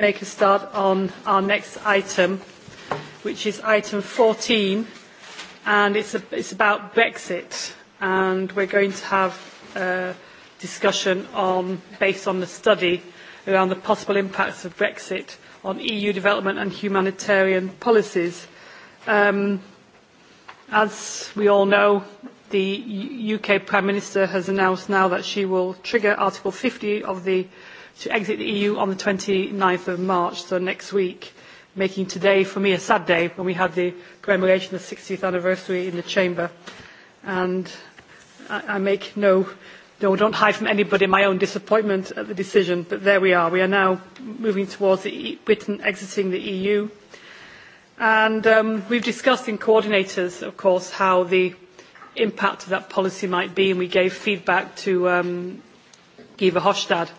make a start on our next item, which is item 14, and it's, a, it's about Brexit, and we're going to have a discussion on, based on the study around the possible impacts of Brexit on EU development and humanitarian policies. Um, as we all know, the UK Prime Minister has announced now that she will trigger Article 50 of the to exit the EU on the 29th of March, so next week, making today, for me, a sad day when we had the commemoration of the 60th anniversary in the Chamber. And I, I make no, no, don't hide from anybody my own disappointment at the decision, but there we are. We are now moving towards e Britain exiting the EU. And um, we've discussed in coordinators, of course, how the impact of that policy might be, and we gave feedback to um, Giva Hofstad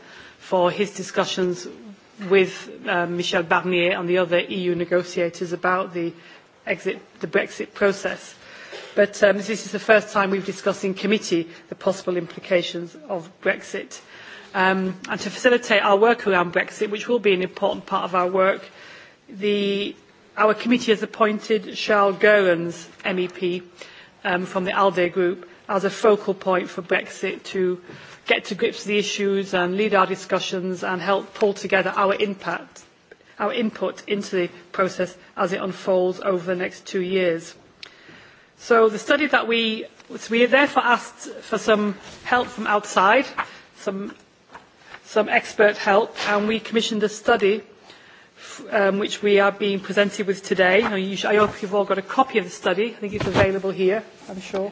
for his discussions with um, Michel Barnier and the other EU negotiators about the, exit, the Brexit process. But um, this is the first time we've discussed in committee the possible implications of Brexit. Um, and to facilitate our work around Brexit, which will be an important part of our work, the, our committee has appointed Charles Goerens, MEP, um, from the ALDE group, as a focal point for Brexit to get to grips with the issues and lead our discussions and help pull together our impact our input into the process as it unfolds over the next two years. So the study that we we therefore asked for some help from outside, some some expert help, and we commissioned a study um, which we are being presented with today. I hope you've all got a copy of the study. I think it's available here, I'm sure.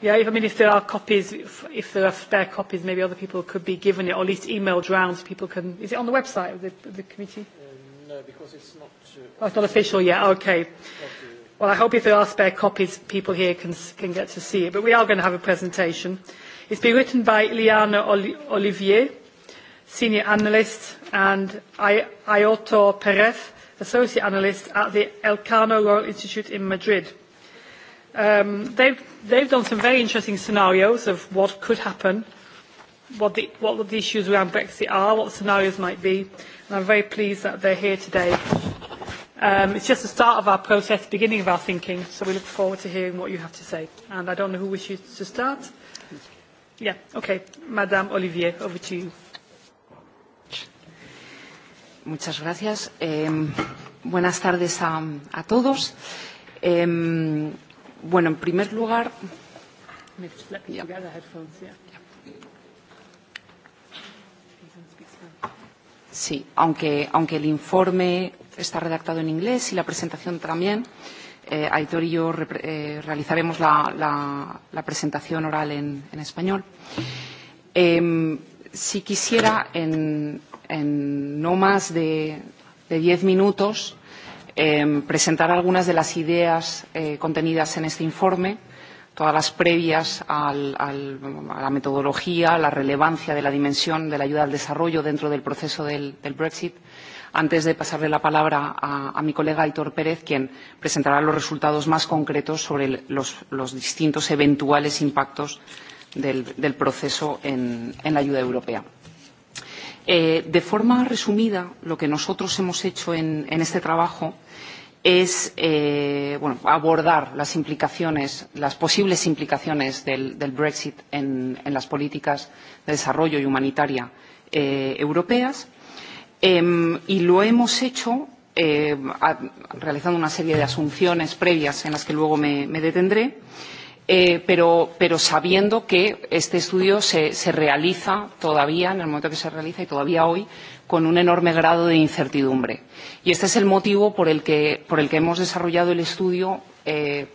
Yeah, if, I mean, if there are copies, if, if there are spare copies, maybe other people could be given it, or at least emailed round so people can... Is it on the website of the, the committee? Uh, no, because it's not... Uh, oh, it's not official yet, okay. Well, I hope if there are spare copies, people here can, can get to see it. But we are going to have a presentation. It's been written by Liana Olivier, Senior Analyst, and Ayotto Perez, Associate Analyst at the Elcano Royal Institute in Madrid. Um, they've, they've done some very interesting scenarios of what could happen, what the, what the issues around Brexit are, what scenarios might be, and I'm very pleased that they're here today. Um, it's just the start of our process, the beginning of our thinking, so we look forward to hearing what you have to say. And I don't know who wishes to start. Yeah, okay. Madame Olivier, over to you. Muchas gracias. Eh, buenas tardes a, a todos. Eh, Bueno, en primer lugar. Sí, aunque, aunque el informe está redactado en inglés y la presentación también, eh, Aitor y yo eh, realizaremos la, la, la presentación oral en, en español. Eh, si quisiera, en, en no más de, de diez minutos, eh, presentar algunas de las ideas eh, contenidas en este informe, todas las previas al, al, a la metodología, la relevancia de la dimensión de la ayuda al desarrollo dentro del proceso del, del Brexit, antes de pasarle la palabra a, a mi colega Aitor Pérez, quien presentará los resultados más concretos sobre los, los distintos eventuales impactos del, del proceso en, en la ayuda europea. Eh, de forma resumida, lo que nosotros hemos hecho en, en este trabajo es eh, bueno, abordar las implicaciones, las posibles implicaciones del, del Brexit en, en las políticas de desarrollo y humanitaria eh, europeas. Eh, y lo hemos hecho eh, a, realizando una serie de asunciones previas en las que luego me, me detendré eh, pero, pero sabiendo que este estudio se, se realiza todavía, en el momento que se realiza y todavía hoy, con un enorme grado de incertidumbre. Y este es el motivo por el que, por el que hemos desarrollado el estudio eh,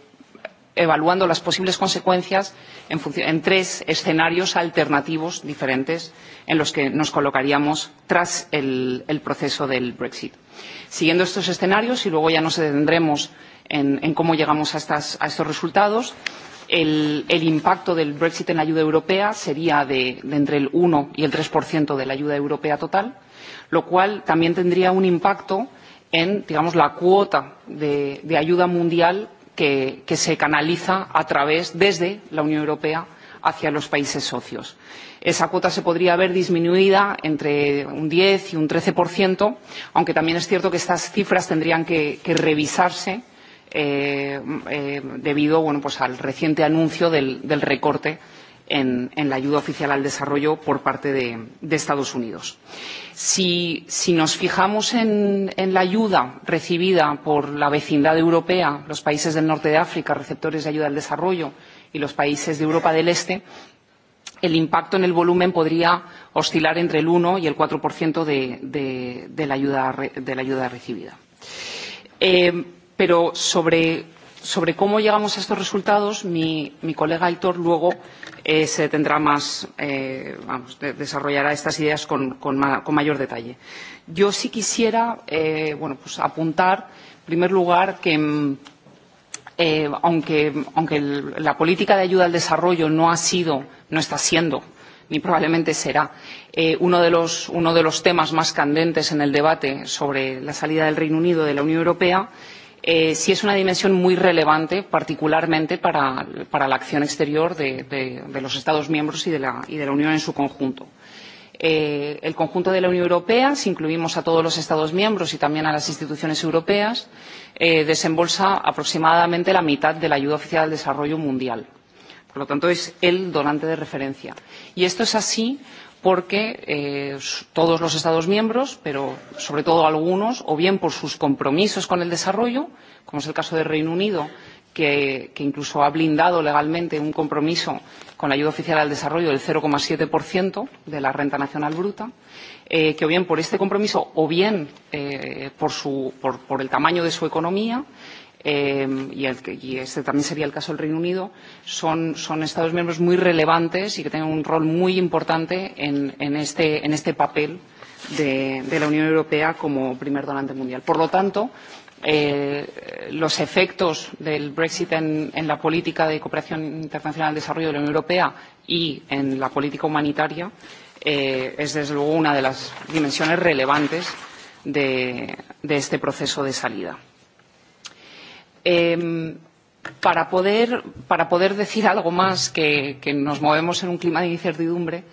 evaluando las posibles consecuencias en, en tres escenarios alternativos diferentes en los que nos colocaríamos tras el, el proceso del Brexit. Siguiendo estos escenarios, y luego ya nos detendremos en, en cómo llegamos a, estas, a estos resultados, el, el impacto del Brexit en la ayuda europea sería de, de entre el 1 y el 3% de la ayuda europea total, lo cual también tendría un impacto en digamos, la cuota de, de ayuda mundial que, que se canaliza a través desde la Unión Europea hacia los países socios. Esa cuota se podría ver disminuida entre un 10 y un 13%, aunque también es cierto que estas cifras tendrían que, que revisarse eh, eh, debido bueno, pues al reciente anuncio del, del recorte en, en la ayuda oficial al desarrollo por parte de, de Estados Unidos. Si, si nos fijamos en, en la ayuda recibida por la vecindad europea, los países del norte de África, receptores de ayuda al desarrollo, y los países de Europa del Este, el impacto en el volumen podría oscilar entre el 1 y el 4% de, de, de, la ayuda, de la ayuda recibida. Eh, pero sobre, sobre cómo llegamos a estos resultados mi, colega Aitor luego eh, se tendrá más eh, vamos, desarrollará estas ideas con, con, con mayor detalle yo sí quisiera eh, apuntar en primer lugar que mm, eh, aunque, aunque la política de ayuda al desarrollo no ha sido no está siendo ni probablemente será eh, uno, de los, uno de los temas más candentes en el debate sobre la salida del Reino Unido de la Unión Europea eh, sí es una dimensión muy relevante, particularmente para, para la acción exterior de, de, de los Estados miembros y de, la, Unión en su conjunto. Eh, el conjunto de la Unión Europea, si incluimos a todos los Estados miembros y también a las instituciones europeas, eh, desembolsa aproximadamente la mitad de la ayuda oficial al desarrollo mundial. Por lo tanto, es el donante de referencia. Y esto es así porque eh, todos los Estados miembros, pero sobre todo algunos, o bien por sus compromisos con el desarrollo, como es el caso del Reino Unido, que, que incluso ha blindado legalmente un compromiso con la ayuda oficial al desarrollo del 0,7% de la renta nacional bruta, eh, que o bien por este compromiso o bien eh, por, su, por, por el tamaño de su economía, eh, y, el, y este también sería el caso del Reino Unido, son, son Estados miembros muy relevantes y que tienen un rol muy importante en, en, este, en este papel de, de la Unión Europea como primer donante mundial. Por lo tanto, eh, los efectos del Brexit en, en la política de cooperación internacional al desarrollo de la Unión Europea y en la política humanitaria eh, es, desde luego, una de las dimensiones relevantes de, de este proceso de salida. Eh, para poder, para poder decir algo más que, que nos movemos en un clima de incertidumbre,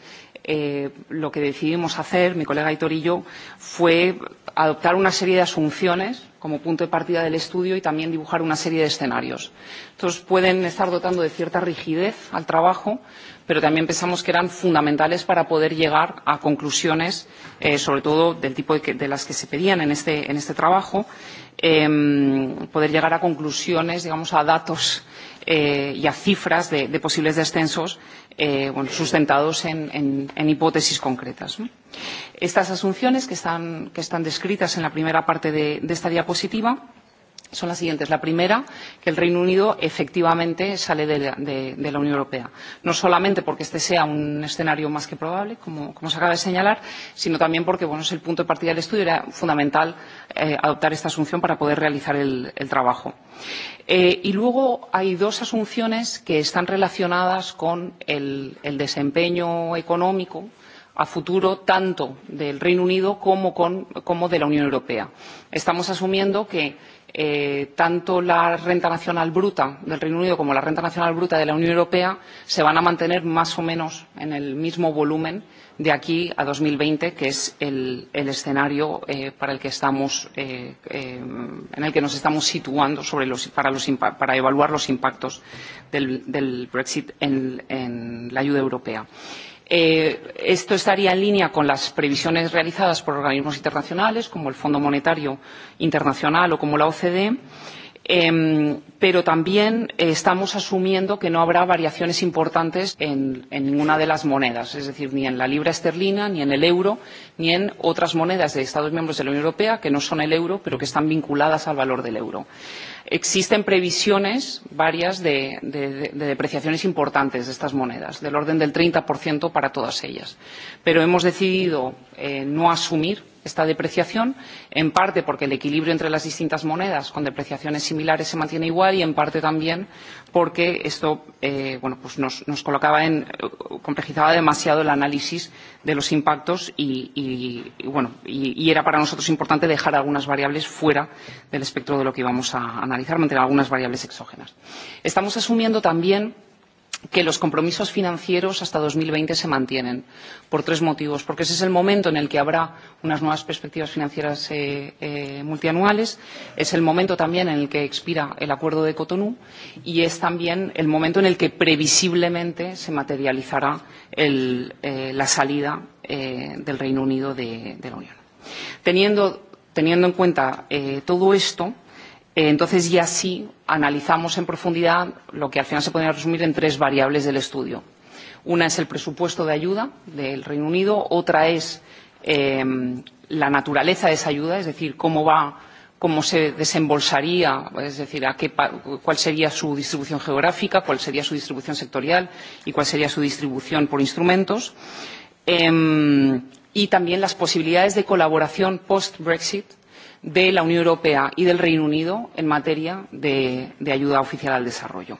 eh, lo que decidimos hacer, mi colega Hitor y yo, fue adoptar una serie de asunciones como punto de partida del estudio y también dibujar una serie de escenarios. Estos pueden estar dotando de cierta rigidez al trabajo, pero también pensamos que eran fundamentales para poder llegar a conclusiones, eh, sobre todo del tipo de, las que se pedían en este trabajo, poder llegar a conclusiones, digamos, a datos eh, y a cifras de, de posibles descensos eh, bueno, sustentados en, en, en hipótesis concretas. ¿no? Estas asunciones que están, que están descritas en la primera parte de, de esta diapositiva son las siguientes. La primera, que el Reino Unido efectivamente sale de la, Unión Europea. No solamente porque este sea un escenario más que probable, como, se acaba de señalar, sino también porque bueno, es el punto de partida del estudio. Era fundamental eh, adoptar esta asunción para poder realizar el, trabajo. Eh, y luego hay dos asunciones que están relacionadas con el, el desempeño económico a futuro tanto del Reino Unido como, con, como de la Unión Europea. Estamos asumiendo que eh, tanto la renta nacional bruta del Reino Unido como la renta nacional bruta de la Unión Europea se van a mantener más o menos en el mismo volumen de aquí a 2020, que es el, el escenario eh, para el que estamos, eh, eh en el que nos estamos situando sobre los, para, los, para evaluar los impactos del, del Brexit en, en la ayuda europea. Eh, esto estaría en línea con las previsiones realizadas por organismos internacionales como el Fondo Monetario Internacional o como la OCDE, eh, pero también eh, estamos asumiendo que no habrá variaciones importantes en, en ninguna de las monedas, es decir, ni en la libra esterlina, ni en el euro, ni en otras monedas de Estados miembros de la Unión Europea que no son el euro, pero que están vinculadas al valor del euro. Existen previsiones varias de, de, depreciaciones importantes de estas monedas, del orden del 30% para todas ellas. Pero hemos decidido eh, no asumir esta depreciación en parte porque el equilibrio entre las distintas monedas con depreciaciones similares se mantiene igual y en parte también porque esto eh, bueno, pues nos, nos colocaba en eh, complejizaba demasiado el análisis de los impactos y, y, y bueno y, y era para nosotros importante dejar algunas variables fuera del espectro de lo que íbamos a analizar mantener algunas variables exógenas. Estamos asumiendo también que los compromisos financieros hasta 2020 se mantienen por tres motivos porque ese es el momento en el que habrá unas nuevas perspectivas financieras eh, eh, multianuales es el momento también en el que expira el acuerdo de Cotonou y es también el momento en el que previsiblemente se materializará el, eh, la salida del Reino Unido de, la Unión teniendo teniendo en cuenta todo esto Eh, entonces ya sí analizamos en profundidad lo que al final se podría resumir en tres variables del estudio. Una es el presupuesto de ayuda del Reino Unido, otra es eh, la naturaleza de esa ayuda, es decir, cómo va, cómo se desembolsaría, es decir, a qué, pa, cuál sería su distribución geográfica, cuál sería su distribución sectorial y cuál sería su distribución por instrumentos. Eh, y también las posibilidades de colaboración post-Brexit de la Unión Europea y del Reino Unido en materia de, de ayuda oficial al desarrollo.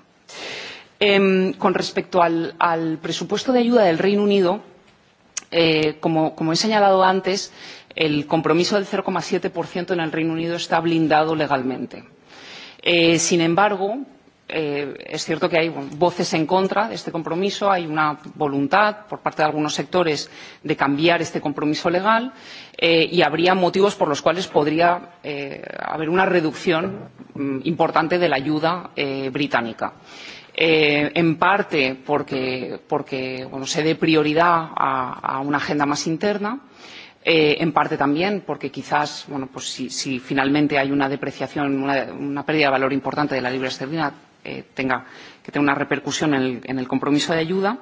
Eh, con respecto al, al presupuesto de ayuda del Reino Unido, eh, como, he señalado antes, el compromiso del 0,7% en el Reino Unido está blindado legalmente. Eh, sin embargo, eh, es cierto que hay voces en contra de este compromiso, hay una voluntad por parte de algunos sectores de cambiar este compromiso legal eh, y habría motivos por los cuales podría eh, haber una reducción mm, importante de la ayuda eh, británica. Eh, en parte porque, porque bueno, se dé prioridad a, a una agenda más interna, eh, en parte también porque quizás bueno, pues si, si finalmente hay una depreciación, una, una pérdida de valor importante de la libra esterlina, eh, tenga que tenga una repercusión en el, en el compromiso de ayuda.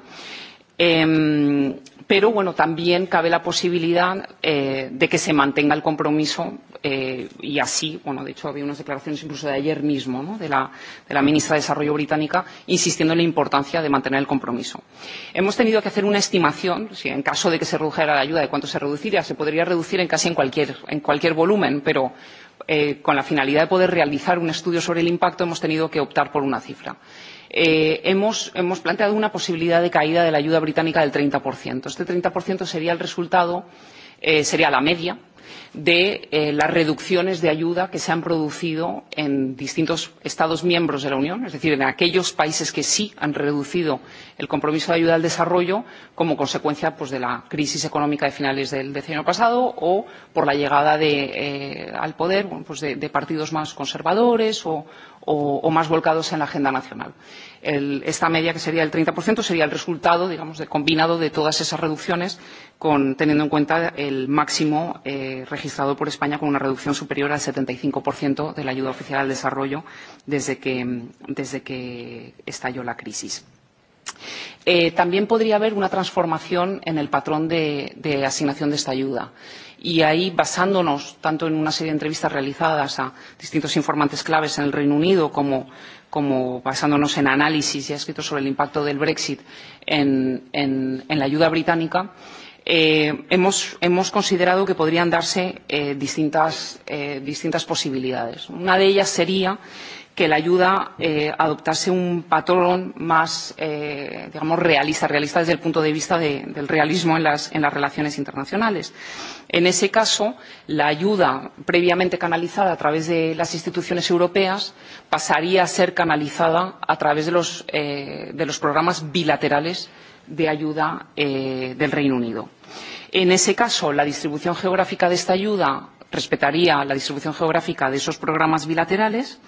Eh, pero bueno, también cabe la posibilidad eh, de que se mantenga el compromiso eh, y así, bueno, de hecho había unas declaraciones incluso de ayer mismo ¿no? de, la, de la ministra de Desarrollo británica insistiendo en la importancia de mantener el compromiso. Hemos tenido que hacer una estimación, si en caso de que se redujera la ayuda, de cuánto se reduciría. Se podría reducir en casi en cualquier, en cualquier volumen, pero eh, con la finalidad de poder realizar un estudio sobre el impacto hemos tenido que optar por una cifra. Eh, hemos, hemos planteado una posibilidad de caída de la ayuda británica del 30%. Este 30% sería el resultado, eh, sería la media de eh, las reducciones de ayuda que se han producido en distintos Estados miembros de la Unión, es decir, en aquellos países que sí han reducido el compromiso de ayuda al desarrollo como consecuencia pues, de la crisis económica de finales del decenio pasado o por la llegada de, eh, al poder bueno, pues de, de partidos más conservadores o, o, o más volcados en la agenda nacional. El, esta media, que sería el 30%, sería el resultado, digamos, de, combinado de todas esas reducciones con, teniendo en cuenta el máximo eh, registrado por España con una reducción superior al 75% de la ayuda oficial al desarrollo desde que, desde que estalló la crisis. Eh, también podría haber una transformación en el patrón de, de asignación de esta ayuda y ahí basándonos tanto en una serie de entrevistas realizadas a distintos informantes claves en el Reino Unido como como basándonos en análisis ya escritos sobre el impacto del Brexit en, en, en la ayuda británica eh, hemos, hemos considerado que podrían darse eh, distintas, eh, distintas posibilidades. Una de ellas sería que la ayuda eh, adoptase un patrón más, eh, digamos, realista, realista desde el punto de vista de, del realismo en las, en las relaciones internacionales. En ese caso, la ayuda previamente canalizada a través de las instituciones europeas pasaría a ser canalizada a través de los, eh, de los programas bilaterales de ayuda eh, del Reino Unido. En ese caso, la distribución geográfica de esta ayuda respetaría la distribución geográfica de esos programas bilaterales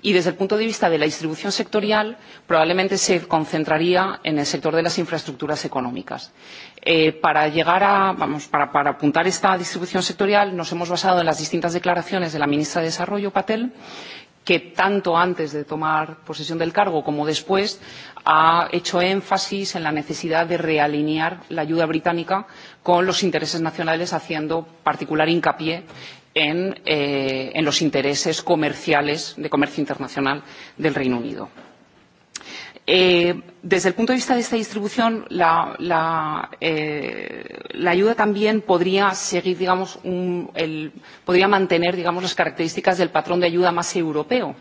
y desde el punto de vista de la distribución sectorial probablemente se concentraría en el sector de las infraestructuras económicas. Eh, para llegar a vamos para, para apuntar esta distribución sectorial nos hemos basado en las distintas declaraciones de la ministra de desarrollo patel que tanto antes de tomar posesión del cargo como después ha hecho énfasis en la necesidad de realinear la ayuda británica con los intereses nacionales haciendo particular hincapié en, eh, en los intereses comerciales de comercio internacional del reino unido. Eh, desde el punto de vista de esta distribución, la, la, eh, la ayuda también podría seguir, digamos, un, el, podría mantener, digamos, las características del patrón de ayuda más europeo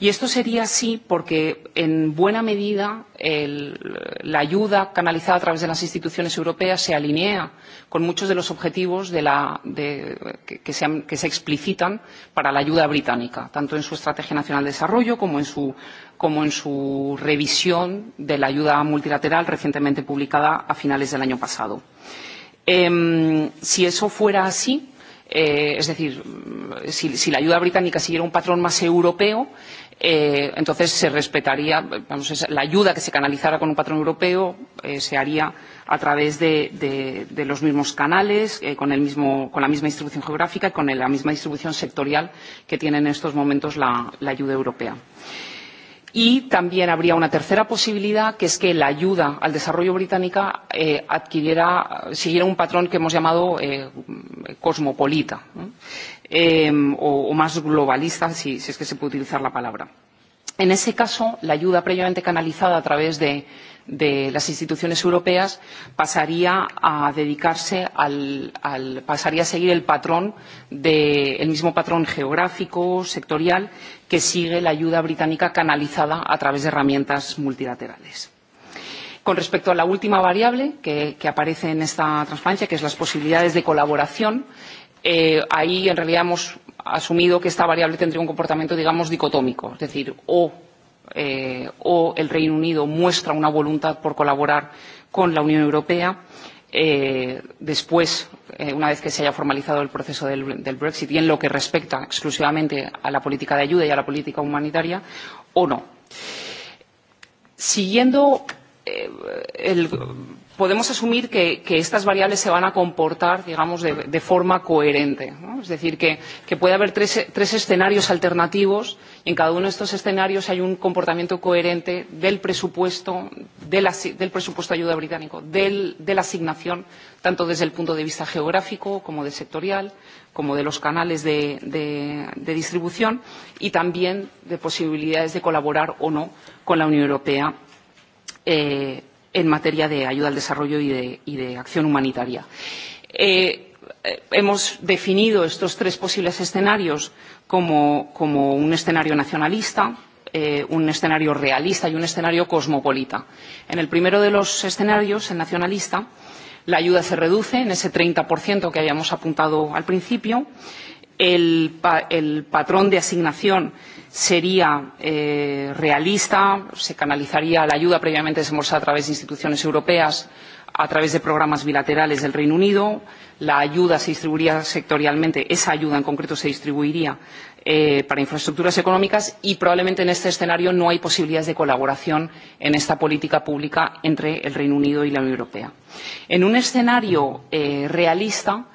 y esto sería así porque en buena medida el, la ayuda canalizada a través de las instituciones europeas se alinea con muchos de los objetivos de la, de, que, que, se, que se explicitan para la ayuda británica tanto en su estrategia nacional de desarrollo como en su como en su revisión de la ayuda multilateral recientemente publicada a finales del año pasado eh, si eso fuera así eh, es decir si, si la ayuda británica siguiera un patrón más europeo Eh, entonces se respetaría vamos, la ayuda que se canalizara con un patrón europeo eh, se haría a través de, de, de los mismos canales, eh, con, el mismo, con la misma distribución geográfica y con la misma distribución sectorial que tiene en estos momentos la, la ayuda europea. Y también habría una tercera posibilidad, que es que la ayuda al desarrollo británica eh, adquiriera, siguiera un patrón que hemos llamado eh, cosmopolita eh, o, o más globalista, si, si es que se puede utilizar la palabra. En ese caso, la ayuda previamente canalizada a través de, de las instituciones europeas pasaría a dedicarse al, al pasaría a seguir el patrón de, el mismo patrón geográfico, sectorial, que sigue la ayuda británica canalizada a través de herramientas multilaterales. Con respecto a la última variable que, que aparece en esta transparencia, que es las posibilidades de colaboración, eh, ahí en realidad hemos asumido que esta variable tendría un comportamiento, digamos, dicotómico, es decir, o, eh, o el Reino Unido muestra una voluntad por colaborar con la Unión Europea, eh, después, eh, una vez que se haya formalizado el proceso del, del Brexit y en lo que respecta exclusivamente a la política de ayuda y a la política humanitaria, o no. Siguiendo eh, el podemos asumir que, que estas variables se van a comportar digamos de, de forma coherente ¿no? es decir que, que puede haber tres, tres escenarios alternativos y en cada uno de estos escenarios hay un comportamiento coherente del presupuesto de la, del presupuesto de ayuda británico del, de la asignación tanto desde el punto de vista geográfico como de sectorial como de los canales de, de, de distribución y también de posibilidades de colaborar o no con la unión europea eh, en materia de ayuda al desarrollo y de, y de acción humanitaria. Eh, hemos definido estos tres posibles escenarios como, un escenario nacionalista, eh, un escenario realista y un escenario cosmopolita. En el primero de los escenarios, el nacionalista, la ayuda se reduce en ese 30% que habíamos apuntado al principio el, pa el patrón de asignación sería eh, realista, se canalizaría la ayuda previamente desembolsada a través de instituciones europeas, a través de programas bilaterales del Reino Unido, la ayuda se distribuiría sectorialmente, esa ayuda en concreto se distribuiría eh, para infraestructuras económicas y probablemente en este escenario no hay posibilidades de colaboración en esta política pública entre el Reino Unido y la Unión Europea. En un escenario eh, realista,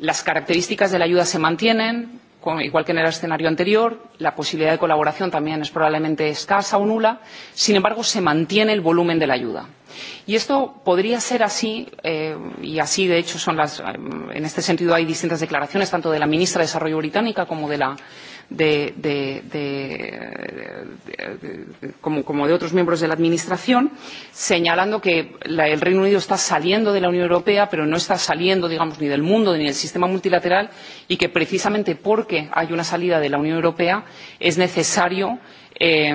Las características de la ayuda se mantienen, igual que en el escenario anterior, la posibilidad de colaboración también es probablemente escasa o nula, sin embargo, se mantiene el volumen de la ayuda. Y esto podría ser así, eh, y así de hecho son las, eh, en este sentido hay distintas declaraciones, tanto de la ministra de Desarrollo británica como de la de, de, de, como, como de otros miembros de la Administración, señalando que la, el Reino Unido está saliendo de la Unión Europea, pero no está saliendo, digamos, ni del mundo ni del sistema multilateral y que precisamente porque hay una salida de la Unión Europea es necesario eh,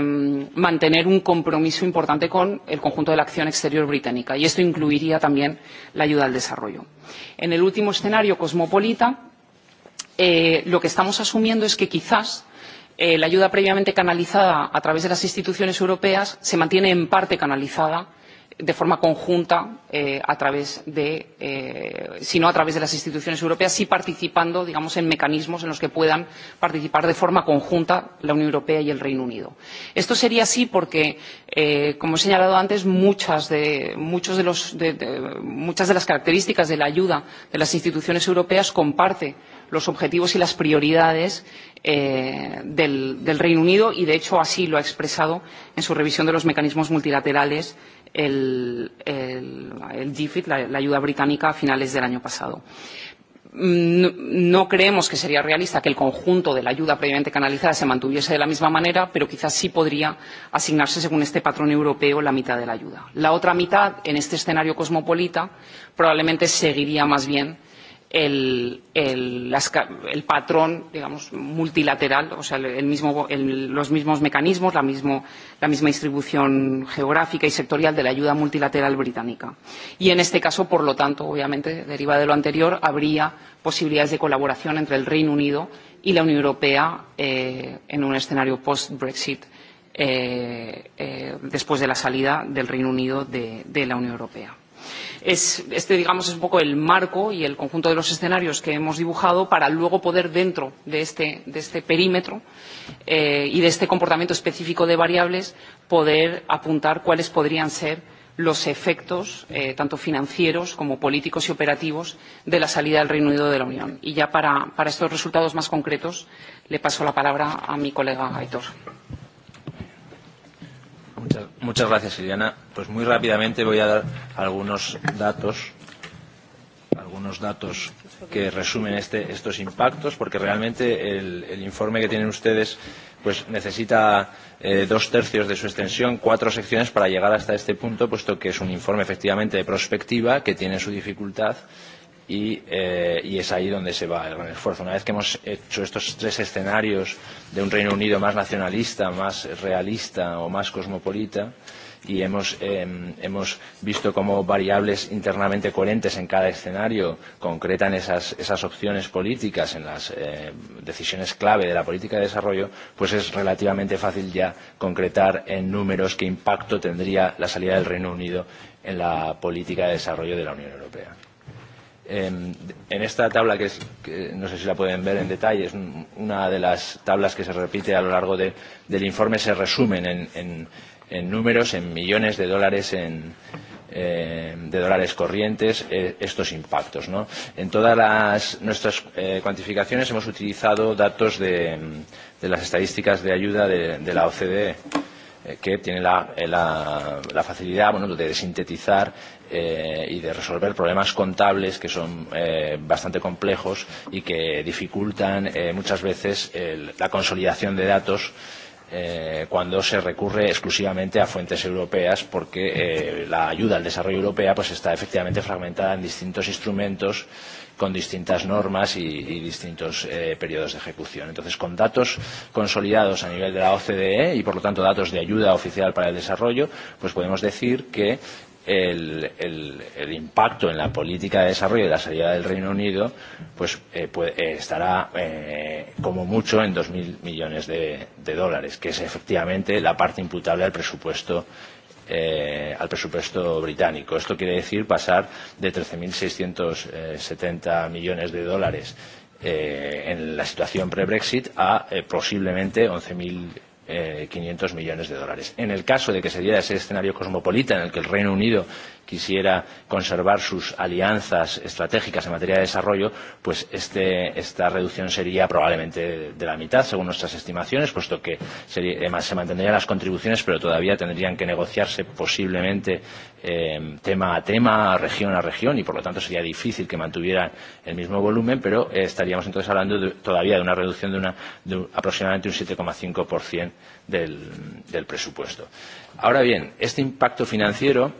mantener un compromiso importante con el conjunto de la acción exterior británica y esto incluiría también la ayuda al desarrollo. En el último escenario cosmopolita eh, lo que estamos asumiendo es que quizás eh, la ayuda previamente canalizada a través de las instituciones europeas se mantiene en parte canalizada de forma conjunta eh, a través de eh, si no a través de las instituciones europeas sí participando digamos en mecanismos en los que puedan participar de forma conjunta la Unión Europea y el Reino Unido. Esto sería así porque eh, como he señalado antes muchas de las características de la ayuda de las instituciones europeas comparte los objetivos y las prioridades eh, del, del Reino Unido y, de hecho, así lo ha expresado en su revisión de los mecanismos multilaterales el, el, el GFIT, la, ayuda británica, a finales del año pasado. No, no creemos que sería realista que el conjunto de la ayuda previamente canalizada se mantuviese de la misma manera, pero quizás sí podría asignarse según este patrón europeo la mitad de la ayuda. La otra mitad, en este escenario cosmopolita, probablemente seguiría más bien el, el, las, el patrón digamos multilateral o sea el mismo, el, los mismos mecanismos la, mismo, la misma distribución geográfica y sectorial de la ayuda multilateral británica y en este caso por lo tanto obviamente deriva de lo anterior habría posibilidades de colaboración entre el reino unido y la unión europea eh, en un escenario post brexit eh, eh, después de la salida del reino unido de, de la unión europea es, este digamos es un poco el marco y el conjunto de los escenarios que hemos dibujado para luego poder dentro de este, de este perímetro eh, y de este comportamiento específico de variables poder apuntar cuáles podrían ser los efectos eh, tanto financieros como políticos y operativos de la salida del Reino Unido de la Unión. Y ya para, para estos resultados más concretos le paso la palabra a mi colega Aitor. Muchas, muchas gracias, Siliana. Pues muy rápidamente voy a dar algunos datos algunos datos que resumen este, estos impactos, porque realmente el, el informe que tienen ustedes pues necesita eh, dos tercios de su extensión, cuatro secciones para llegar hasta este punto, puesto que es un informe efectivamente de prospectiva que tiene su dificultad y, eh, y es ahí donde se va el gran esfuerzo. Una vez que hemos hecho estos tres escenarios de un Reino Unido más nacionalista, más realista o más cosmopolita, y hemos, eh, hemos visto cómo variables internamente coherentes en cada escenario concretan esas, esas opciones políticas en las eh, decisiones clave de la política de desarrollo, pues es relativamente fácil ya concretar en números qué impacto tendría la salida del Reino Unido en la política de desarrollo de la Unión Europea. En esta tabla, que, es, que no sé si la pueden ver en detalle, es una de las tablas que se repite a lo largo de, del informe, se resumen en, en, en números, en millones de dólares en, eh, de dólares corrientes e, estos impactos. ¿no? En todas las, nuestras eh, cuantificaciones hemos utilizado datos de, de las estadísticas de ayuda de, de la OCDE, eh, que tiene la, eh, la, la facilidad bueno, de sintetizar eh, y de resolver problemas contables que son eh, bastante complejos y que dificultan eh, muchas veces el, la consolidación de datos eh, cuando se recurre exclusivamente a fuentes europeas porque eh, la ayuda al desarrollo europea pues está efectivamente fragmentada en distintos instrumentos con distintas normas y, y distintos eh, periodos de ejecución. Entonces, con datos consolidados a nivel de la OCDE y, por lo tanto, datos de ayuda oficial para el desarrollo, pues podemos decir que el, el, el impacto en la política de desarrollo de la salida del Reino Unido pues eh, puede, eh, estará eh, como mucho en 2.000 millones de, de dólares, que es efectivamente la parte imputable al presupuesto eh, al presupuesto británico. Esto quiere decir pasar de 13.670 millones de dólares eh, en la situación pre-Brexit a eh, posiblemente 11.000 eh, 500 millones de dólares. En el caso de que se diera ese escenario cosmopolita en el que el Reino Unido quisiera conservar sus alianzas estratégicas en materia de desarrollo, pues este, esta reducción sería probablemente de la mitad, según nuestras estimaciones, puesto que sería, se mantendrían las contribuciones, pero todavía tendrían que negociarse posiblemente eh, tema a tema, región a región, y por lo tanto sería difícil que mantuvieran el mismo volumen, pero eh, estaríamos entonces hablando de, todavía de una reducción de, una, de un, aproximadamente un 7,5% del, del presupuesto. Ahora bien, este impacto financiero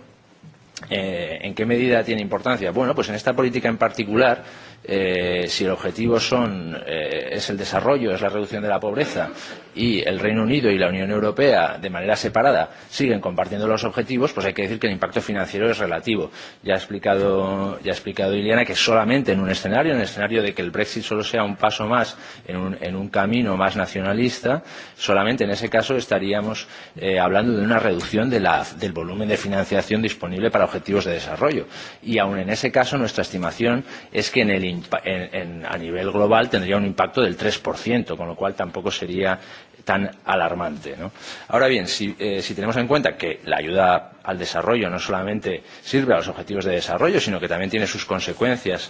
Eh, ¿En qué medida tiene importancia? Bueno, pues en esta política en particular eh, si el objetivo son, eh, es el desarrollo, es la reducción de la pobreza y el Reino Unido y la Unión Europea de manera separada siguen compartiendo los objetivos, pues hay que decir que el impacto financiero es relativo. Ya ha explicado, ya ha explicado Iliana que solamente en un escenario, en el escenario de que el Brexit solo sea un paso más en un, en un camino más nacionalista, solamente en ese caso estaríamos eh, hablando de una reducción de la, del volumen de financiación disponible para objetivos de desarrollo. Y aun en ese caso nuestra estimación es que en el en, en, a nivel global tendría un impacto del 3%, con lo cual tampoco sería tan alarmante. ¿no? Ahora bien, si, eh, si tenemos en cuenta que la ayuda al desarrollo no solamente sirve a los objetivos de desarrollo, sino que también tiene sus consecuencias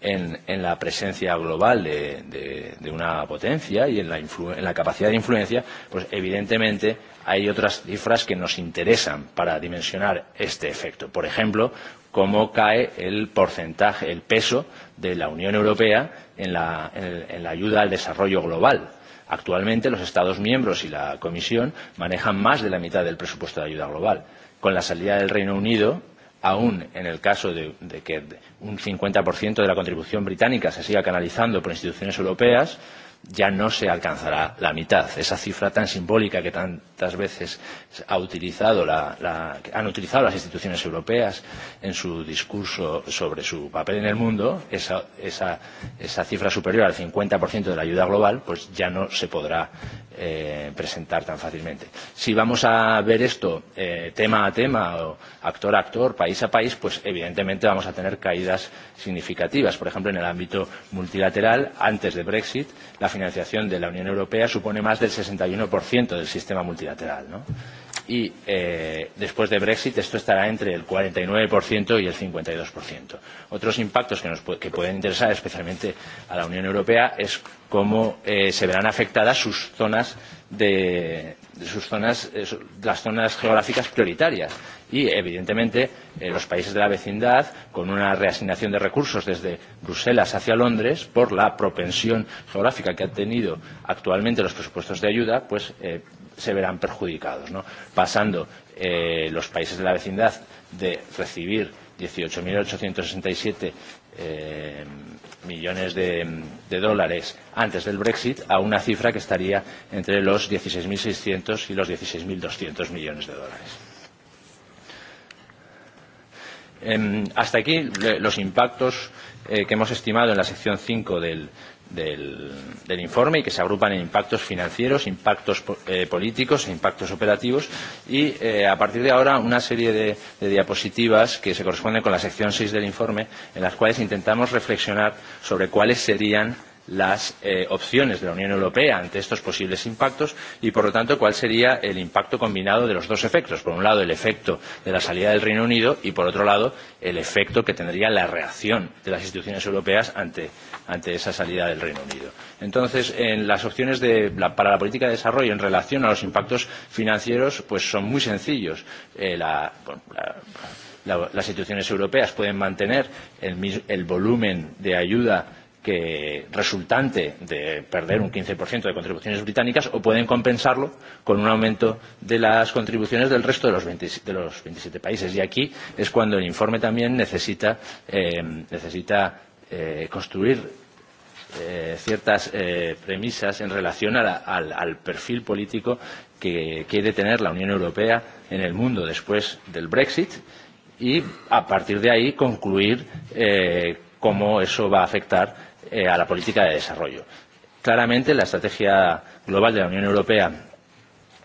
en, en la presencia global de, de, de una potencia y en la, en la capacidad de influencia, pues evidentemente hay otras cifras que nos interesan para dimensionar este efecto. Por ejemplo, cómo cae el porcentaje, el peso de la Unión Europea en la, en, la ayuda al desarrollo global. Actualmente los Estados miembros y la Comisión manejan más de la mitad del presupuesto de ayuda global. Con la salida del Reino Unido, aún en el caso de, de que un 50% de la contribución británica se siga canalizando por instituciones europeas, ya no se alcanzará la mitad. Esa cifra tan simbólica que tantas veces ha utilizado la, la, han utilizado las instituciones europeas en su discurso sobre su papel en el mundo, esa, esa, esa cifra superior al 50% de la ayuda global, pues ya no se podrá eh, presentar tan fácilmente. Si vamos a ver esto eh, tema a tema, o actor a actor, país a país, pues evidentemente vamos a tener caídas significativas. Por ejemplo, en el ámbito multilateral, antes de Brexit, la financiación de la Unión Europea supone más del 61% del sistema multilateral. ¿no? y eh, después de Brexit esto estará entre el 49% y el 52%. Otros impactos que, nos, que pueden interesar especialmente a la Unión Europea es cómo eh, se verán afectadas sus zonas de, de sus zonas, eh, las zonas geográficas prioritarias y evidentemente eh, los países de la vecindad con una reasignación de recursos desde Bruselas hacia Londres por la propensión geográfica que han tenido actualmente los presupuestos de ayuda pues eh, se verán perjudicados, ¿no? pasando eh, los países de la vecindad de recibir 18.867 eh, millones de, de dólares antes del Brexit a una cifra que estaría entre los 16.600 y los 16.200 millones de dólares. Eh, hasta aquí los impactos eh, que hemos estimado en la sección 5 del, del, del informe y que se agrupan en impactos financieros, impactos eh, políticos e impactos operativos y eh, a partir de ahora una serie de, de diapositivas que se corresponden con la sección 6 del informe en las cuales intentamos reflexionar sobre cuáles serían las eh, opciones de la Unión Europea ante estos posibles impactos y, por lo tanto, cuál sería el impacto combinado de los dos efectos. Por un lado, el efecto de la salida del Reino Unido y, por otro lado, el efecto que tendría la reacción de las instituciones europeas ante ante esa salida del Reino Unido. Entonces, en las opciones de la, para la política de desarrollo en relación a los impactos financieros pues son muy sencillos. Eh, la, la, la, las instituciones europeas pueden mantener el, el volumen de ayuda que resultante de perder un 15% de contribuciones británicas o pueden compensarlo con un aumento de las contribuciones del resto de los, 20, de los 27 países. Y aquí es cuando el informe también necesita, eh, necesita eh, construir eh, ciertas eh, premisas en relación a la, al, al perfil político que quiere tener la Unión Europea en el mundo después del Brexit y a partir de ahí concluir eh, cómo eso va a afectar eh, a la política de desarrollo. Claramente la estrategia global de la Unión Europea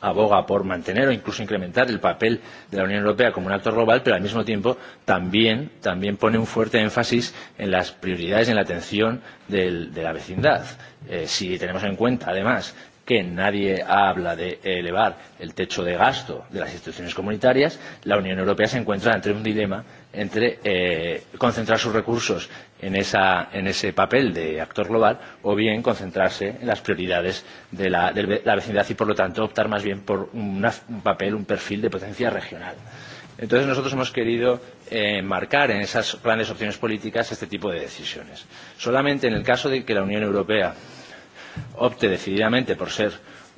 aboga por mantener o incluso incrementar el papel de la Unión Europea como un actor global, pero al mismo tiempo también, también pone un fuerte énfasis en las prioridades y en la atención del, de la vecindad. Eh, si tenemos en cuenta, además, que nadie habla de elevar el techo de gasto de las instituciones comunitarias, la Unión Europea se encuentra entre un dilema entre eh, concentrar sus recursos en, esa, en ese papel de actor global o bien concentrarse en las prioridades de la, de la vecindad y, por lo tanto, optar más bien por un papel, un perfil de potencia regional. Entonces, nosotros hemos querido eh, marcar en esas grandes opciones políticas este tipo de decisiones. Solamente en el caso de que la Unión Europea opte decididamente por ser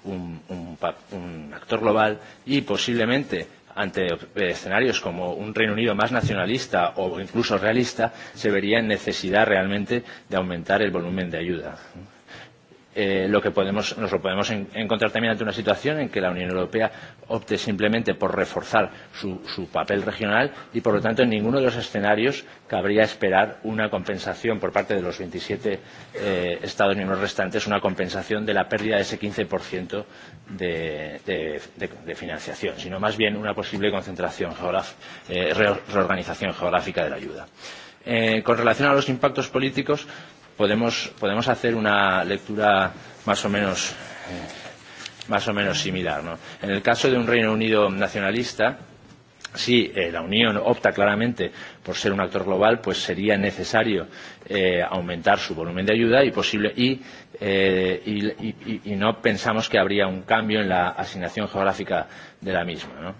un, un, pa-, un actor global y posiblemente ante escenarios como un Reino Unido más nacionalista o incluso realista, se vería en necesidad realmente de aumentar el volumen de ayuda eh, lo que podemos, nos lo podemos en, encontrar también ante una situación en que la Unión Europea opte simplemente por reforzar su, su papel regional y, por lo tanto, en ninguno de los escenarios cabría esperar una compensación por parte de los 27 eh, Estados miembros restantes, una compensación de la pérdida de ese 15% de, de, de, de financiación, sino más bien una posible concentración eh, reorganización geográfica de la ayuda. Eh, con relación a los impactos políticos, podemos, podemos hacer una lectura más o menos, eh, más o menos similar. ¿no? En el caso de un Reino Unido nacionalista, si eh, la Unión opta claramente por ser un actor global, pues sería necesario eh, aumentar su volumen de ayuda y posible y, eh, y, y, y no pensamos que habría un cambio en la asignación geográfica de la misma. ¿no?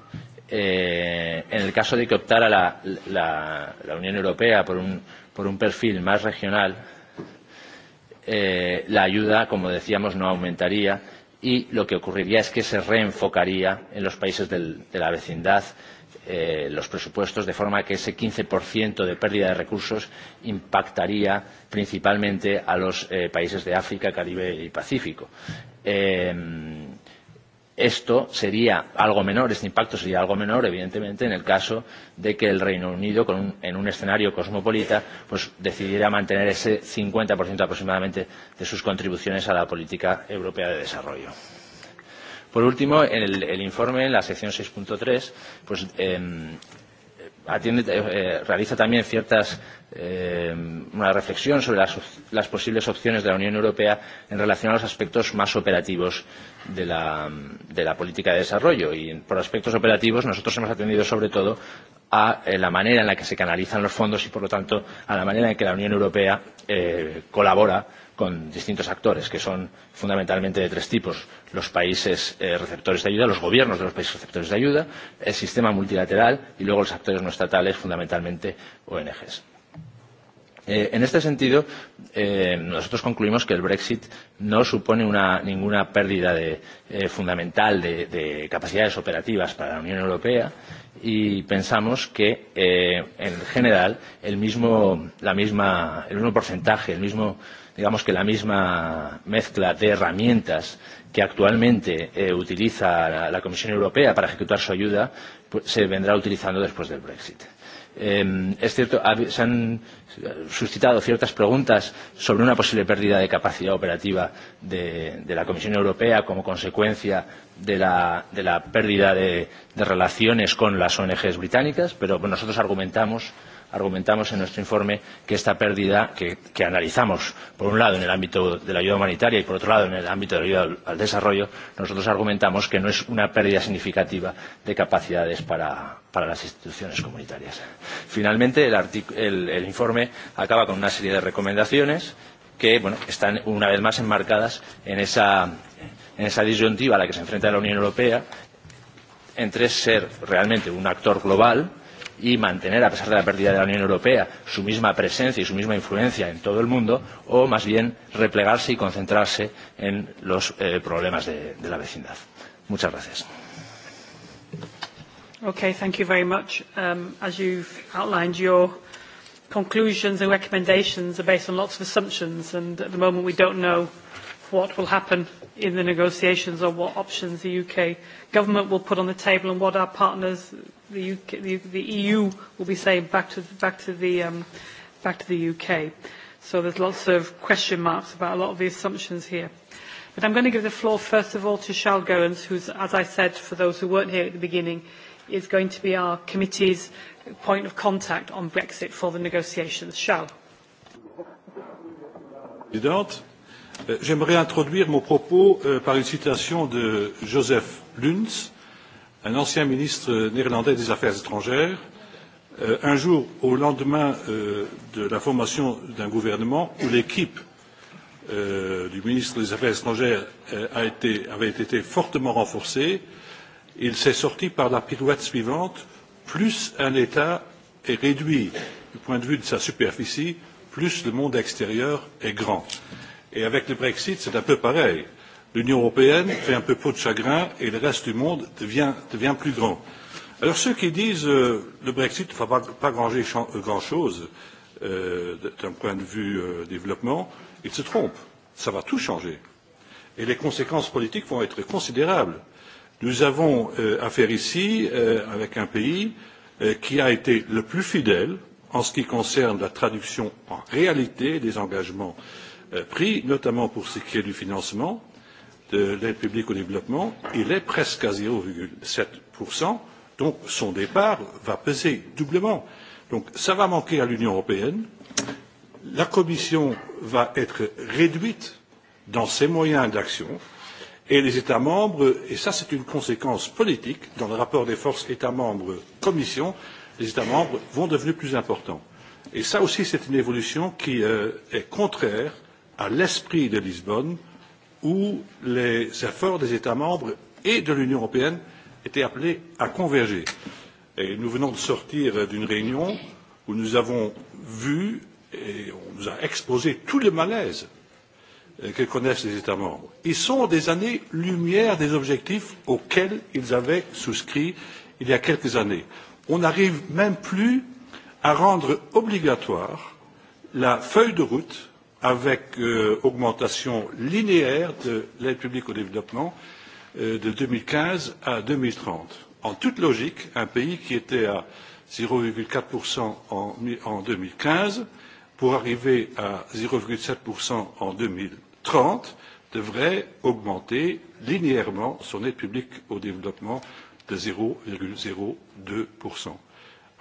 Eh, en el caso de que optara la, la, la Unión Europea por un, por un perfil más regional, eh, la ayuda, como decíamos, no aumentaría y lo que ocurriría es que se reenfocaría en los países del, de la vecindad eh, los presupuestos, de forma que ese 15% de pérdida de recursos impactaría principalmente a los eh, países de África, Caribe y Pacífico. Eh, Esto sería algo menor, este impacto sería algo menor, evidentemente, en el caso de que el Reino Unido, con en un escenario cosmopolita, pues decidiera mantener ese 50% aproximadamente de sus contribuciones a la política europea de desarrollo. Por último, en el, el informe, en la sección 6.3, pues eh, atiende, eh, eh, realiza también ciertas eh, una reflexión sobre las, las posibles opciones de la Unión Europea en relación a los aspectos más operativos de la, de la política de desarrollo. Y por aspectos operativos nosotros hemos atendido sobre todo a eh, la manera en la que se canalizan los fondos y por lo tanto a la manera en que la Unión Europea eh, colabora con distintos actores que son fundamentalmente de tres tipos los países eh, receptores de ayuda los gobiernos de los países receptores de ayuda el sistema multilateral y luego los actores no estatales fundamentalmente ONGs. Eh, en este sentido eh, nosotros concluimos que el brexit no supone una, ninguna pérdida de, eh, fundamental de, de capacidades operativas para la unión europea y pensamos que eh, en general el mismo, la misma, el mismo porcentaje el mismo digamos que la misma mezcla de herramientas que actualmente eh, utiliza la, la Comisión Europea para ejecutar su ayuda pues, se vendrá utilizando después del Brexit. Eh, es cierto, se han suscitado ciertas preguntas sobre una posible pérdida de capacidad operativa de, de la Comisión Europea como consecuencia de la, de la pérdida de, de relaciones con las ONG británicas, pero nosotros argumentamos argumentamos en nuestro informe que esta pérdida que, que analizamos por un lado en el ámbito de la ayuda humanitaria y por otro lado en el ámbito de la ayuda al, desarrollo nosotros argumentamos que no es una pérdida significativa de capacidades para, para las instituciones comunitarias. Finalmente, el, el, el informe acaba con una serie de recomendaciones que bueno, están una vez más enmarcadas en esa, en esa disyuntiva a la que se enfrenta la Unión Europea entre ser realmente un actor global y mantener, a pesar de la pérdida de la Unión Europea, su misma presencia y su misma influencia en todo el mundo, o más bien replegarse y concentrarse en los eh, problemas de, de la vecindad. Muchas gracias. Okay, thank you very much. Um, as you've outlined, your conclusions and recommendations are based on lots of assumptions, and at the moment we don't know what will happen in the negotiations or what options the UK government will put on the table and what our partners, the, UK, the, the EU, will be saying back to, back to, the, um, back to the UK. So there's lots of question marks about a lot of the assumptions here. But I'm going to give the floor first of all to Charles Goins, who's, as I said, for those who weren't here at the beginning, is going to be our committee's point of contact on Brexit for the negotiations. Charles. Euh, j'aimerais introduire mon propos euh, par une citation de Joseph Luns, un ancien ministre néerlandais des Affaires étrangères. Euh, un jour, au lendemain de la formation d'un gouvernement où l'équipe du ministre des Affaires étrangères avait été fortement renforcée, il s'est sorti par la pirouette suivante plus un État est réduit du point de vue de sa superficie, plus le monde extérieur est grand et avec le brexit c'est un peu pareil l'union européenne fait un peu peau de chagrin et le reste du monde devient, devient plus grand. alors ceux qui disent euh, le brexit ne va pas, pas grand euh, chose euh, d'un point de vue euh, développement ils se trompent ça va tout changer et les conséquences politiques vont être considérables. nous avons affaire ici avec un pays qui a été le plus fidèle en ce qui concerne la traduction en réalité des engagements Euh, pris notamment pour ce qui est du financement de l'aide publique au développement il est presque à zéro sept donc son départ va peser doublement. donc cela va manquer à l'union européenne la commission va être réduite dans ses moyens d'action et les états membres et ça c'est une conséquence politique dans le rapport des forces états membres commission les états membres vont devenir plus importants. et ça aussi c'est une évolution qui euh, est contraire à l'esprit de Lisbonne, où les efforts des États membres et de l'Union européenne étaient appelés à converger. Et nous venons de sortir d'une réunion où nous avons vu et on nous a exposé tous les malaises euh, que connaissent les États membres. Ils sont des années lumière des objectifs auxquels ils avaient souscrit il y a quelques années. On n'arrive même plus à rendre obligatoire la feuille de route avec euh, augmentation linéaire de l'aide publique au développement euh, de 2015 à 2030. En toute logique, un pays qui était à 0,4% en, en 2015 pour arriver à 0,7% en 2030 devrait augmenter linéairement son aide publique au développement de 0,02%.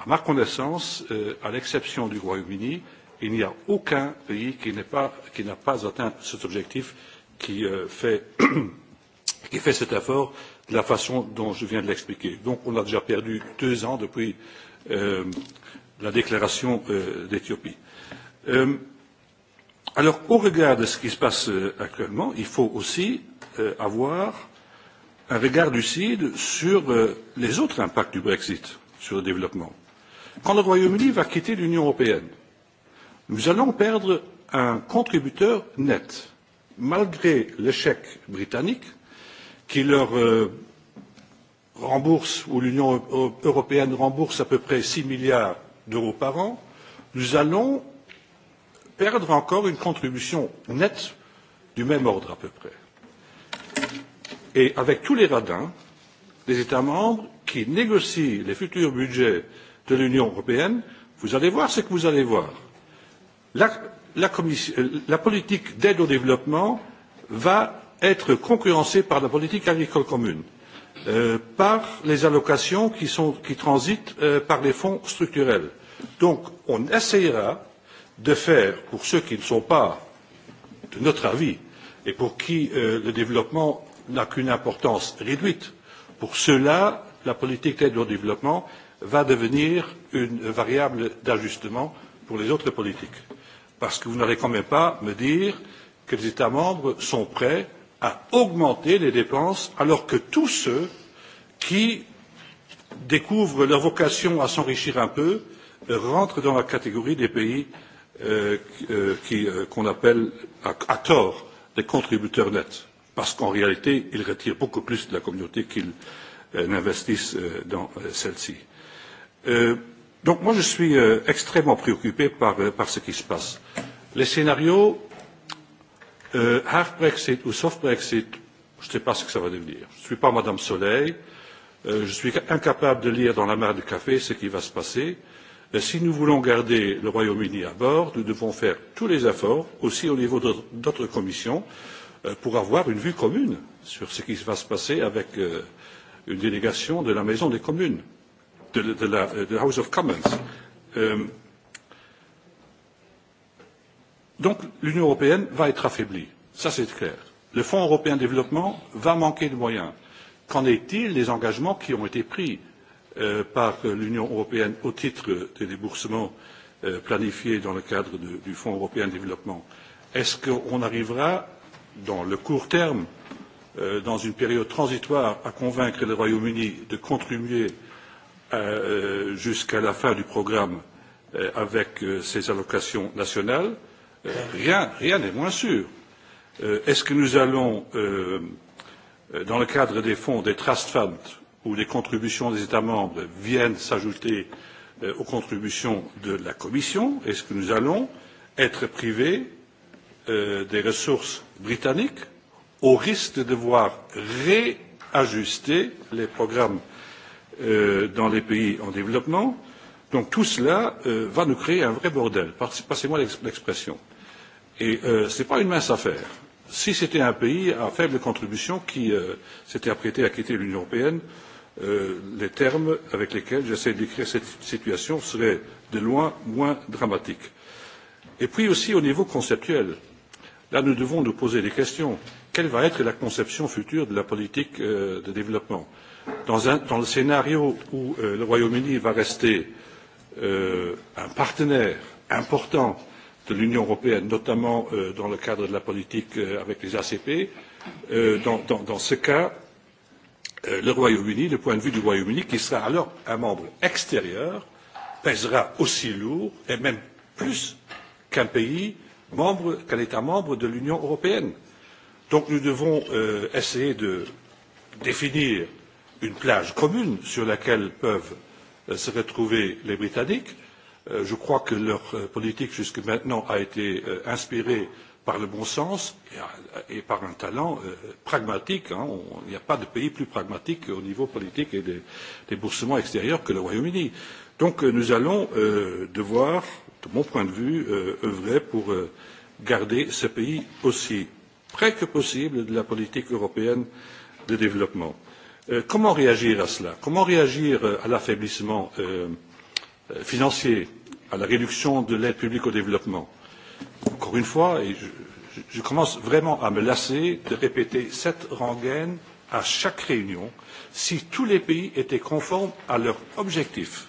À ma connaissance, euh, à l'exception du Royaume-Uni, il n'y a aucun pays qui n'a pas, pas atteint cet objectif qui, euh, fait, qui fait cet effort de la façon dont je viens de l'expliquer. donc on a déjà perdu deux ans depuis euh, la déclaration euh, d'éthiopie. alors au regard de ce qui se passe actuellement il faut aussi avoir un regard lucide sur les autres impacts du brexit sur le développement. quand le royaume uni va quitter l'union européenne nous allons perdre un contributeur net malgré l'échec britannique qui leur euh, rembourse ou l'union européenne rembourse à peu près six milliards d'euros par an nous allons perdre encore une contribution nette du même ordre à peu près. et avec tous les radins des états membres qui négocient les futurs budgets de l'union européenne vous allez voir ce que vous allez voir la, la, euh, la politique d'aide au développement va être concurrencée par la politique agricole commune euh, par les allocations qui, sont, qui transitent euh, par les fonds structurels. donc on essaiera de faire pour ceux qui ne sont pas de notre avis et pour qui euh, le développement n'a qu'une importance réduite pour ceux la politique d'aide au développement va devenir une variable d'ajustement pour les autres politiques parce que vous n'allez quand même pas me dire que les états membres sont prêts à augmenter les dépenses alors que tous ceux qui découvrent leur vocation à s'enrichir un peu rentrent dans la catégorie des pays euh, euh, euh, qu'on appelle à, tort des contributeurs nets parce qu'en réalité ils retirent beaucoup plus de la communauté qu'ils n'investissent dans celle ci. Donc moi je suis euh, extrêmement préoccupé par, euh, par ce qui se passe. Les scénarios euh, hard Brexit ou soft Brexit, je ne sais pas ce que ça va devenir. Je ne suis pas Madame Soleil, euh, je suis incapable de lire dans la mare du café ce qui va se passer. Et euh, si nous voulons garder le Royaume-Uni à bord, nous devons faire tous les efforts, aussi au niveau d'autres commissions, euh, pour avoir une vue commune sur ce qui va se passer avec une délégation de la Maison des communes de, de, la, House of Commons. Um, donc l'Union européenne va être affaiblie, ça c'est clair. Le Fonds européen de développement va manquer de moyens. Qu'en est-il des engagements qui ont été pris euh, par l'Union européenne au titre des déboursements euh, planifiés dans le cadre du Fonds européen de développement Est-ce qu'on arrivera dans le court terme, euh, dans une période transitoire, à convaincre le Royaume-Uni de contribuer Euh, jusqu'à la fin du programme euh, avec euh, ces allocations nationales rien rien n'est moins sûr est ce que nous allons dans le cadre des fonds des trust funds où les contributions des états membres viennent s'ajouter aux contributions de la commission est ce que nous allons être privés des ressources britanniques au risque de devoir réajuster les programmes Euh, dans les pays en développement. Donc tout cela euh, va nous créer un vrai bordel, passez-moi l'expression. Et euh, ce n'est pas une mince affaire. Si c'était un pays à faible contribution qui s'était apprêté à quitter l'Union européenne, les termes avec lesquels j'essaie de décrire cette situation seraient de loin moins dramatiques. Et puis aussi au niveau conceptuel, là nous devons nous poser des questions. Quelle va être la conception future de la politique de développement? dans, dans le scénario où euh, le Royaume-Uni va rester euh, un partenaire important de l'Union européenne, notamment euh, dans le cadre de la politique avec les ACP, dans, dans, ce cas, le Royaume-Uni, le point de vue du Royaume-Uni, qui sera alors un membre extérieur, pèsera aussi lourd et même plus qu'un pays membre, qu'un État membre de l'Union européenne. Donc nous devons essayer de définir une plage commune sur laquelle peuvent euh, se retrouver les britanniques euh, je crois que leur euh, politique jusque maintenant a été inspirée par le bon sens et par un talent pragmatique il n'y a pas de pays plus pragmatique au niveau politique et des déboursements extérieurs que le royaume uni. donc nous allons devoir de mon point de vue œuvrer pour garder ce pays aussi près que possible de la politique européenne de développement. Euh, comment réagir à cela? comment réagir euh, à l'affaiblissement euh, financier à la réduction de l'aide publique au développement? encore une fois et je, je commence vraiment à me lasser de répéter cette rengaine à chaque réunion si tous les pays étaient conformes à leur objectif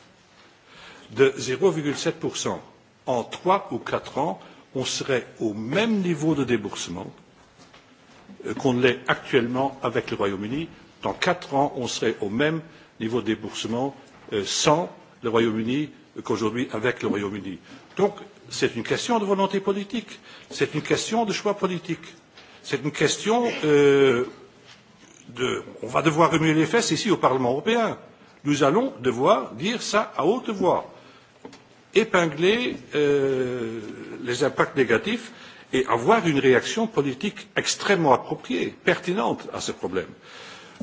de zéro sept en trois ou quatre ans on serait au même niveau de déboursement qu'on l'est actuellement avec le royaume uni dans quatre ans on serait au même niveau de déboursement euh, sans le royaume uni qu'aujourd'hui avec le royaume uni. donc c'est une question de volonté politique c'est une question de choix politique c'est une question euh, de on va devoir remuer les fesses ici au parlement européen nous allons devoir dire ça à haute voix épingler euh, les impacts négatifs et avoir une réaction politique extrêmement appropriée pertinente à ce problème.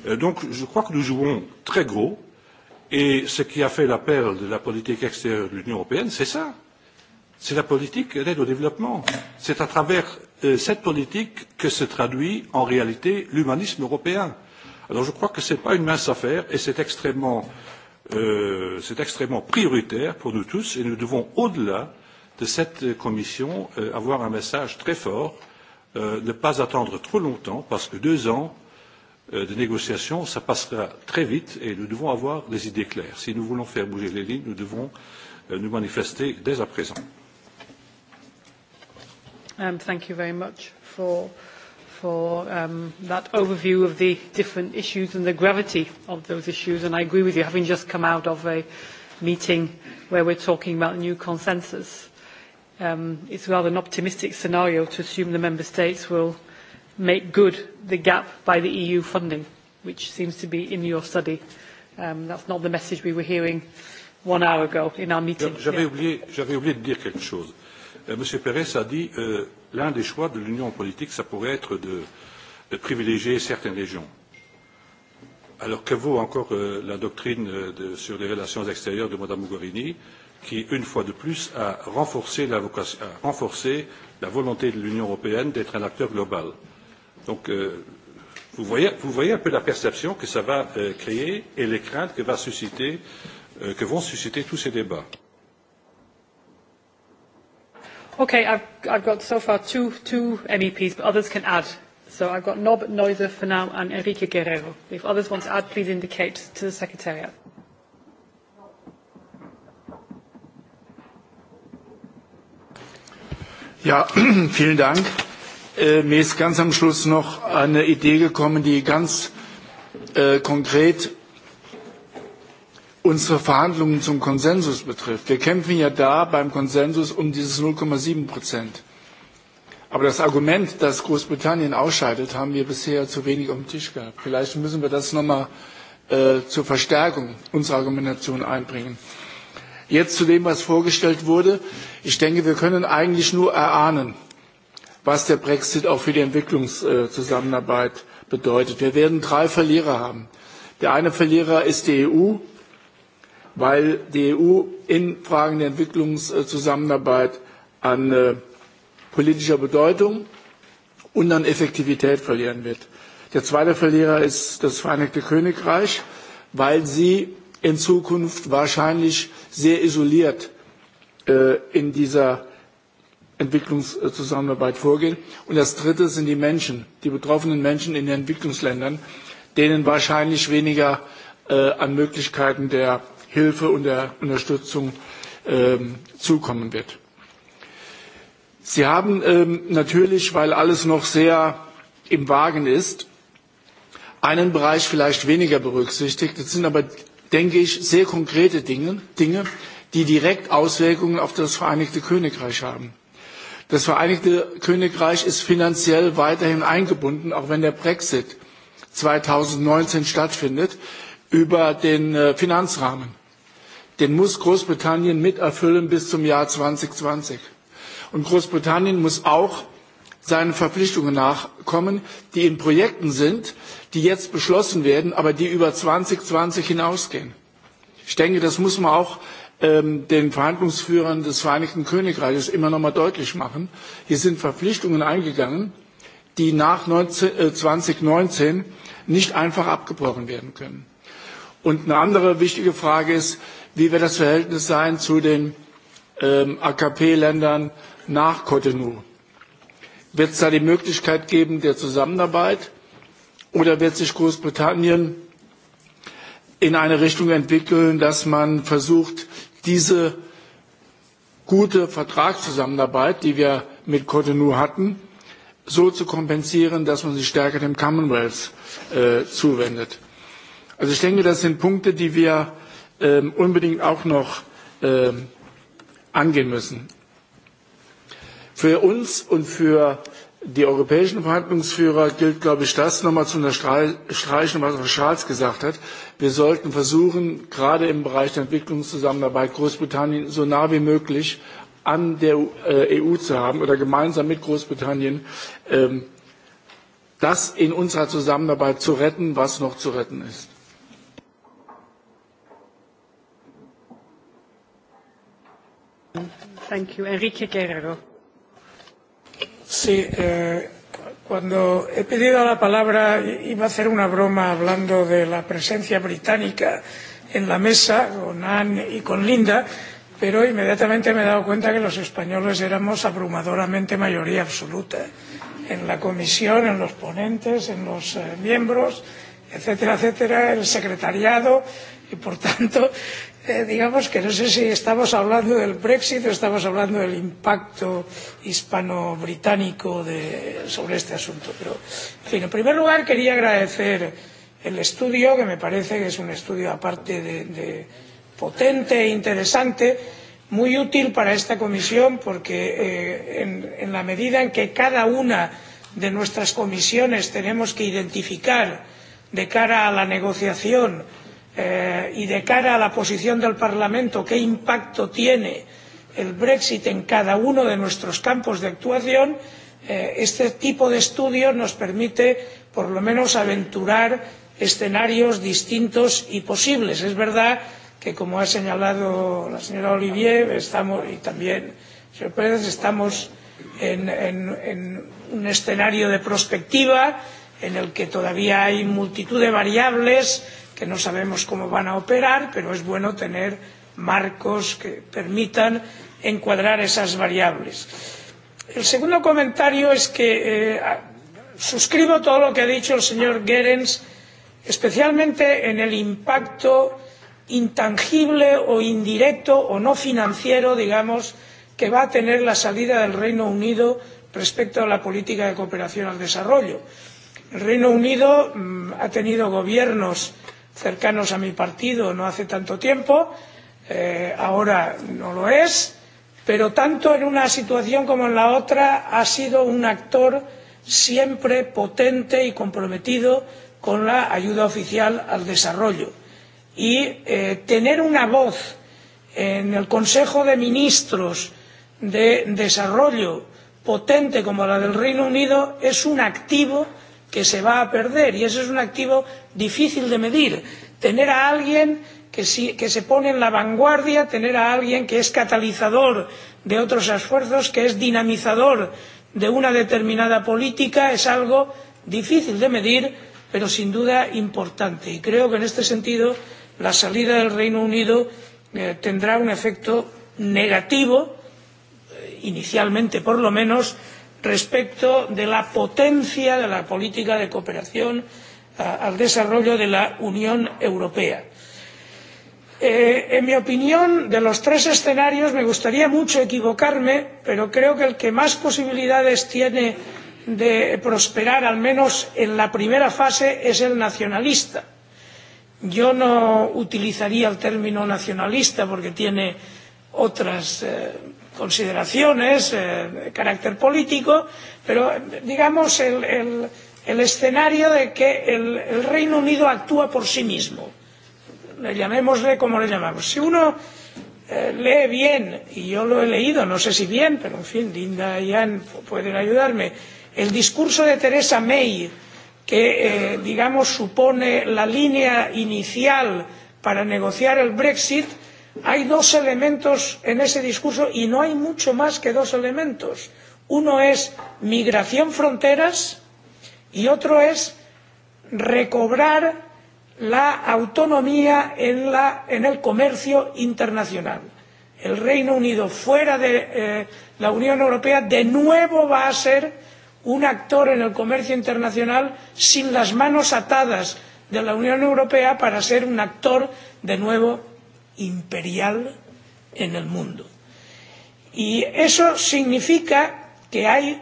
Euh, donc je crois que nous jouons très gros et ce qui a fait l'appel de la politique extérieure de l'union européenne c'est ça c'est la politique d'aide au développement. c'est à travers euh, cette politique que se traduit en réalité l'humanisme européen. alors je crois que ce n'est pas une mince affaire et c'est extrêmement, euh, extrêmement prioritaire pour nous tous et nous devons au delà de cette commission avoir un message très fort ne pas attendre trop longtemps parce que deux ans Euh, de négociations cela passera très vite et nous devons avoir des idées claires. si nous voulons faire bouger les lignes nous devons euh, nous manifester dès à présent. Um, thank you very much for, for um, that overview of the different issues and the gravity of those issues. And I agree with you, having just come out of a meeting where we're talking about new consensus, um, it's rather an optimistic scenario to assume the member states will make good the gap by the EU funding, which seems to be in your study. Um, that's not the message we were hearing one hour ago in our meeting. J'avais yeah. oublié, oublié de dire quelque chose. Euh, Monsieur Perez a dit euh, l'un des choix de l'Union politique, ça pourrait être de, de privilégier certaines régions. Alors que vaut encore euh, la doctrine euh, de, sur les relations extérieures de madame Mogherini, qui, une fois de plus, a renforcé la, vocation, a renforcé la volonté de l'Union européenne d'être un acteur global Donc, euh, vous, voyez, vous voyez un peu la perception que ça va euh, créer et les craintes que, va susciter, euh, que vont susciter tous ces débats. Okay, I've, I've got so far two, two MEPs, but others can add. So I've got Nob Neuser for now and Enrique Guerrero. If others want to add, please indicate to the Secretariat. Ja, vielen Dank. Äh, mir ist ganz am Schluss noch eine Idee gekommen, die ganz äh, konkret unsere Verhandlungen zum Konsensus betrifft. Wir kämpfen ja da beim Konsensus um dieses 0,7 Prozent. Aber das Argument, dass Großbritannien ausscheidet, haben wir bisher zu wenig auf um dem Tisch gehabt. Vielleicht müssen wir das noch mal äh, zur Verstärkung unserer Argumentation einbringen. Jetzt zu dem, was vorgestellt wurde. Ich denke, wir können eigentlich nur erahnen, was der Brexit auch für die Entwicklungszusammenarbeit bedeutet. Wir werden drei Verlierer haben. Der eine Verlierer ist die EU, weil die EU in Fragen der Entwicklungszusammenarbeit an äh, politischer Bedeutung und an Effektivität verlieren wird. Der zweite Verlierer ist das Vereinigte Königreich, weil sie in Zukunft wahrscheinlich sehr isoliert äh, in dieser Entwicklungszusammenarbeit vorgehen. Und das Dritte sind die Menschen, die betroffenen Menschen in den Entwicklungsländern, denen wahrscheinlich weniger äh, an Möglichkeiten der Hilfe und der Unterstützung ähm, zukommen wird. Sie haben ähm, natürlich, weil alles noch sehr im Wagen ist, einen Bereich vielleicht weniger berücksichtigt. Das sind aber, denke ich, sehr konkrete Dinge, Dinge die direkt Auswirkungen auf das Vereinigte Königreich haben. Das Vereinigte Königreich ist finanziell weiterhin eingebunden, auch wenn der Brexit 2019 stattfindet, über den äh, Finanzrahmen. Den muss Großbritannien miterfüllen bis zum Jahr 2020. Und Großbritannien muss auch seinen Verpflichtungen nachkommen, die in Projekten sind, die jetzt beschlossen werden, aber die über 2020 hinausgehen. Ich denke, das muss man auch Ähm, den Verhandlungsführern des Vereinigten Königreichs immer noch mal deutlich machen. Hier sind Verpflichtungen eingegangen, die nach 19, 2019 äh, nicht einfach abgebrochen werden können. Und eine andere wichtige Frage ist, wie wird das Verhältnis sein zu den ähm, AKP-Ländern nach Cotonou? Wird es da die Möglichkeit geben der Zusammenarbeit oder wird sich Großbritannien in eine Richtung entwickeln, dass man versucht, diese gute Vertragszusammenarbeit, die wir mit Cotonou hatten, so zu kompensieren, dass man sich stärker dem Commonwealth äh, zuwendet. Also ich denke, das sind Punkte, die wir ähm, unbedingt auch noch ähm, angehen müssen. Für uns und für die europäischen Verhandlungsführer gilt, glaube ich, das nochmal zu unterstreichen, was Schwarz gesagt hat. Wir sollten versuchen, gerade im Bereich der Entwicklungszusammenarbeit Großbritannien so nah wie möglich an der EU äh, e zu haben oder gemeinsam mit Großbritannien ähm, das in unserer Zusammenarbeit zu retten, was noch zu retten ist. Thank you. Enrique Sí, eh, cuando he pedido la palabra iba a hacer una broma hablando de la presencia británica en la mesa con Anne y con Linda, pero inmediatamente me he dado cuenta que los españoles éramos abrumadoramente mayoría absoluta en la comisión, en los ponentes, en los eh, miembros, etcétera, etcétera, el secretariado y por tanto Eh, digamos que no sé si estamos hablando del Brexit o estamos hablando del impacto hispano-británico de, sobre este asunto. Pero, en fin, en primer lugar quería agradecer el estudio, que me parece que es un estudio aparte de, de potente e interesante, muy útil para esta comisión porque eh, en, en la medida en que cada una de nuestras comisiones tenemos que identificar de cara a la negociación Eh, y de cara a la posición del parlamento qué impacto tiene el brexit en cada uno de nuestros campos de actuación eh, este tipo de estudios nos permite por lo menos aventurar escenarios distintos y posibles. es verdad que como ha señalado la señora Olivier estamos, y también el señor Pérez estamos en, en, en un escenario de prospectiva en el que todavía hay multitud de variables que no sabemos cómo van a operar pero es bueno tener marcos que permitan encuadrar esas variables. el segundo comentario es que eh, suscribo todo lo que ha dicho el señor goerens especialmente en el impacto intangible o indirecto o no financiero digamos que va a tener la salida del reino unido respecto a la política de cooperación al desarrollo. el reino unido mm, ha tenido gobiernos cercanos a mi partido no hace tanto tiempo eh, ahora no lo es pero tanto en una situación como en la otra ha sido un actor siempre potente y comprometido con la ayuda oficial al desarrollo y eh, tener una voz en el consejo de ministros de desarrollo potente como la del reino unido es un activo que se va a perder y ese es un activo difícil de medir tener a alguien que, se pone en la vanguardia tener a alguien que es catalizador de otros esfuerzos que es dinamizador de una determinada política es algo difícil de medir pero sin duda importante y creo que en este sentido la salida del reino unido eh, tendrá un efecto negativo eh, inicialmente por lo menos respecto de la potencia de la política de cooperación al desarrollo de la unión europea. Eh, en mi opinión de los tres escenarios me gustaría mucho equivocarme pero creo que el que más posibilidades tiene de prosperar al menos en la primera fase es el nacionalista. yo no utilizaría el término nacionalista porque tiene otras eh, consideraciones eh, de carácter político pero digamos el, el, el escenario de que el, el reino unido actúa por sí mismo le llamémosle como le llamamos si uno eh, lee bien y yo lo he leído no sé si bien pero en fin linda y Ian pueden ayudarme el discurso de Teresa may que eh, digamos supone la línea inicial para negociar el brexit hay dos elementos en ese discurso y no hay mucho más que dos elementos uno es migración fronteras y otro es recobrar la autonomía en, la, en el comercio internacional. el reino unido fuera de eh, la unión europea de nuevo va a ser un actor en el comercio internacional sin las manos atadas de la unión europea para ser un actor de nuevo imperial en el mundo. Y eso significa que hay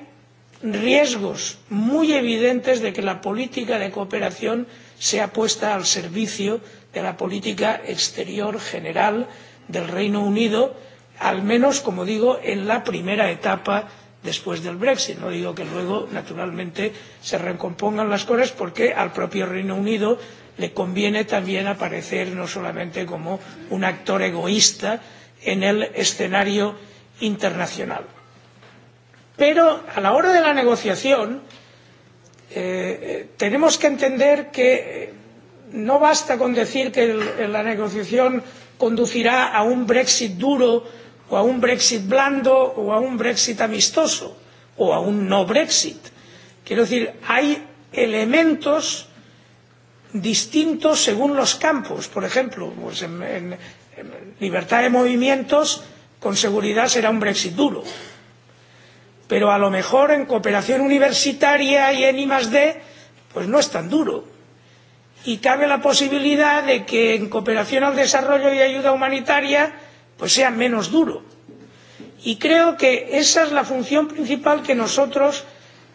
riesgos muy evidentes de que la política de cooperación sea puesta al servicio de la política exterior general del Reino Unido, al menos, como digo, en la primera etapa después del Brexit. No digo que luego, naturalmente, se recompongan las cosas porque al propio Reino Unido le conviene también aparecer no solamente como un actor egoísta en el escenario internacional. Pero a la hora de la negociación eh, eh tenemos que entender que eh, no basta con decir que la negociación conducirá a un Brexit duro o a un Brexit blando o a un Brexit amistoso o a un no Brexit. Quiero decir, hay elementos distintos según los campos por ejemplo pues en, en, en libertad de movimientos con seguridad será un brexit duro pero a lo mejor en cooperación universitaria y en I+D pues no es tan duro y cabe la posibilidad de que en cooperación al desarrollo y ayuda humanitaria pues sea menos duro y creo que esa es la función principal que nosotros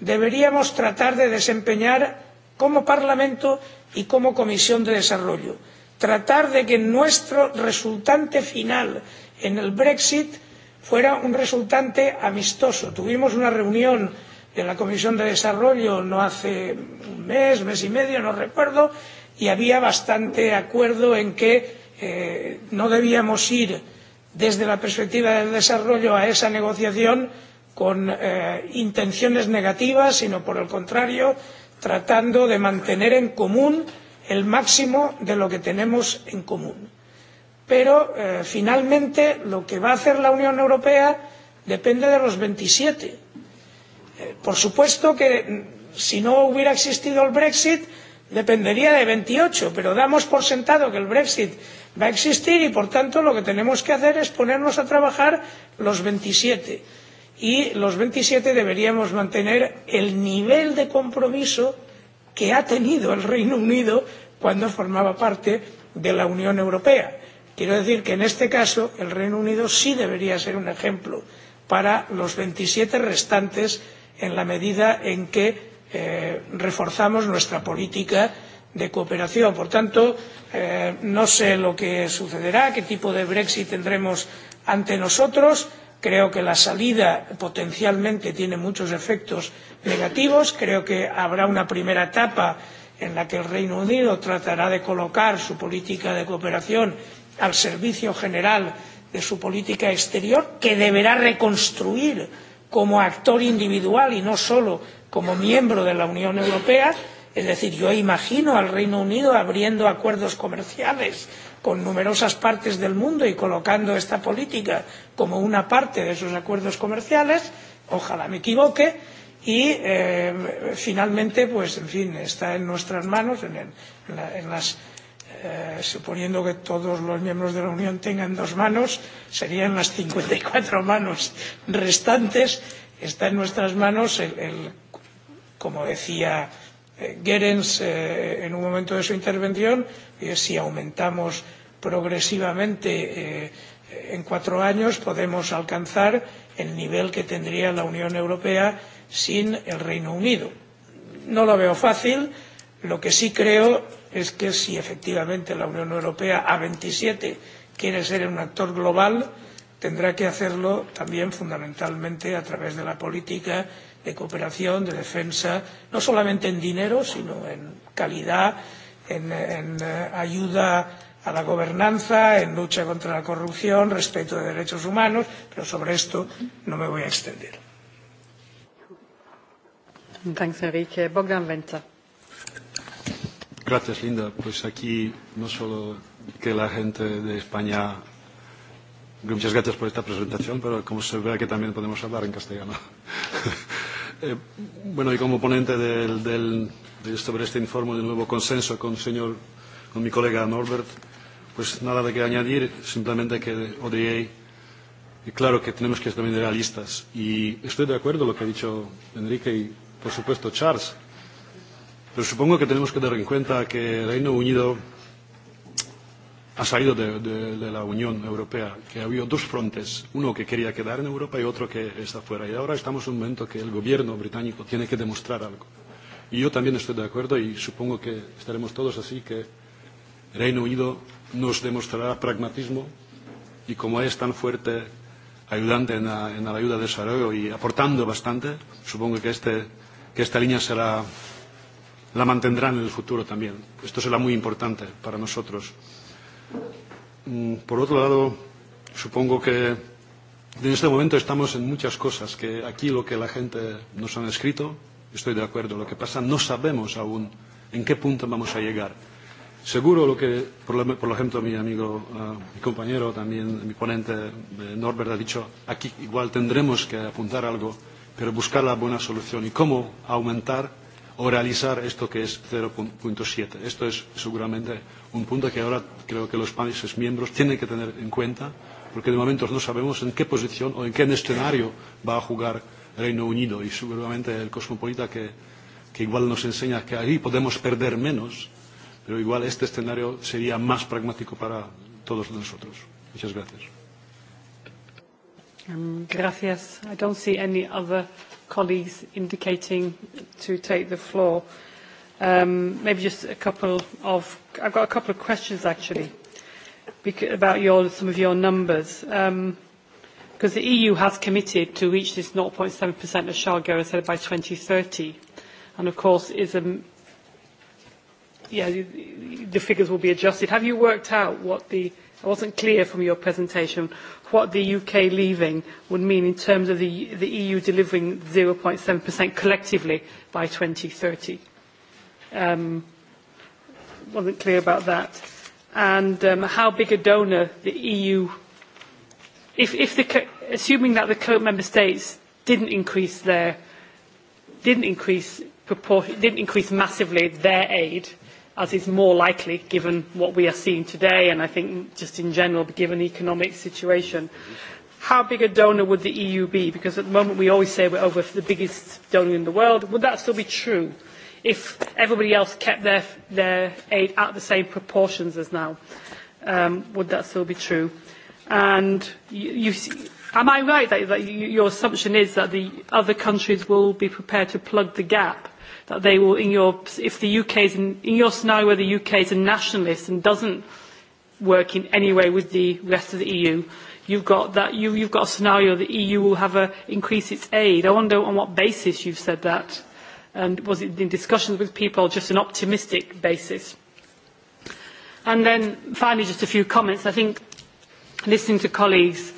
deberíamos tratar de desempeñar como parlamento y como comisión de desarrollo tratar de que nuestro resultante final en el brexit fuera un resultante amistoso. tuvimos una reunión de la comisión de desarrollo no hace un mes mes y medio no recuerdo y había bastante acuerdo en que eh, no debíamos ir desde la perspectiva del desarrollo a esa negociación con eh, intenciones negativas sino por el contrario tratando de mantener en común el máximo de lo que tenemos en común pero eh, finalmente lo que va a hacer la unión europea depende de los veintisiete eh, por supuesto que mm, si no hubiera existido el brexit dependería de veintiocho pero damos por sentado que el brexit va a existir y por tanto lo que tenemos que hacer es ponernos a trabajar los veintisiete y los veintisiete deberíamos mantener el nivel de compromiso que ha tenido el reino unido cuando formaba parte de la unión europea. quiero decir que en este caso el reino unido sí debería ser un ejemplo para los veintisiete restantes en la medida en que eh, reforzamos nuestra política de cooperación. por tanto eh, no sé lo que sucederá qué tipo de brexit tendremos ante nosotros creo que la salida potencialmente tiene muchos efectos negativos creo que habrá una primera etapa en la que el reino unido tratará de colocar su política de cooperación al servicio general de su política exterior que deberá reconstruir como actor individual y no solo como miembro de la unión europea es decir yo imagino al reino unido abriendo acuerdos comerciales con numerosas partes del mundo y colocando esta política como una parte de sus acuerdos comerciales ojalá me equivoque y eh, finalmente pues en fin está en nuestras manos en, en, las eh, suponiendo que todos los miembros de la unión tengan dos manos serían las cincuenta y cuatro manos restantes está en nuestras manos el como decía Goerens eh, en un momento de su intervención si aumentamos progresivamente eh, en cuatro años podemos alcanzar el nivel que tendría la Unión Europea sin el Reino Unido. No lo veo fácil. Lo que sí creo es que si efectivamente la Unión Europea a 27 quiere ser un actor global, tendrá que hacerlo también fundamentalmente a través de la política de cooperación de defensa no solamente en dinero sino en calidad en, en eh, ayuda a la gobernanza en lucha contra la corrupción respeto de derechos humanos pero sobre esto no me voy a extender. Gracias, Linda. Pues aquí no solo que la gente de España. Muchas gracias por esta presentación, pero como se ve que también podemos hablar en castellano. Eh, bueno, y como ponente del, del, de sobre este informe del nuevo consenso con, señor, con mi colega Norbert, pues nada de que añadir, simplemente que ODA, y claro que tenemos que ser también realistas. Y estoy de acuerdo con lo que ha dicho Enrique y, por supuesto, Charles. Pero supongo que tenemos que dar en cuenta que Reino Unido ha salido de, de, de la Unión Europea, que ha habido dos frontes, uno que quería quedar en Europa y otro que está fuera. Y ahora estamos en un momento que el gobierno británico tiene que demostrar algo. Y yo también estoy de acuerdo y supongo que estaremos todos así que Reino Unido nos demostrará pragmatismo y como es tan fuerte ayudante en la, en la ayuda de desarrollo y aportando bastante, supongo que, este, que esta línea será, la mantendrán en el futuro también. Esto será muy importante para nosotros. Mm, por otro lado, supongo que en este momento estamos en muchas cosas, que aquí lo que la gente nos ha escrito, estoy de acuerdo, lo que pasa no sabemos aún en qué punto vamos a llegar. Seguro lo que, por ejemplo, mi amigo, ah, mi compañero también, mi ponente eh, Norbert ha dicho, aquí igual tendremos que apuntar algo, pero buscar la buena solución y cómo aumentar o realizar esto que es 0.7. Esto es seguramente un punto que ahora creo que los países miembros tienen que tener en cuenta, porque de momento no sabemos en qué posición o en qué escenario va a jugar Reino Unido. Y seguramente el cosmopolita que, que igual nos enseña que ahí podemos perder menos, pero igual este escenario sería más pragmático para todos nosotros. Muchas gracias. Um, gracias. I don't see any other colleagues indicating to take the floor. Um, maybe just a couple of, I've got a couple of questions actually about your, some of your numbers. Um, because the EU has committed to reach this 0.7% of shale gas by 2030. And of course, is a, um, yeah, the figures will be adjusted. Have you worked out what the, I wasn't clear from your presentation, what the UK leaving would mean in terms of the, the EU delivering 0.7% collectively by 2030? Um, wasn't clear about that. And um, how big a donor the EU, if, if the, assuming that the current member states didn't increase their, didn't increase proportion, didn't increase massively their aid, as is more likely given what we are seeing today and I think just in general given the economic situation. How big a donor would the EU be? Because at the moment we always say we're over the biggest donor in the world. Would that still be true? if everybody else kept their, their aid at the same proportions as now? Um, would that still be true? And you, see, am I right that, your assumption is that the other countries will be prepared to plug the gap? That they will, in your, if the UK is in, in your scenario where the UK is a nationalist and doesn't work in any way with the rest of the EU, you've got that you, you've got a scenario the EU will have a, increase its aid. I wonder on what basis you've said that and was it in discussions with people just an optimistic basis? And then finally just a few comments. I think listening to colleagues,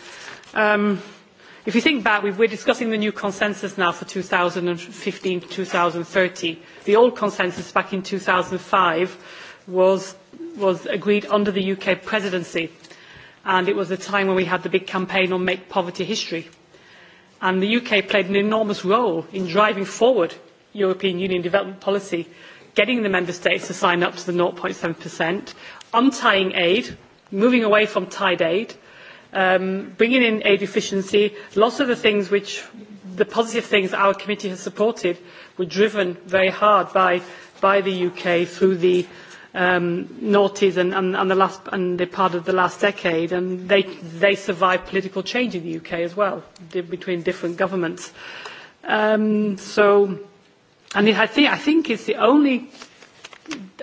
um, if you think back, we're discussing the new consensus now for 2015 to 2030. The old consensus back in 2005 was, was agreed under the UK presidency and it was the time when we had the big campaign on Make Poverty History. And the UK played an enormous role in driving forward European Union development policy, getting the member states to sign up to the 0.7%, untying aid, moving away from tied aid, um, bringing in aid efficiency. Lots of the things which, the positive things our committee has supported were driven very hard by, by the UK through the um, noughties and, the part of the last decade. And they, they survived political change in the UK as well, between different governments. Um, so And I think, I think it's the only,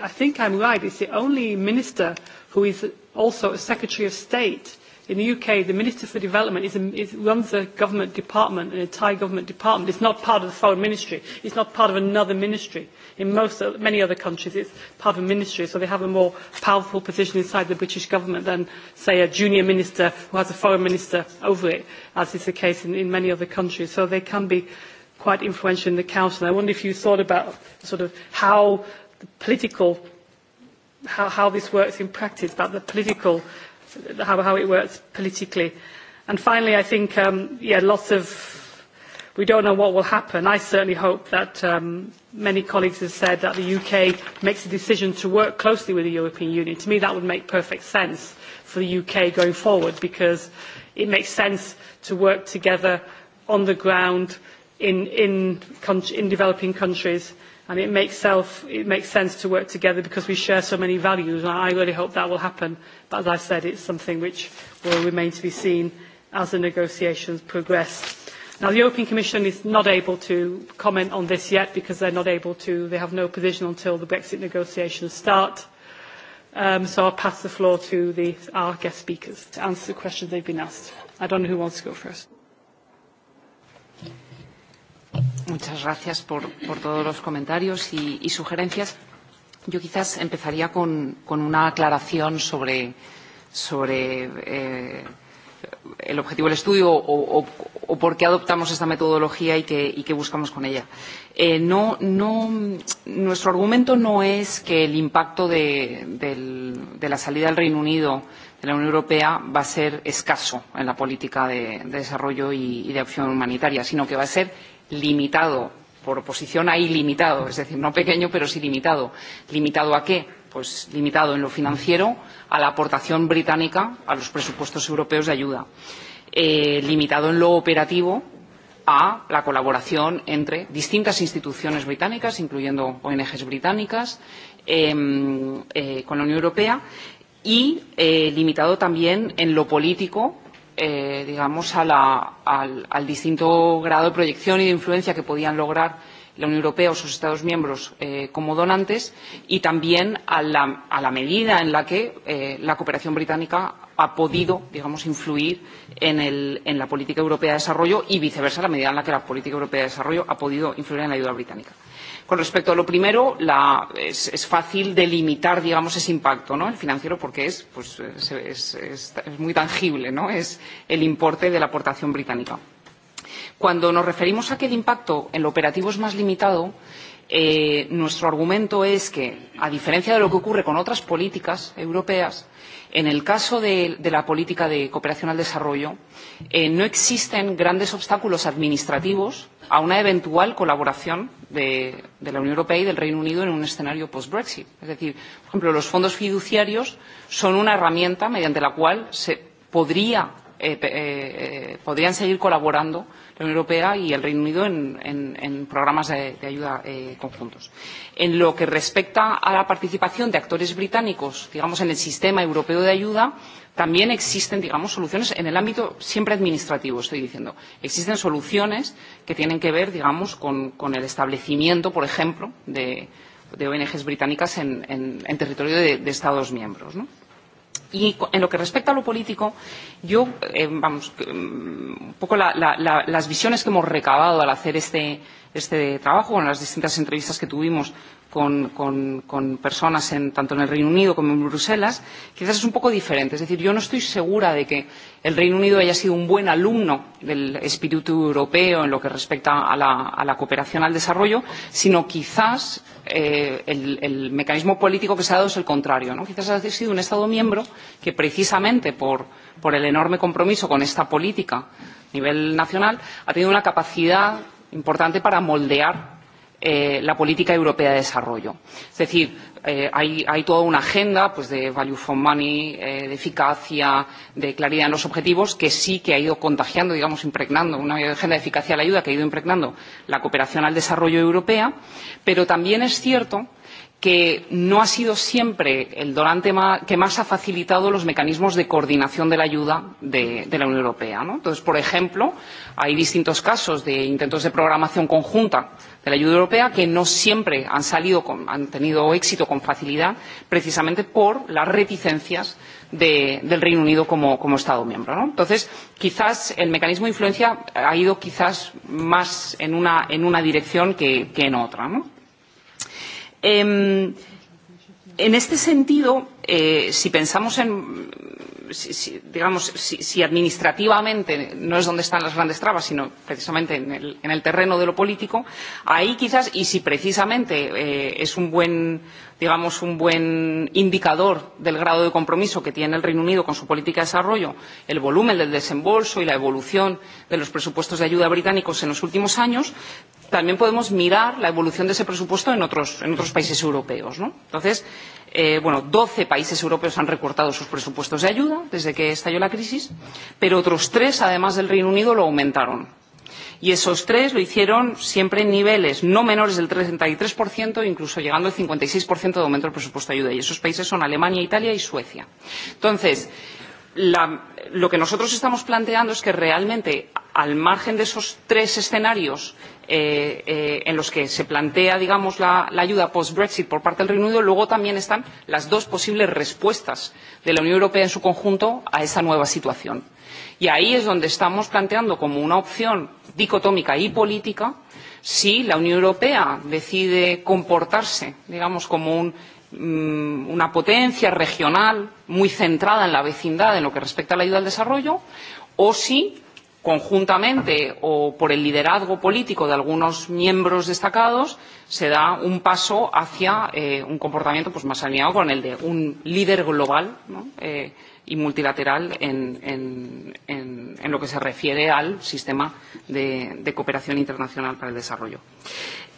I think I'm right, it's the only minister who is also a Secretary of State. In the UK, the Minister for Development is, a, is runs a government department, an entire government department. It's not part of the foreign ministry. It's not part of another ministry. In most, many other countries, it's part of a ministry, so they have a more powerful position inside the British government than, say, a junior minister who has a foreign minister over it, as is the case in, in many other countries. So they can be quite influential in the council. I wonder if you thought about sort of how the political, how, how this works in practice, about the political, how, how it works politically. And finally, I think, um, yeah, lots of, we don't know what will happen. I certainly hope that um, many colleagues have said that the UK makes a decision to work closely with the European Union. To me, that would make perfect sense for the UK going forward because it makes sense to work together on the ground in, in, in developing countries and it makes, self, it makes sense to work together because we share so many values and I really hope that will happen but as I said it's something which will remain to be seen as the negotiations progress. Now the European Commission is not able to comment on this yet because they're not able to, they have no position until the Brexit negotiations start. Um, so I'll pass the floor to the, our guest speakers to answer the questions they've been asked. I don't know who wants to go first. Muchas gracias por, por todos los comentarios y, y sugerencias. Yo quizás empezaría con, con una aclaración sobre, sobre eh, el objetivo del estudio o, o, o por qué adoptamos esta metodología y qué, y qué buscamos con ella. Eh, no, no, nuestro argumento no es que el impacto de, del, de la salida del Reino Unido de la Unión Europea va a ser escaso en la política de, de desarrollo y, y de acción humanitaria, sino que va a ser limitado por oposición a ilimitado, es decir, no pequeño, pero sí limitado. ¿Limitado a qué? Pues limitado en lo financiero a la aportación británica a los presupuestos europeos de ayuda. Eh, limitado en lo operativo a la colaboración entre distintas instituciones británicas, incluyendo ONGs británicas, eh, eh, con la Unión Europea y eh, limitado también en lo político eh, digamos, a la, al, al distinto grado de proyección y de influencia que podían lograr la Unión Europea o sus Estados miembros eh, como donantes y también a la, a la medida en la que eh, la cooperación británica ha podido, digamos, influir en, el, en la política europea de desarrollo y viceversa, a la medida en la que la política europea de desarrollo ha podido influir en la ayuda británica. Con respecto a lo primero, la, es, es fácil delimitar, digamos, ese impacto, ¿no? El financiero porque es, pues, es, es, es, es muy tangible, ¿no? Es el importe de la aportación británica. Cuando nos referimos a que el impacto en lo operativo es más limitado, eh, nuestro argumento es que, a diferencia de lo que ocurre con otras políticas europeas, En el caso de, la política de cooperación al desarrollo, eh, no existen grandes obstáculos administrativos a una eventual colaboración de, de la Unión Europea y del Reino Unido en un escenario post-Brexit. Es decir, por ejemplo, los fondos fiduciarios son una herramienta mediante la cual se podría, eh, eh, eh, podrían seguir colaborando la Unión Europea y el Reino Unido en, en, en programas de, de ayuda eh, conjuntos. En lo que respecta a la participación de actores británicos, digamos, en el sistema europeo de ayuda, también existen, digamos, soluciones en el ámbito siempre administrativo, estoy diciendo. Existen soluciones que tienen que ver, digamos, con, con el establecimiento, por ejemplo, de, de ONGs británicas en, en, en territorio de, de Estados miembros, ¿no? Y en lo que respecta a lo político, yo, eh, vamos, mm, un poco la, la, la, las visiones que hemos recabado al hacer este, este trabajo, en las distintas entrevistas que tuvimos con, con, con personas en, tanto en el Reino Unido como en Bruselas, quizás es un poco diferente. Es decir, yo no estoy segura de que el Reino Unido haya sido un buen alumno del espíritu europeo en lo que respecta a la, a la cooperación al desarrollo, sino quizás eh, el, el mecanismo político que se ha dado es el contrario. ¿no? Quizás ha sido un Estado miembro que precisamente por, por el enorme compromiso con esta política a nivel nacional ha tenido una capacidad importante para moldear eh, la política europea de desarrollo. Es decir, eh, hay, hay toda una agenda pues, de value for money, eh, de eficacia, de claridad en los objetivos, que sí que ha ido contagiando, digamos, impregnando, una agenda de eficacia a la ayuda que ha ido impregnando la cooperación al desarrollo europea, pero también es cierto que no ha sido siempre el donante que más ha facilitado los mecanismos de coordinación de la ayuda de, de la Unión Europea. ¿no? Entonces, por ejemplo, hay distintos casos de intentos de programación conjunta de la ayuda europea que no siempre han, salido con, han tenido éxito con facilidad precisamente por las reticencias del Reino Unido como, como Estado miembro. ¿no? Entonces, quizás el mecanismo de influencia ha ido quizás más en una, en una dirección que, que en otra. ¿no? Eh, en este sentido, eh, si pensamos en, si, si, digamos, si, si administrativamente no es donde están las grandes trabas, sino precisamente en el, en el terreno de lo político, ahí quizás, y si precisamente eh, es un buen digamos, un buen indicador del grado de compromiso que tiene el Reino Unido con su política de desarrollo, el volumen del desembolso y la evolución de los presupuestos de ayuda británicos en los últimos años, también podemos mirar la evolución de ese presupuesto en otros, en otros países europeos. ¿no? Entonces, eh, bueno, 12 países europeos han recortado sus presupuestos de ayuda desde que estalló la crisis, pero otros tres, además del Reino Unido, lo aumentaron y esos tres lo hicieron siempre en niveles no menores del 33%, incluso llegando al 56% de aumento del presupuesto de ayuda. Y esos países son Alemania, Italia y Suecia. Entonces, la, lo que nosotros estamos planteando es que realmente, al margen de esos tres escenarios eh, eh, en los que se plantea digamos, la, la ayuda post-Brexit por parte del Reino Unido, luego también están las dos posibles respuestas de la Unión Europea en su conjunto a esa nueva situación y ahí es donde estamos planteando como una opción dicotómica y política si la unión europea decide comportarse digamos como un mm, una potencia regional muy centrada en la vecindad en lo que respecta a la ayuda al desarrollo o si conjuntamente o por el liderazgo político de algunos miembros destacados se da un paso hacia eh, un comportamiento pues, más alineado con el de un líder global eh, y multilateral en, en, en, en lo que se refiere al sistema de, de cooperación internacional para el desarrollo.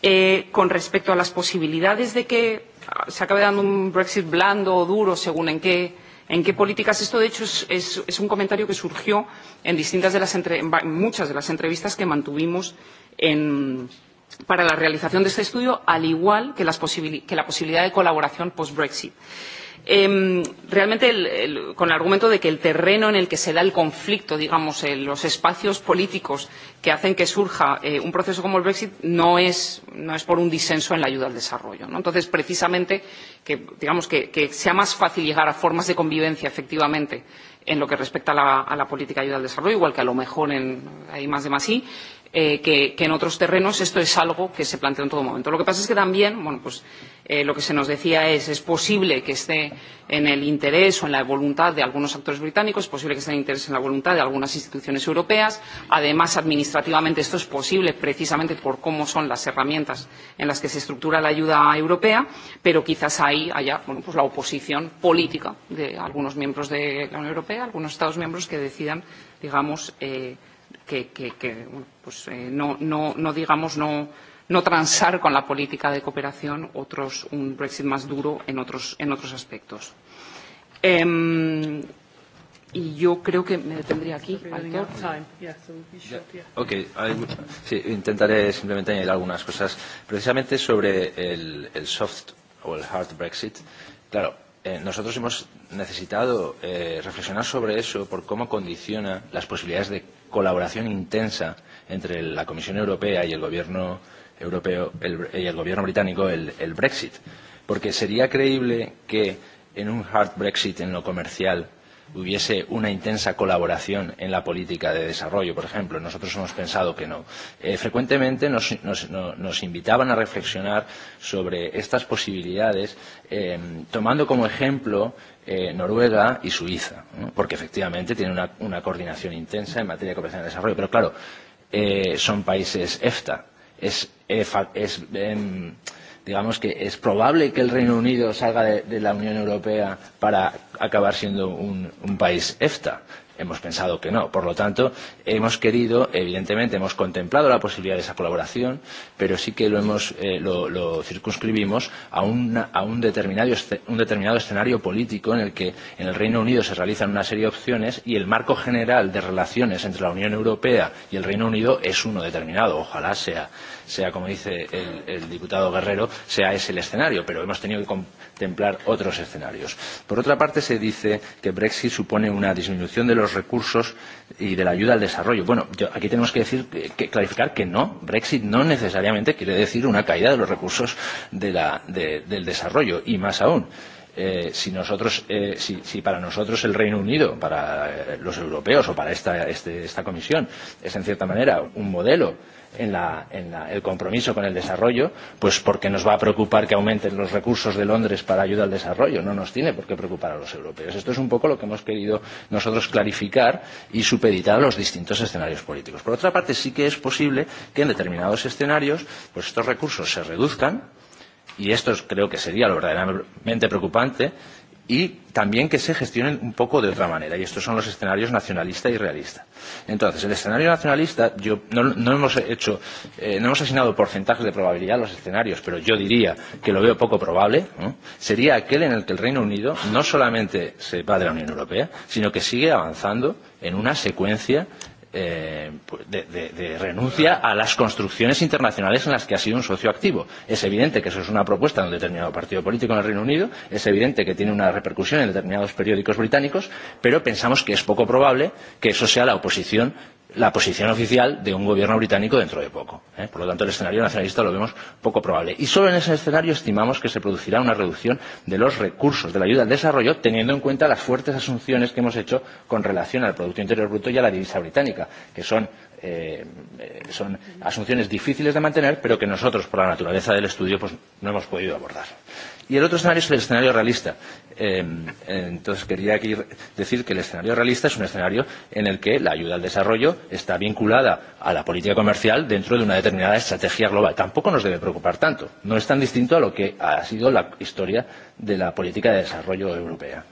Eh, con respecto a las posibilidades de que se acabe dando un Brexit blando o duro según en qué, en qué políticas, esto de hecho es, es, es un comentario que surgió en, distintas de las entre, en muchas de las entrevistas que mantuvimos en, para la realización de este estudio, al igual que, las que la posibilidad de colaboración post-Brexit. Eh, realmente el, el, con el argumento de que el terreno en el que se da el conflicto digamos en eh, los espacios políticos que hacen que surja eh, un proceso como el brexit no es, no es por un disenso en la ayuda al desarrollo ¿no? entonces precisamente que digamos que, que sea más fácil llegar a formas de convivencia efectivamente en lo que respecta a la, a la política de ayuda al desarrollo igual que a lo mejor en hay más de más y eh, que, que en otros terrenos esto es algo que se plantea en todo momento. lo que pasa es que también bueno pues eh, lo que se nos decía es es posible que esté en el interés o en la voluntad de algunos actores británicos, es posible que esté en el interés en la voluntad de algunas instituciones europeas. Además, administrativamente esto es posible precisamente por cómo son las herramientas en las que se estructura la ayuda europea, pero quizás ahí haya bueno, pues la oposición política de algunos miembros de la Unión Europea, algunos Estados miembros que decidan, digamos, eh, que, que, que pues, eh, no, no, digamos, no no transar con la política de cooperación otros, un Brexit más duro en otros, en otros aspectos. Eh, y yo creo que me detendría aquí. Ok, sí, intentaré simplemente añadir algunas cosas. Precisamente sobre el, el soft o el hard Brexit, claro, eh, nosotros hemos necesitado eh, reflexionar sobre eso, por cómo condiciona las posibilidades de colaboración intensa entre la Comisión Europea y el Gobierno Europeo el, y el gobierno británico el, el Brexit. Porque sería creíble que en un hard Brexit en lo comercial hubiese una intensa colaboración en la política de desarrollo, por ejemplo. Nosotros hemos pensado que no. Eh, frecuentemente nos, nos, nos invitaban a reflexionar sobre estas posibilidades eh, tomando como ejemplo eh, Noruega y Suiza, ¿no? porque efectivamente tienen una, una coordinación intensa en materia de cooperación de desarrollo. Pero claro, eh, son países EFTA, es, eh, es digamos que es probable que el Reino Unido salga de, de la Unión Europea para acabar siendo un, un país EFTA Hemos pensado que no. Por lo tanto, hemos querido, evidentemente, hemos contemplado la posibilidad de esa colaboración, pero sí que lo, hemos, eh, lo, lo circunscribimos a, a un, determinado, un determinado escenario político en el que en el Reino Unido se realizan una serie de opciones y el marco general de relaciones entre la Unión Europea y el Reino Unido es uno determinado. Ojalá sea, sea como dice el, el diputado Guerrero, sea ese el escenario, pero hemos tenido que contemplar otros escenarios. Por otra parte, se dice que Brexit supone una disminución de los los recursos y de la ayuda al desarrollo. Bueno, yo, aquí tenemos que, decir, que clarificar que no, Brexit no necesariamente quiere decir una caída de los recursos de la, de, del desarrollo, y más aún eh, si nosotros eh, si, si para nosotros el Reino Unido para eh, los europeos o para esta este, esta comisión es en cierta manera un modelo en la en la, el compromiso con el desarrollo pues porque nos va a preocupar que aumenten los recursos de Londres para ayuda al desarrollo no nos tiene por qué preocupar a los europeos esto es un poco lo que hemos querido nosotros clarificar y supeditar a los distintos escenarios políticos por otra parte sí que es posible que en determinados escenarios pues estos recursos se reduzcan y esto creo que sería lo verdaderamente preocupante y también que se gestionen un poco de otra manera y estos son los escenarios nacionalista y realista. Entonces, el escenario nacionalista yo no, no hemos hecho eh, no hemos asignado porcentajes de probabilidad a los escenarios, pero yo diría que lo veo poco probable, ¿no? Sería aquel en el que el Reino Unido no solamente se va de la Unión Europea, sino que sigue avanzando en una secuencia eh, de, de, de renuncia a las construcciones internacionales en las que ha sido un socio activo. Es evidente que eso es una propuesta de un determinado partido político en el Reino Unido, es evidente que tiene una repercusión en determinados periódicos británicos, pero pensamos que es poco probable que eso sea la oposición la posición oficial de un gobierno británico dentro de poco. ¿eh? Por lo tanto, el escenario nacionalista lo vemos poco probable. Y solo en ese escenario estimamos que se producirá una reducción de los recursos de la ayuda al desarrollo, teniendo en cuenta las fuertes asunciones que hemos hecho con relación al Producto Interior Bruto y a la divisa británica, que son, eh, son asunciones difíciles de mantener, pero que nosotros, por la naturaleza del estudio, pues, no hemos podido abordar. Y el otro escenario es el escenario realista, Eh, entonces, quería aquí decir que el escenario realista es un escenario en el que la ayuda al desarrollo está vinculada a la política comercial dentro de una determinada estrategia global. Tampoco nos debe preocupar tanto. No es tan distinto a lo que ha sido la historia de la política de desarrollo europea.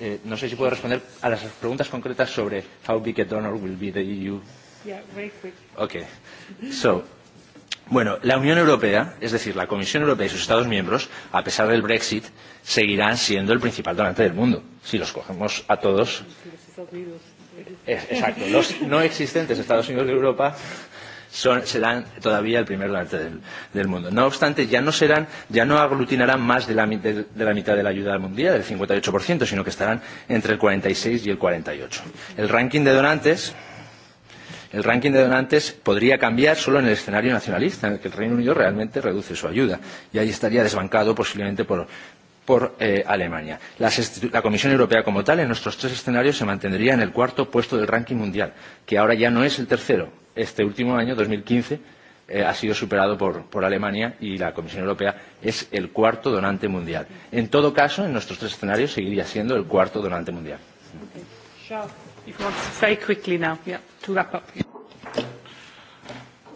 Eh, no sé si puedo responder a las preguntas concretas sobre how big a donor will be the EU. Yeah, very quick. Okay. So, Bueno, la Unión Europea, es decir, la Comisión Europea y sus Estados miembros, a pesar del Brexit, seguirán siendo el principal donante del mundo. Si los cogemos a todos. Exacto, los no existentes Estados Unidos de Europa son, serán todavía el primer donante del, del mundo. No obstante, ya no serán, ya no aglutinarán más de la, de, de la mitad de la ayuda mundial, del 58%, sino que estarán entre el 46 y el 48. El ranking de donantes el ranking de donantes podría cambiar solo en el escenario nacionalista, en el que el Reino Unido realmente reduce su ayuda. Y ahí estaría desbancado posiblemente por, por eh, Alemania. Las la Comisión Europea como tal, en nuestros tres escenarios, se mantendría en el cuarto puesto del ranking mundial, que ahora ya no es el tercero. Este último año, 2015, eh, ha sido superado por, por Alemania y la Comisión Europea es el cuarto donante mundial. En todo caso, en nuestros tres escenarios, seguiría siendo el cuarto donante mundial. Okay.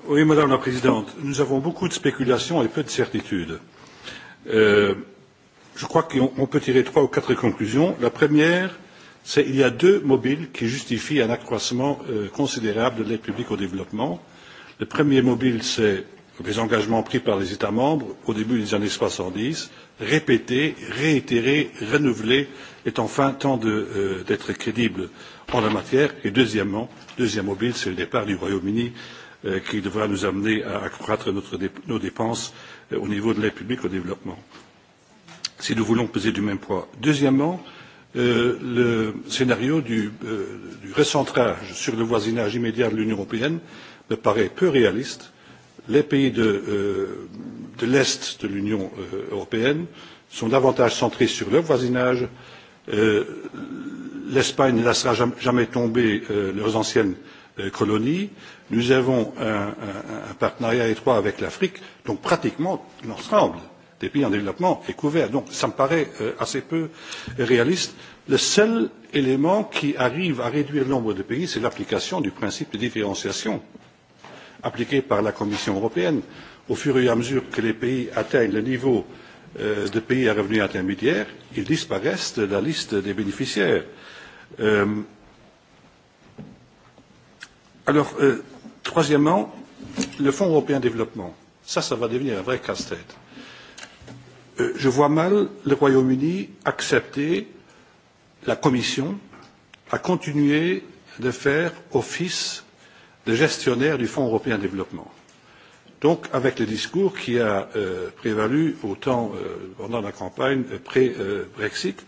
Oui, Madame la Présidente, nous avons beaucoup de spéculations et peu de certitudes. Euh, je crois qu'on peut tirer trois ou quatre conclusions. La première, c'est qu'il y a deux mobiles qui justifient un accroissement euh, considérable de l'aide publique au développement. Le premier mobile, c'est les engagements pris par les États membres au début des années 70, répétés, réitérés, renouvelés, est enfin temps euh, d'être crédibles. crédible en la matière et deuxièmement deuxième mobile c'est le départ du royaume uni euh, qui devra nous amener à accroître notre, nos dépenses euh, au niveau de l'aide publique au développement si nous voulons peser du même poids. deuxièmement euh, le scénario du, du recentrage sur le voisinage immédiat de l'union européenne me paraît peu réaliste. les pays de, de l'est de l'union européenne sont davantage centrés sur leur voisinage l'Espagne ne laissera jamais tomber leurs anciennes euh, colonies. Nous avons un, partenariat étroit avec l'Afrique, donc pratiquement l'ensemble des pays en développement est couvert. Donc ça me paraît euh, assez peu réaliste. Le seul élément qui arrive à réduire le nombre de pays, c'est l'application du principe de différenciation appliqué par la Commission européenne. Au fur et à mesure que les pays atteignent le niveau euh, de pays à revenus intermédiaires, ils disparaissent de la liste des bénéficiaires. Euh, alors, euh, troisièmement, le Fonds européen de développement. Ça, ça va devenir un vrai casse-tête. Euh, je vois mal le Royaume-Uni accepter la Commission à continuer de faire office de gestionnaire du Fonds européen de développement. Donc, avec le discours qui a prévalu autant pendant la campagne pré-Brexit,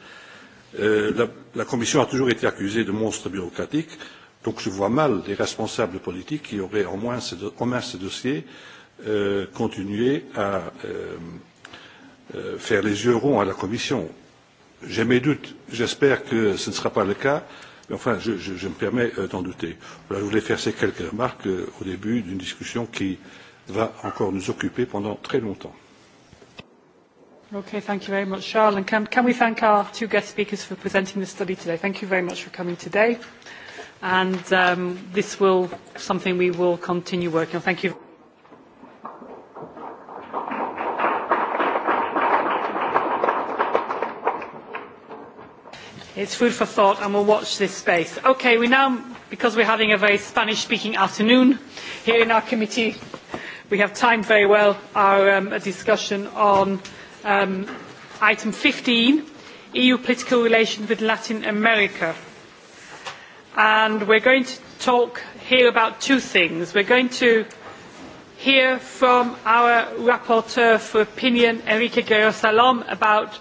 la la Commission a toujours été accusée de monstres bureaucratiques, donc je vois mal des responsables politiques qui auraient en, moins ce, en main ce dossier euh, continuer à euh, euh, faire les yeux ronds à la Commission. J'ai mes doutes, j'espère que ce ne sera pas le cas, mais enfin je, je, je me permets euh, d'en douter. Voilà, je voulais faire ces quelques remarques euh, au début d'une discussion qui va encore nous occuper pendant très longtemps. Okay, thank you very much, Charles. And can, can we thank our two guest speakers for presenting the study today? Thank you very much for coming today. And um, this will something we will continue working on. Thank you. It's food for thought, and we'll watch this space. Okay, we now, because we're having a very Spanish-speaking afternoon here in our committee, we have timed very well our um, discussion on Um, item 15, EU political relations with Latin America. And we're going to talk here about two things. We're going to hear from our rapporteur for opinion, Enrique Guerrero Salom, about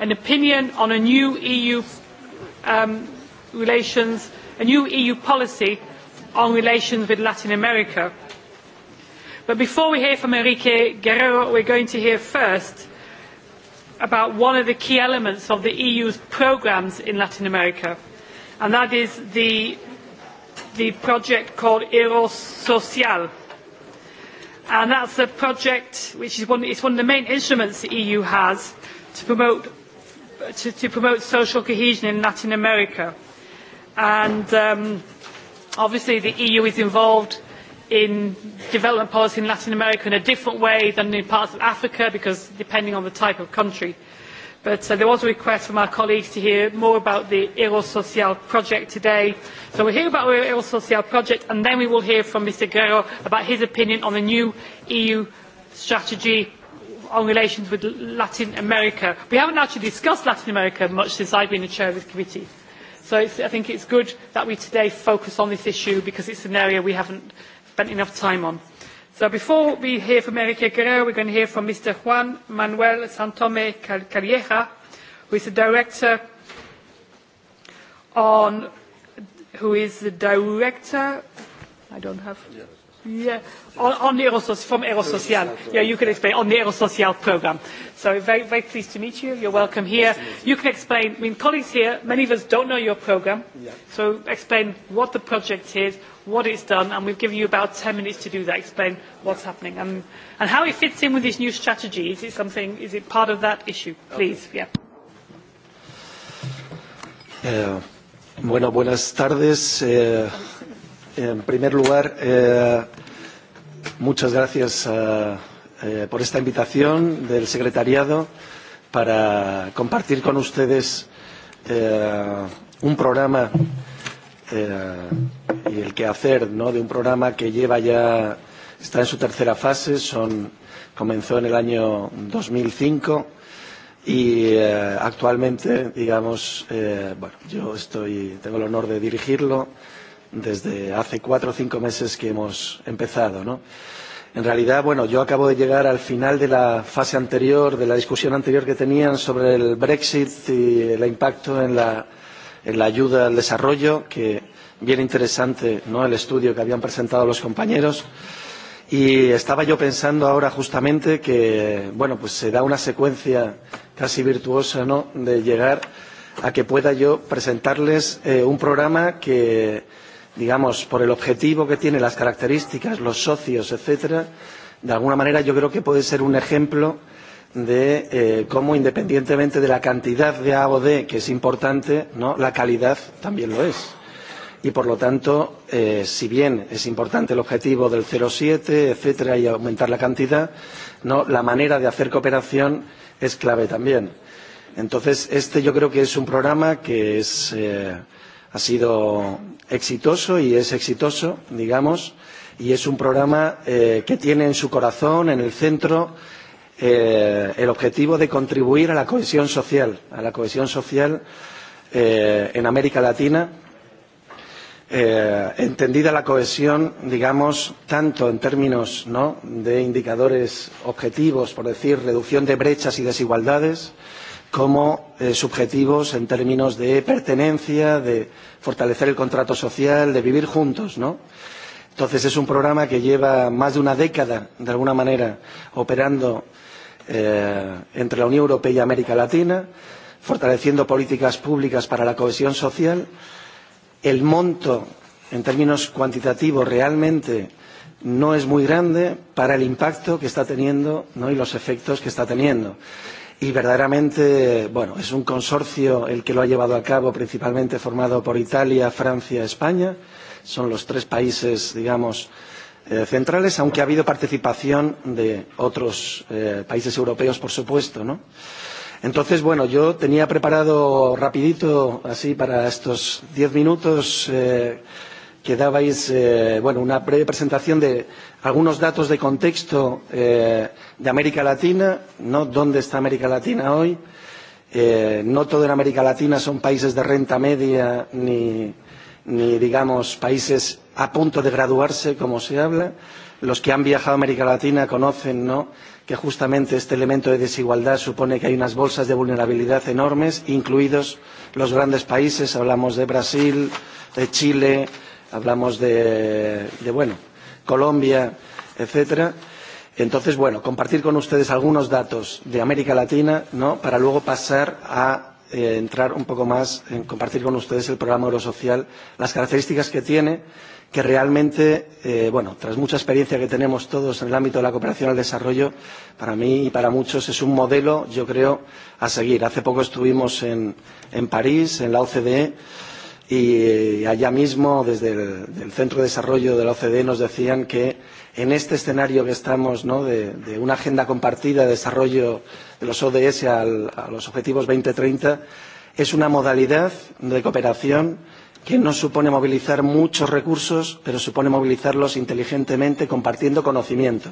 an opinion on a new EU um, relations, a new EU policy on relations with Latin America. But before we hear from Enrique Guerrero, we're going to hear first about one of the key elements of the EU's programmes in Latin America, and that is the, the project called Eros Social. And that's a project which is one, it's one of the main instruments the EU has to promote, to, to promote social cohesion in Latin America. And um, obviously the EU is involved in development policy in Latin America in a different way than in parts of Africa because depending on the type of country. But uh, there was a request from our colleagues to hear more about the Eurosocial project today. So will hear about the Social project and then we will hear from Mr Guerrero about his opinion on the new EU strategy on relations with Latin America. We haven't actually discussed Latin America much since I've been the chair of this committee. So I think it's good that we today focus on this issue because it's an area we haven't spent enough time on. So before we hear from Enrique Guerrero, we're going to hear from Mr. Juan Manuel Santome Calleja, who is the director on, who is the director, I don't have, yeah, on, on the Erosos, from Erosocial. Yeah, you can explain, on the Erosocial program. So very, very pleased to meet you. You're welcome here. You can explain, I mean, colleagues here, many of us don't know your program. So explain what the project is, what it's done, and we've given you about 10 minutes to do that, explain what's happening and, and how it fits in with this new strategy. Is it something, is it part of that issue? Please, okay. yeah. Eh, bueno, buenas tardes. Eh, en primer lugar, eh, muchas gracias a, eh, eh, por esta invitación del secretariado para compartir con ustedes eh, un programa eh, y el quehacer ¿no? de un programa que lleva ya, está en su tercera fase, son, comenzó en el año 2005 y eh, actualmente, digamos, eh, bueno, yo estoy, tengo el honor de dirigirlo desde hace cuatro o cinco meses que hemos empezado, ¿no? En realidad, bueno, yo acabo de llegar al final de la fase anterior, de la discusión anterior que tenían sobre el Brexit y el impacto en la en la ayuda al desarrollo, que bien interesante ¿no? el estudio que habían presentado los compañeros. Y estaba yo pensando ahora justamente que, bueno, pues se da una secuencia casi virtuosa, ¿no?, de llegar a que pueda yo presentarles eh, un programa que, digamos, por el objetivo que tiene, las características, los socios, etcétera, de alguna manera yo creo que puede ser un ejemplo de eh, cómo independientemente de la cantidad de A que es importante, ¿no? la calidad también lo es. Y por lo tanto, eh, si bien es importante el objetivo del 0,7, etcétera, y aumentar la cantidad, ¿no? la manera de hacer cooperación es clave también. Entonces, este yo creo que es un programa que es, eh, ha sido exitoso y es exitoso, digamos, y es un programa eh, que tiene en su corazón, en el centro, eh, el objetivo de contribuir a la cohesión social, a la cohesión social eh, en América Latina, eh, entendida la cohesión, digamos, tanto en términos ¿no? de indicadores objetivos, por decir, reducción de brechas y desigualdades, como eh, subjetivos en términos de pertenencia, de fortalecer el contrato social, de vivir juntos, ¿no? Entonces es un programa que lleva más de una década, de alguna manera, operando eh, entre la Unión Europea y América Latina, fortaleciendo políticas públicas para la cohesión social. El monto, en términos cuantitativos, realmente no es muy grande para el impacto que está teniendo ¿no? y los efectos que está teniendo. Y verdaderamente, bueno, es un consorcio el que lo ha llevado a cabo, principalmente formado por Italia, Francia, España. Son los tres países, digamos, Eh, centrales, aunque ha habido participación de otros eh, países europeos, por supuesto, ¿no? Entonces, bueno, yo tenía preparado rapidito, así para estos diez minutos eh, que dabais, eh, bueno, una breve presentación de algunos datos de contexto de América Latina, ¿no? ¿Dónde está América Latina hoy? no todo en América Latina son países de renta media ni ni digamos países a punto de graduarse como se habla los que han viajado a América Latina conocen ¿no? que justamente este elemento de desigualdad supone que hay unas bolsas de vulnerabilidad enormes incluidos los grandes países hablamos de Brasil de Chile hablamos de, de bueno Colombia etcétera entonces bueno compartir con ustedes algunos datos de América Latina ¿no? para luego pasar a eh, entrar un poco más en compartir con ustedes el programa Eurosocial, las características que tiene, que realmente, eh, bueno, tras mucha experiencia que tenemos todos en el ámbito de la cooperación al desarrollo, para mí y para muchos es un modelo, yo creo, a seguir. Hace poco estuvimos en, en París, en la OCDE, y eh, allá mismo, desde el del Centro de Desarrollo de la OCDE, nos decían que en este escenario que estamos ¿no? de, de una agenda compartida de desarrollo de los ODS al, a los objetivos 2030 es una modalidad de cooperación que no supone movilizar muchos recursos, pero supone movilizarlos inteligentemente compartiendo conocimiento.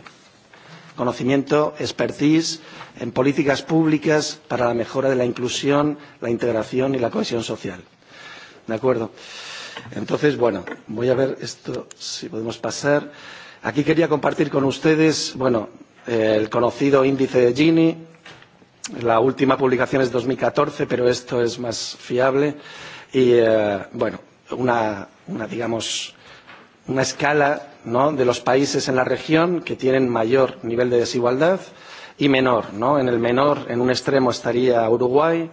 Conocimiento, expertise en políticas públicas para la mejora de la inclusión, la integración y la cohesión social. ¿De acuerdo? Entonces, bueno, voy a ver esto, si podemos pasar. Aquí quería compartir con ustedes, bueno, el conocido índice de Gini, la última publicación es 2014, pero esto es más fiable y eh, bueno, una, una digamos una escala ¿no? de los países en la región que tienen mayor nivel de desigualdad y menor, ¿no? En el menor, en un extremo estaría Uruguay,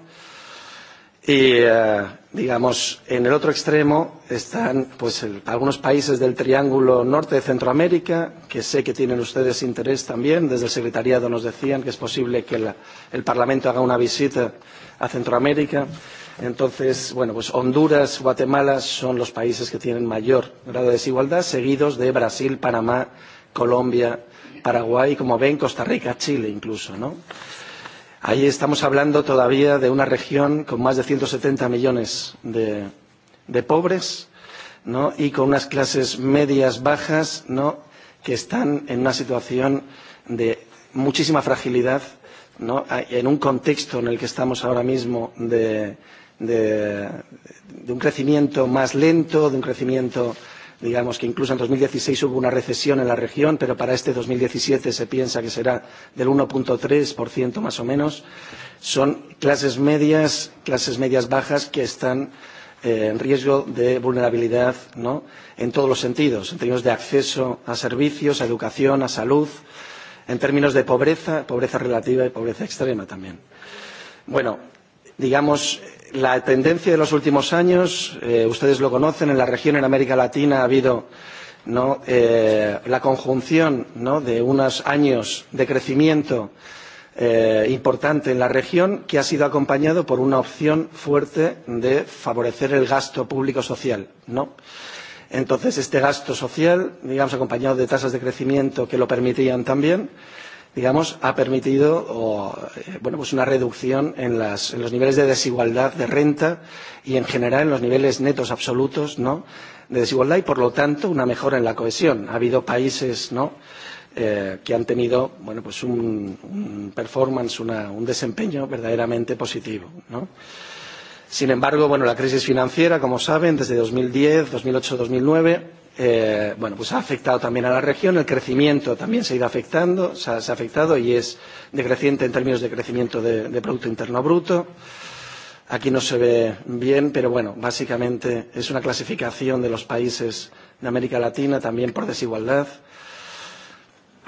Y, eh, digamos, en el otro extremo están pues, algunos países del Triángulo Norte de Centroamérica, que sé que tienen ustedes interés también. Desde el Secretariado nos decían que es posible que el Parlamento haga una visita a Centroamérica. Entonces, bueno, pues Honduras, Guatemala son los países que tienen mayor grado de desigualdad, seguidos de Brasil, Panamá, Colombia, Paraguay, como ven, Costa Rica, Chile incluso, ¿no? Ahí estamos hablando todavía de una región con más de 170 millones de, de pobres ¿no? y con unas clases medias bajas ¿no? que están en una situación de muchísima fragilidad ¿no? en un contexto en el que estamos ahora mismo de, de, de un crecimiento más lento, de un crecimiento Digamos que incluso en 2016 hubo una recesión en la región, pero para este 2017 se piensa que será del 1.3% más o menos. Son clases medias, clases medias bajas que están eh, en riesgo de vulnerabilidad ¿no? en todos los sentidos, en términos de acceso a servicios, a educación, a salud, en términos de pobreza, pobreza relativa y pobreza extrema también. Bueno, digamos la tendencia de los últimos años eh, ustedes lo conocen en la región en américa latina ha habido ¿no? Eh, la conjunción ¿no? de unos años de crecimiento eh, importante en la región que ha sido acompañado por una opción fuerte de favorecer el gasto público social ¿no? entonces este gasto social digamos acompañado de tasas de crecimiento que lo permitían también digamos, ha permitido o, eh, bueno, pues una reducción en, las, en los niveles de desigualdad de renta y en general en los niveles netos absolutos ¿no? de desigualdad y por lo tanto una mejora en la cohesión. Ha habido países ¿no? eh, que han tenido bueno, pues un, un performance, una, un desempeño verdaderamente positivo. ¿no? Sin embargo, bueno, la crisis financiera, como saben, desde 2010, 2008, 2009 eh, bueno, pues ha afectado también a la región. El crecimiento también se ha ido afectando, se ha, afectado y es decreciente en términos de crecimiento de, de Producto Interno Bruto. Aquí no se ve bien, pero bueno, básicamente es una clasificación de los países de América Latina, también por desigualdad.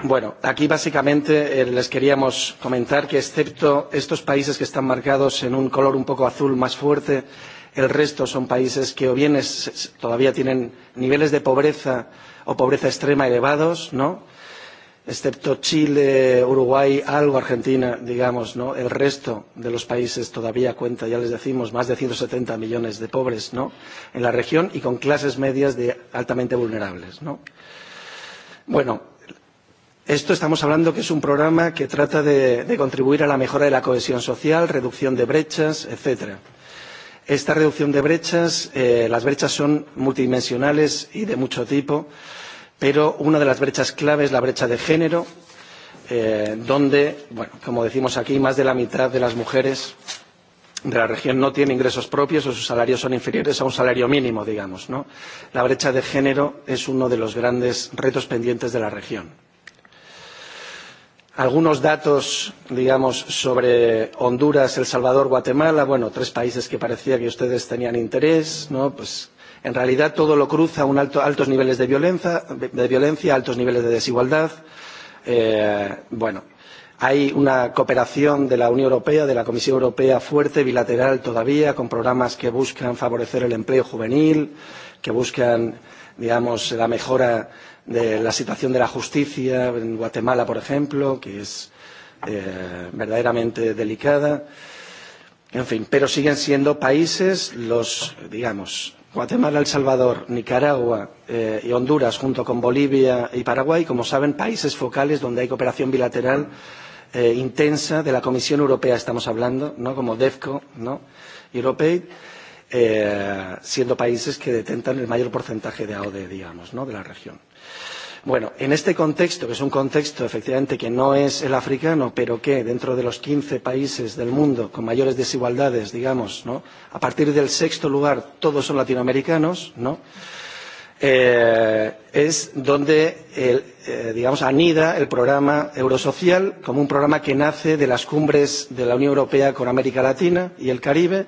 Bueno, aquí básicamente eh, les queríamos comentar que excepto estos países que están marcados en un color un poco azul más fuerte, el resto son países que o bien es, todavía tienen niveles de pobreza o pobreza extrema elevados, ¿no? excepto Chile, Uruguay, algo Argentina, digamos, ¿no? El resto de los países todavía cuenta, ya les decimos, más de 170 millones de pobres, ¿no? En la región y con clases medias de altamente vulnerables, ¿no? Bueno, esto estamos hablando que es un programa que trata de, de contribuir a la mejora de la cohesión social, reducción de brechas, etcétera Esta reducción de brechas, eh, las brechas son multidimensionales y de mucho tipo, pero una de las brechas clave es la brecha de género, eh, donde, bueno, como decimos aquí, más de la mitad de las mujeres de la región no tienen ingresos propios o sus salarios son inferiores a un salario mínimo, digamos. ¿no? La brecha de género es uno de los grandes retos pendientes de la región algunos datos digamos sobre honduras el salvador guatemala bueno tres países que parecía que ustedes tenían interés no pues en realidad todo lo cruza un alto, altos niveles de violencia de violencia altos niveles de desigualdad eh, bueno hay una cooperación de la unión europea de la comisión europea fuerte bilateral todavía con programas que buscan favorecer el empleo juvenil que buscan digamos, la mejora de la situación de la justicia en Guatemala, por ejemplo, que es eh, verdaderamente delicada. En fin, pero siguen siendo países los, digamos, Guatemala, El Salvador, Nicaragua eh, y Honduras, junto con Bolivia y Paraguay, como saben, países focales donde hay cooperación bilateral eh, intensa de la Comisión Europea, estamos hablando, ¿no? como DEFCO, ¿no? eh, siendo países que detentan el mayor porcentaje de AOD, digamos, ¿no? de la región. Bueno, en este contexto, que es un contexto efectivamente que no es el africano, pero que dentro de los 15 países del mundo con mayores desigualdades, digamos, ¿no? a partir del sexto lugar todos son latinoamericanos, ¿no? Eh, es donde el, eh, digamos, anida el programa Eurosocial como un programa que nace de las cumbres de la Unión Europea con América Latina y el Caribe,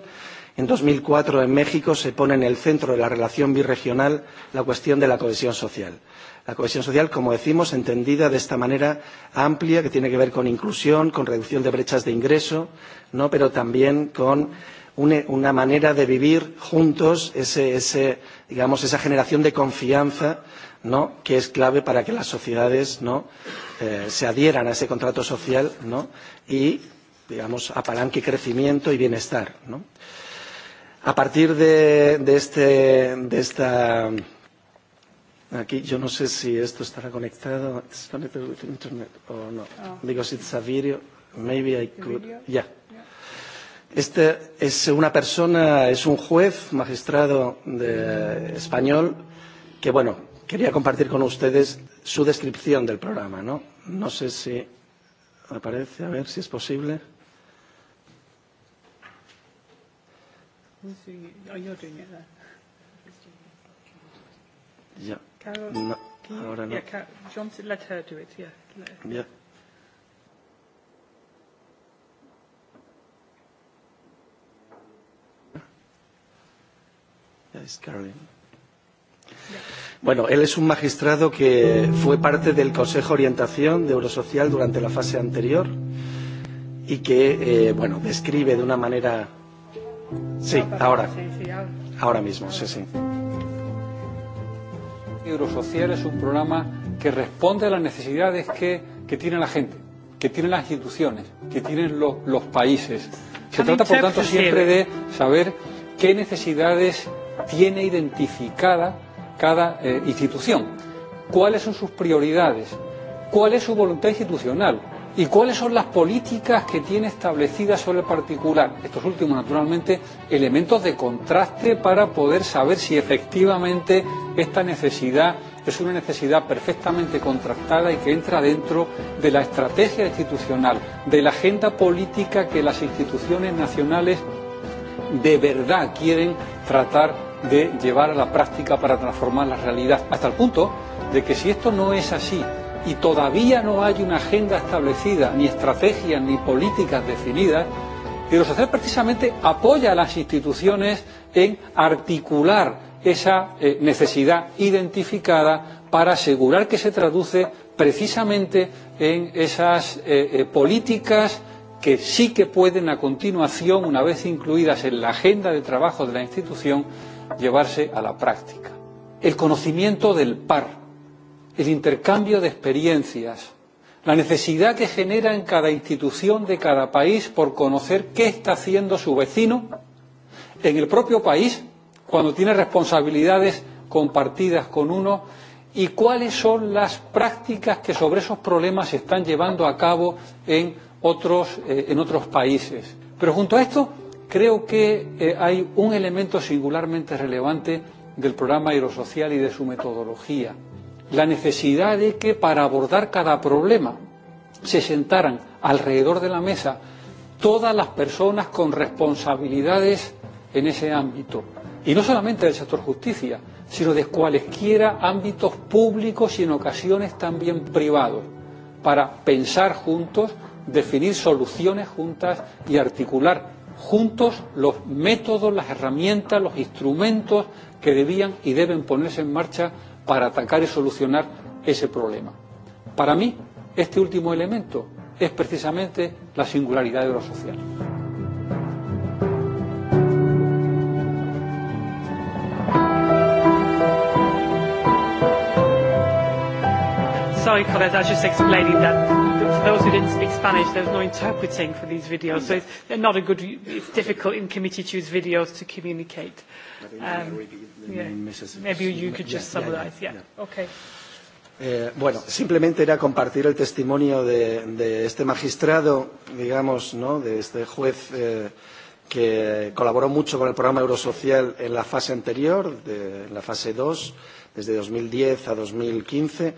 En 2004, en México, se pone en el centro de la relación birregional la cuestión de la cohesión social. La cohesión social, como decimos, entendida de esta manera amplia, que tiene que ver con inclusión, con reducción de brechas de ingreso, ¿no? pero también con una manera de vivir juntos digamos, esa generación de confianza que es clave para que las sociedades eh, se adhieran a ese contrato social ¿no? y digamos, apalanque crecimiento y bienestar. ¿no? A partir de, de, este, de esta... Aquí yo no sé si esto estará conectado. ¿Es internet o no? Oh. Ah. Because it's a video. Maybe I could... Yeah. Este es una persona, es un juez, magistrado de, mm. español, que bueno, quería compartir con ustedes su descripción del programa, ¿no? No sé si aparece, a ver si es posible. Who's doing it? Oh, you're doing it Yeah. Carol, no, can you, ahora no. Yeah, Car Johnson, let her do it, yeah. Let, yeah. Yeah, it's Caroline. Bueno, él es un magistrado que fue parte del Consejo de Orientación de Eurosocial durante la fase anterior y que, eh, bueno, describe de una manera Sí, ahora. Ahora mismo, sí, sí. Eurosocial es un programa que responde a las necesidades que, que tiene la gente, que tienen las instituciones, que tienen los, los países. Se trata, por tanto, siempre de saber qué necesidades tiene identificada cada eh, institución, cuáles son sus prioridades, cuál es su voluntad institucional y cuáles son las políticas que tiene establecidas sobre el particular. Estos últimos, naturalmente, elementos de contraste para poder saber si efectivamente esta necesidad es una necesidad perfectamente contrastada y que entra dentro de la estrategia institucional, de la agenda política que las instituciones nacionales de verdad quieren tratar de llevar a la práctica para transformar la realidad, hasta el punto de que si esto no es así y todavía no hay una agenda establecida, ni estrategias, ni políticas definidas, y lo social precisamente apoya a las instituciones en articular esa eh, necesidad identificada para asegurar que se traduce precisamente en esas eh, eh, políticas que sí que pueden a continuación, una vez incluidas en la agenda de trabajo de la institución, llevarse a la práctica. El conocimiento del par el intercambio de experiencias, la necesidad que genera en cada institución de cada país por conocer qué está haciendo su vecino en el propio país cuando tiene responsabilidades compartidas con uno y cuáles son las prácticas que sobre esos problemas se están llevando a cabo en otros eh, en otros países. Pero junto a esto creo que eh, hay un elemento singularmente relevante del programa aerosocial y de su metodología la necesidad de que para abordar cada problema se sentaran alrededor de la mesa todas las personas con responsabilidades en ese ámbito. Y no solamente del sector justicia, sino de cualesquiera ámbitos públicos y en ocasiones también privados, para pensar juntos, definir soluciones juntas y articular juntos los métodos, las herramientas, los instrumentos que debían y deben ponerse en marcha para atacar y solucionar ese problema. Para mí, este último elemento es precisamente la singularidad de lo social. sorry for that. I was just explaining that for those who didn't speak Spanish, there's no interpreting for these videos, so it's, they're not a good. It's difficult in committee to use videos to communicate. Um, yeah. Maybe you could just summarize. Yeah. Okay. Eh, bueno, simplemente era compartir el testimonio de, de este magistrado, digamos, ¿no? de este juez eh, que colaboró mucho con el programa Eurosocial en la fase anterior, de, en la fase 2, desde 2010 a 2015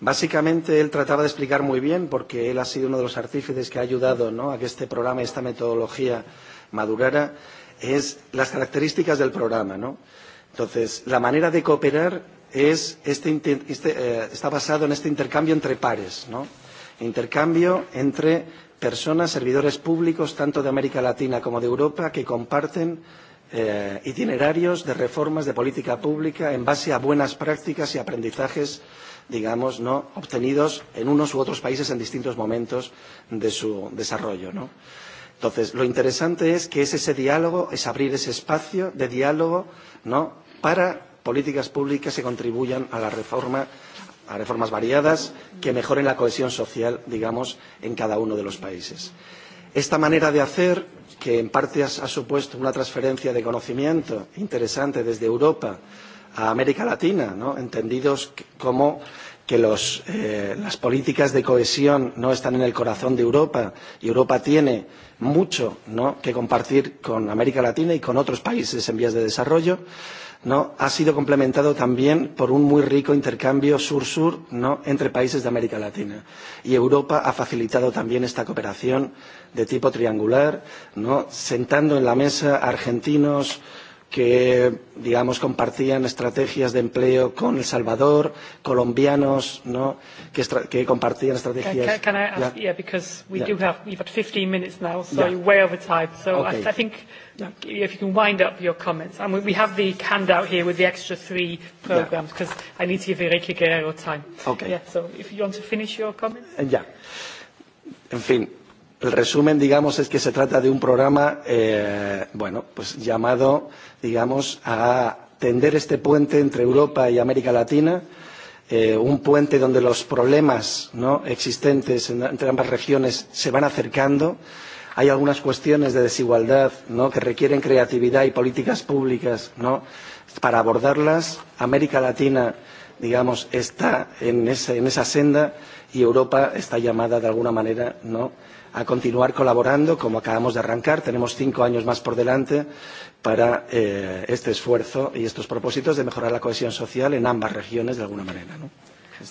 Básicamente él trataba de explicar muy bien, porque él ha sido uno de los artífices que ha ayudado ¿no? a que este programa, esta metodología madurara, es las características del programa. ¿no? Entonces, la manera de cooperar es este, este, eh, está basado en este intercambio entre pares, ¿no? intercambio entre personas, servidores públicos, tanto de América Latina como de Europa, que comparten eh, itinerarios de reformas de política pública en base a buenas prácticas y aprendizajes digamos, ¿no? obtenidos en unos u otros países en distintos momentos de su desarrollo. ¿no? Entonces, lo interesante es que es ese diálogo, es abrir ese espacio de diálogo ¿no? para políticas públicas que contribuyan a la reforma, a reformas variadas, que mejoren la cohesión social, digamos, en cada uno de los países. Esta manera de hacer que en parte ha supuesto una transferencia de conocimiento interesante desde Europa a América Latina, ¿no? entendidos como que los, eh, las políticas de cohesión no están en el corazón de Europa y Europa tiene mucho ¿no? que compartir con América Latina y con otros países en vías de desarrollo no ha sido complementado también por un muy rico intercambio sur sur no entre países de América Latina y Europa ha facilitado también esta cooperación de tipo triangular no sentando en la mesa argentinos que digamos compartían estrategias de empleo con El Salvador, colombianos, ¿no? que, estra que compartían estrategias. Can, can I ask, yeah, yeah because we yeah. do have, you've got 15 minutes now, so yeah. you're way over time. So okay. I, I think yeah. if you can wind up your comments. And we, we have the handout here with the extra three programs, because yeah. I need to give Enrique Guerrero time. Okay. Yeah, so if you want to finish your comments. Yeah. En fin, el resumen, digamos, es que se trata de un programa, eh, bueno, pues llamado, digamos, a tender este puente entre Europa y América Latina, eh, un puente donde los problemas ¿no? existentes en, entre ambas regiones se van acercando. Hay algunas cuestiones de desigualdad ¿no? que requieren creatividad y políticas públicas ¿no? para abordarlas. América Latina, digamos, está en, ese, en esa senda y Europa está llamada de alguna manera ¿no? a continuar colaborando como acabamos de arrancar tenemos cinco años más por delante para eh, este esfuerzo y estos propósitos de mejorar la cohesión social en ambas regiones de alguna manera ¿no?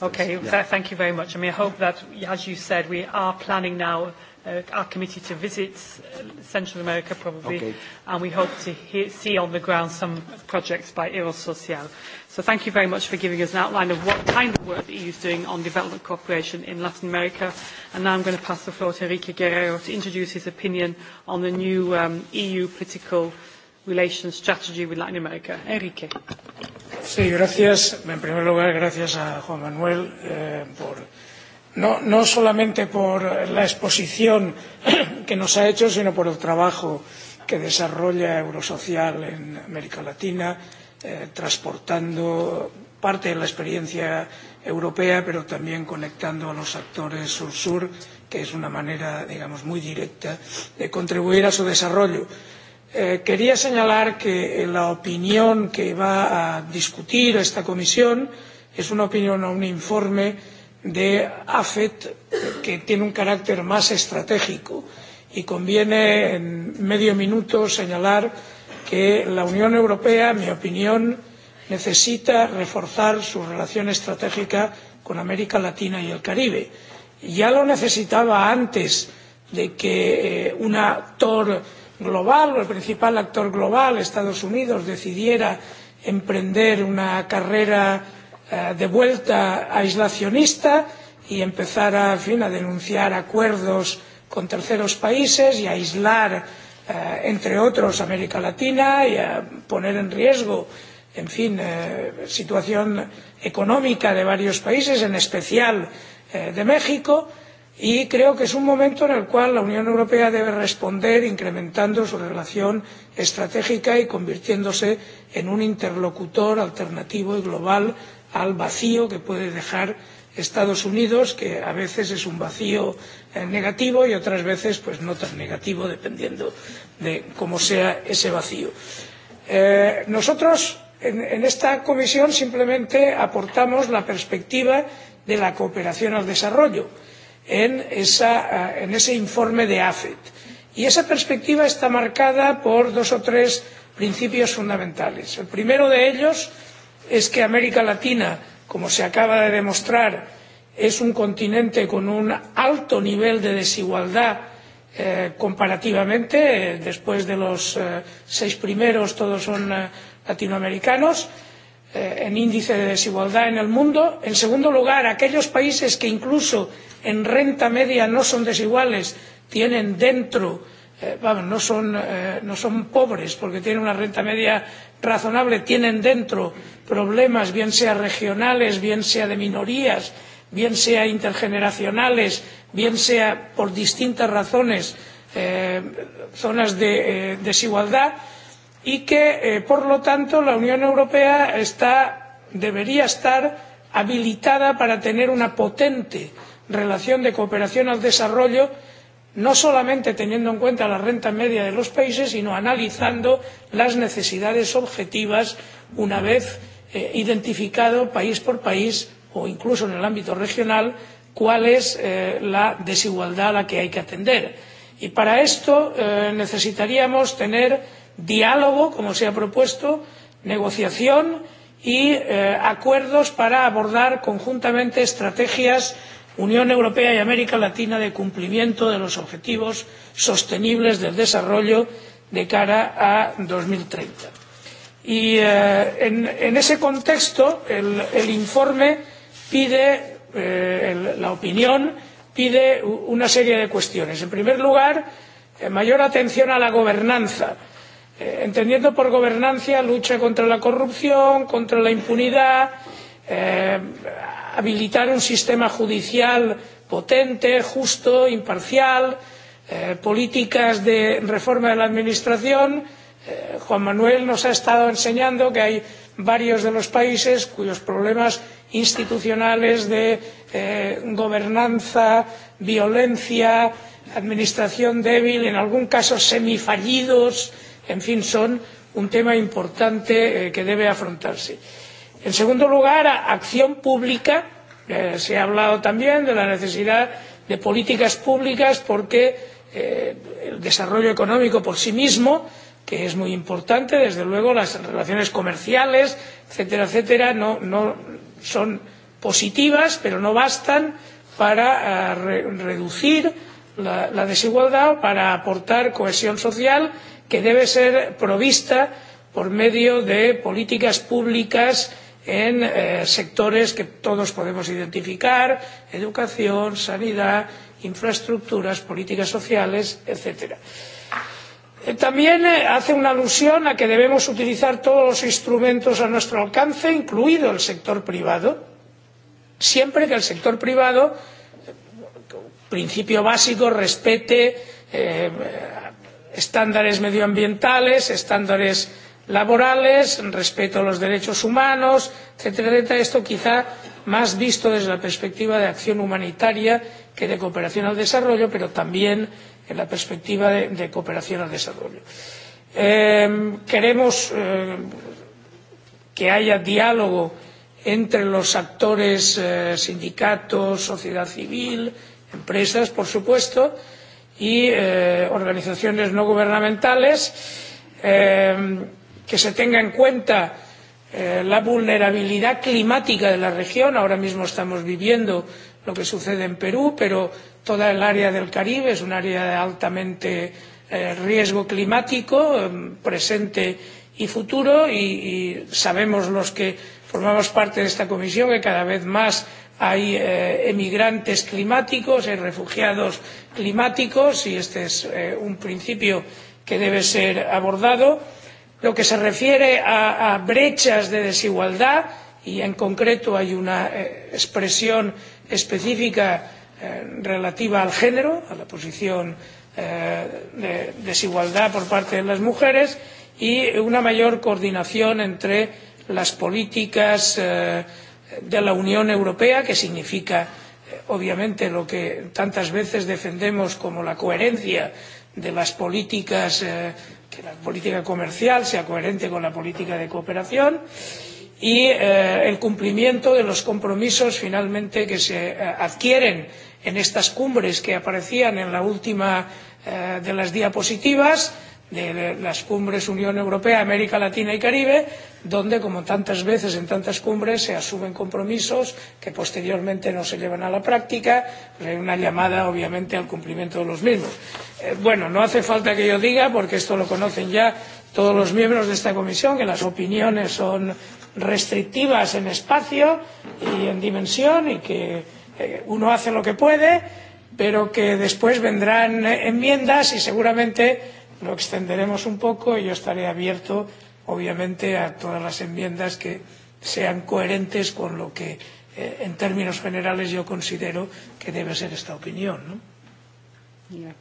Okay, yeah. thank you very much. I mean, I hope that, as you said, we are planning now uh, our committee to visit uh, Central America probably okay. and we hope to hear, see on the ground some projects by Eurosocial. So thank you very much for giving us an outline of what kind of work the EU is doing on development cooperation in Latin America. And now I'm going to pass the floor to Enrique Guerrero to introduce his opinion on the new um, EU political relations strategy with Latin America. Enrique. Sí, gracias. En primer lugar, gracias a Juan Manuel eh, por no, solamente por la exposición que nos ha hecho sino por el trabajo que desarrolla eurosocial en américa latina eh, transportando parte de la experiencia europea pero también conectando a los actores sur sur que es una manera digamos muy directa de contribuir a su desarrollo. Eh, quería señalar que la opinión que va a discutir esta comisión es una opinión o un informe de AFET que tiene un carácter más estratégico y conviene en medio minuto señalar que la Unión Europea, en mi opinión, necesita reforzar su relación estratégica con América Latina y el Caribe. Ya lo necesitaba antes de que eh, un actor global o el principal actor global, Estados Unidos, decidiera emprender una carrera Eh, de vuelta aislacionista y empezar a, fin, a denunciar acuerdos con terceros países y a aislar, eh, entre otros, América Latina y a eh, poner en riesgo, en fin, eh, situación económica de varios países, en especial de México. Y creo que es un momento en el cual la Unión Europea debe responder incrementando su relación estratégica y convirtiéndose en un interlocutor alternativo y global al vacío que puede dejar Estados Unidos, que a veces es un vacío eh, negativo y otras veces pues no tan negativo, dependiendo de cómo sea ese vacío. Eh, nosotros en, esta comisión simplemente aportamos la perspectiva de la cooperación al desarrollo en, esa, eh, en ese informe de AFET. Y esa perspectiva está marcada por dos o tres principios fundamentales. El primero de ellos es que américa latina como se acaba de demostrar es un continente con un alto nivel de desigualdad eh, comparativamente después de los eh, seis primeros todos son eh, latinoamericanos en índice de desigualdad en el mundo en segundo lugar aquellos países que incluso en renta media no son desiguales tienen dentro no son pobres porque tienen una renta media razonable tienen dentro problemas bien sean regionales bien sea de minorías bien sea intergeneracionales bien sea por distintas razones eh, zonas de eh, desigualdad y que eh, por lo tanto la unión europea está, debería estar habilitada para tener una potente relación de cooperación al desarrollo no solamente teniendo en cuenta la renta media de los países sino analizando las necesidades objetivas una vez Eh, identificado país por país o incluso en el ámbito regional cuál es eh, la desigualdad a la que hay que atender y para esto eh, necesitaríamos tener diálogo como se ha propuesto negociación y acuerdos para abordar conjuntamente estrategias Unión Europea y América Latina de cumplimiento de los objetivos sostenibles del desarrollo de cara a 2030 y eh, en, en ese contexto el, el informe pide eh, el, la opinión pide una serie de cuestiones en primer lugar eh, mayor atención a la gobernanza eh, entendiendo por gobernanza lucha contra la corrupción contra la impunidad eh, habilitar un sistema judicial potente justo imparcial eh, políticas de reforma de la administración Eh, Juan Manuel nos ha estado enseñando que hay varios de los países cuyos problemas institucionales de eh, gobernanza, violencia, administración débil, en algún caso semifallidos, en fin, son un tema importante eh, que debe afrontarse. En segundo lugar, acción pública. se ha hablado también de la necesidad de políticas públicas porque el desarrollo económico por sí mismo que es muy importante desde luego las relaciones comerciales etcétera etcétera no, no son positivas pero no bastan para ah, reducir la, desigualdad para aportar cohesión social que debe ser provista por medio de políticas públicas en eh, sectores que todos podemos identificar educación sanidad infraestructuras políticas sociales etcétera. Eh, también eh, hace una alusión a que debemos utilizar todos los instrumentos a nuestro alcance incluido el sector privado siempre que el sector privado principio básico respete eh, estándares medioambientales estándares laborales respeto a los derechos humanos etcétera etcétera esto quizá más visto desde la perspectiva de acción humanitaria que de cooperación al desarrollo pero también en la perspectiva de, cooperación al desarrollo. Eh, queremos que haya diálogo entre los actores eh, sindicatos sociedad civil empresas por supuesto y eh, organizaciones no gubernamentales que se tenga en cuenta eh, la vulnerabilidad climática de la región ahora mismo estamos viviendo lo que sucede en perú pero toda el área del caribe es un área de altamente eh, riesgo climático presente y futuro y, sabemos los que formamos parte de esta comisión que cada vez más hay eh, emigrantes climáticos hay refugiados climáticos y este es eh, un principio que debe ser abordado. lo que se refiere a, brechas de desigualdad y en concreto hay una expresión específica Eh, relativa al género a la posición eh, de desigualdad por parte de las mujeres y una mayor coordinación entre las políticas eh, de la unión europea que significa obviamente lo que tantas veces defendemos como la coherencia de las políticas que la política comercial sea coherente con la política de cooperación y el cumplimiento de los compromisos finalmente que se adquieren en estas cumbres que aparecían en la última eh, de las diapositivas de las cumbres Unión Europea, América Latina y Caribe, donde, como tantas veces en tantas cumbres, se asumen compromisos que posteriormente no se llevan a la práctica, pues hay una llamada, obviamente, al cumplimiento de los mismos. Eh, bueno, no hace falta que yo diga, porque esto lo conocen ya todos los miembros de esta comisión, que las opiniones son restrictivas en espacio y en dimensión y que uno hace lo que puede pero que después vendrán enmiendas y seguramente lo extenderemos un poco y yo estaré abierto obviamente a todas las enmiendas que sean coherentes con lo que eh, en términos generales yo considero que debe ser esta opinión. ¿no? Yeah,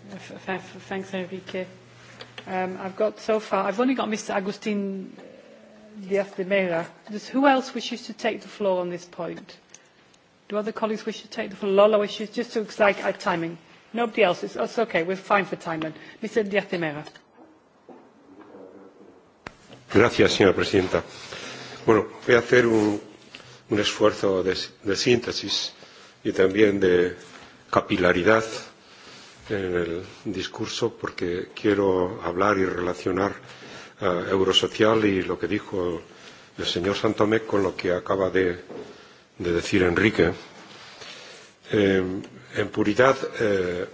Enrique. Um, I've got so far, I've only got Mr. Agustin Diaz de Mera. Does, who else wishes to take the floor on this point? Do other colleagues wish to take the floor? Lola wishes just to like our timing. Nobody else. It's, oh, it's okay. We're fine for time then. Mr. diaz Mera. Gracias, señora presidenta. Bueno, voy a hacer un, un esfuerzo de, de síntesis y también de capilaridad en el discurso porque quiero hablar y relacionar uh, Eurosocial y lo que dijo el señor Santomé con lo que acaba de de decir Enrique. Eh, en puridad, eh,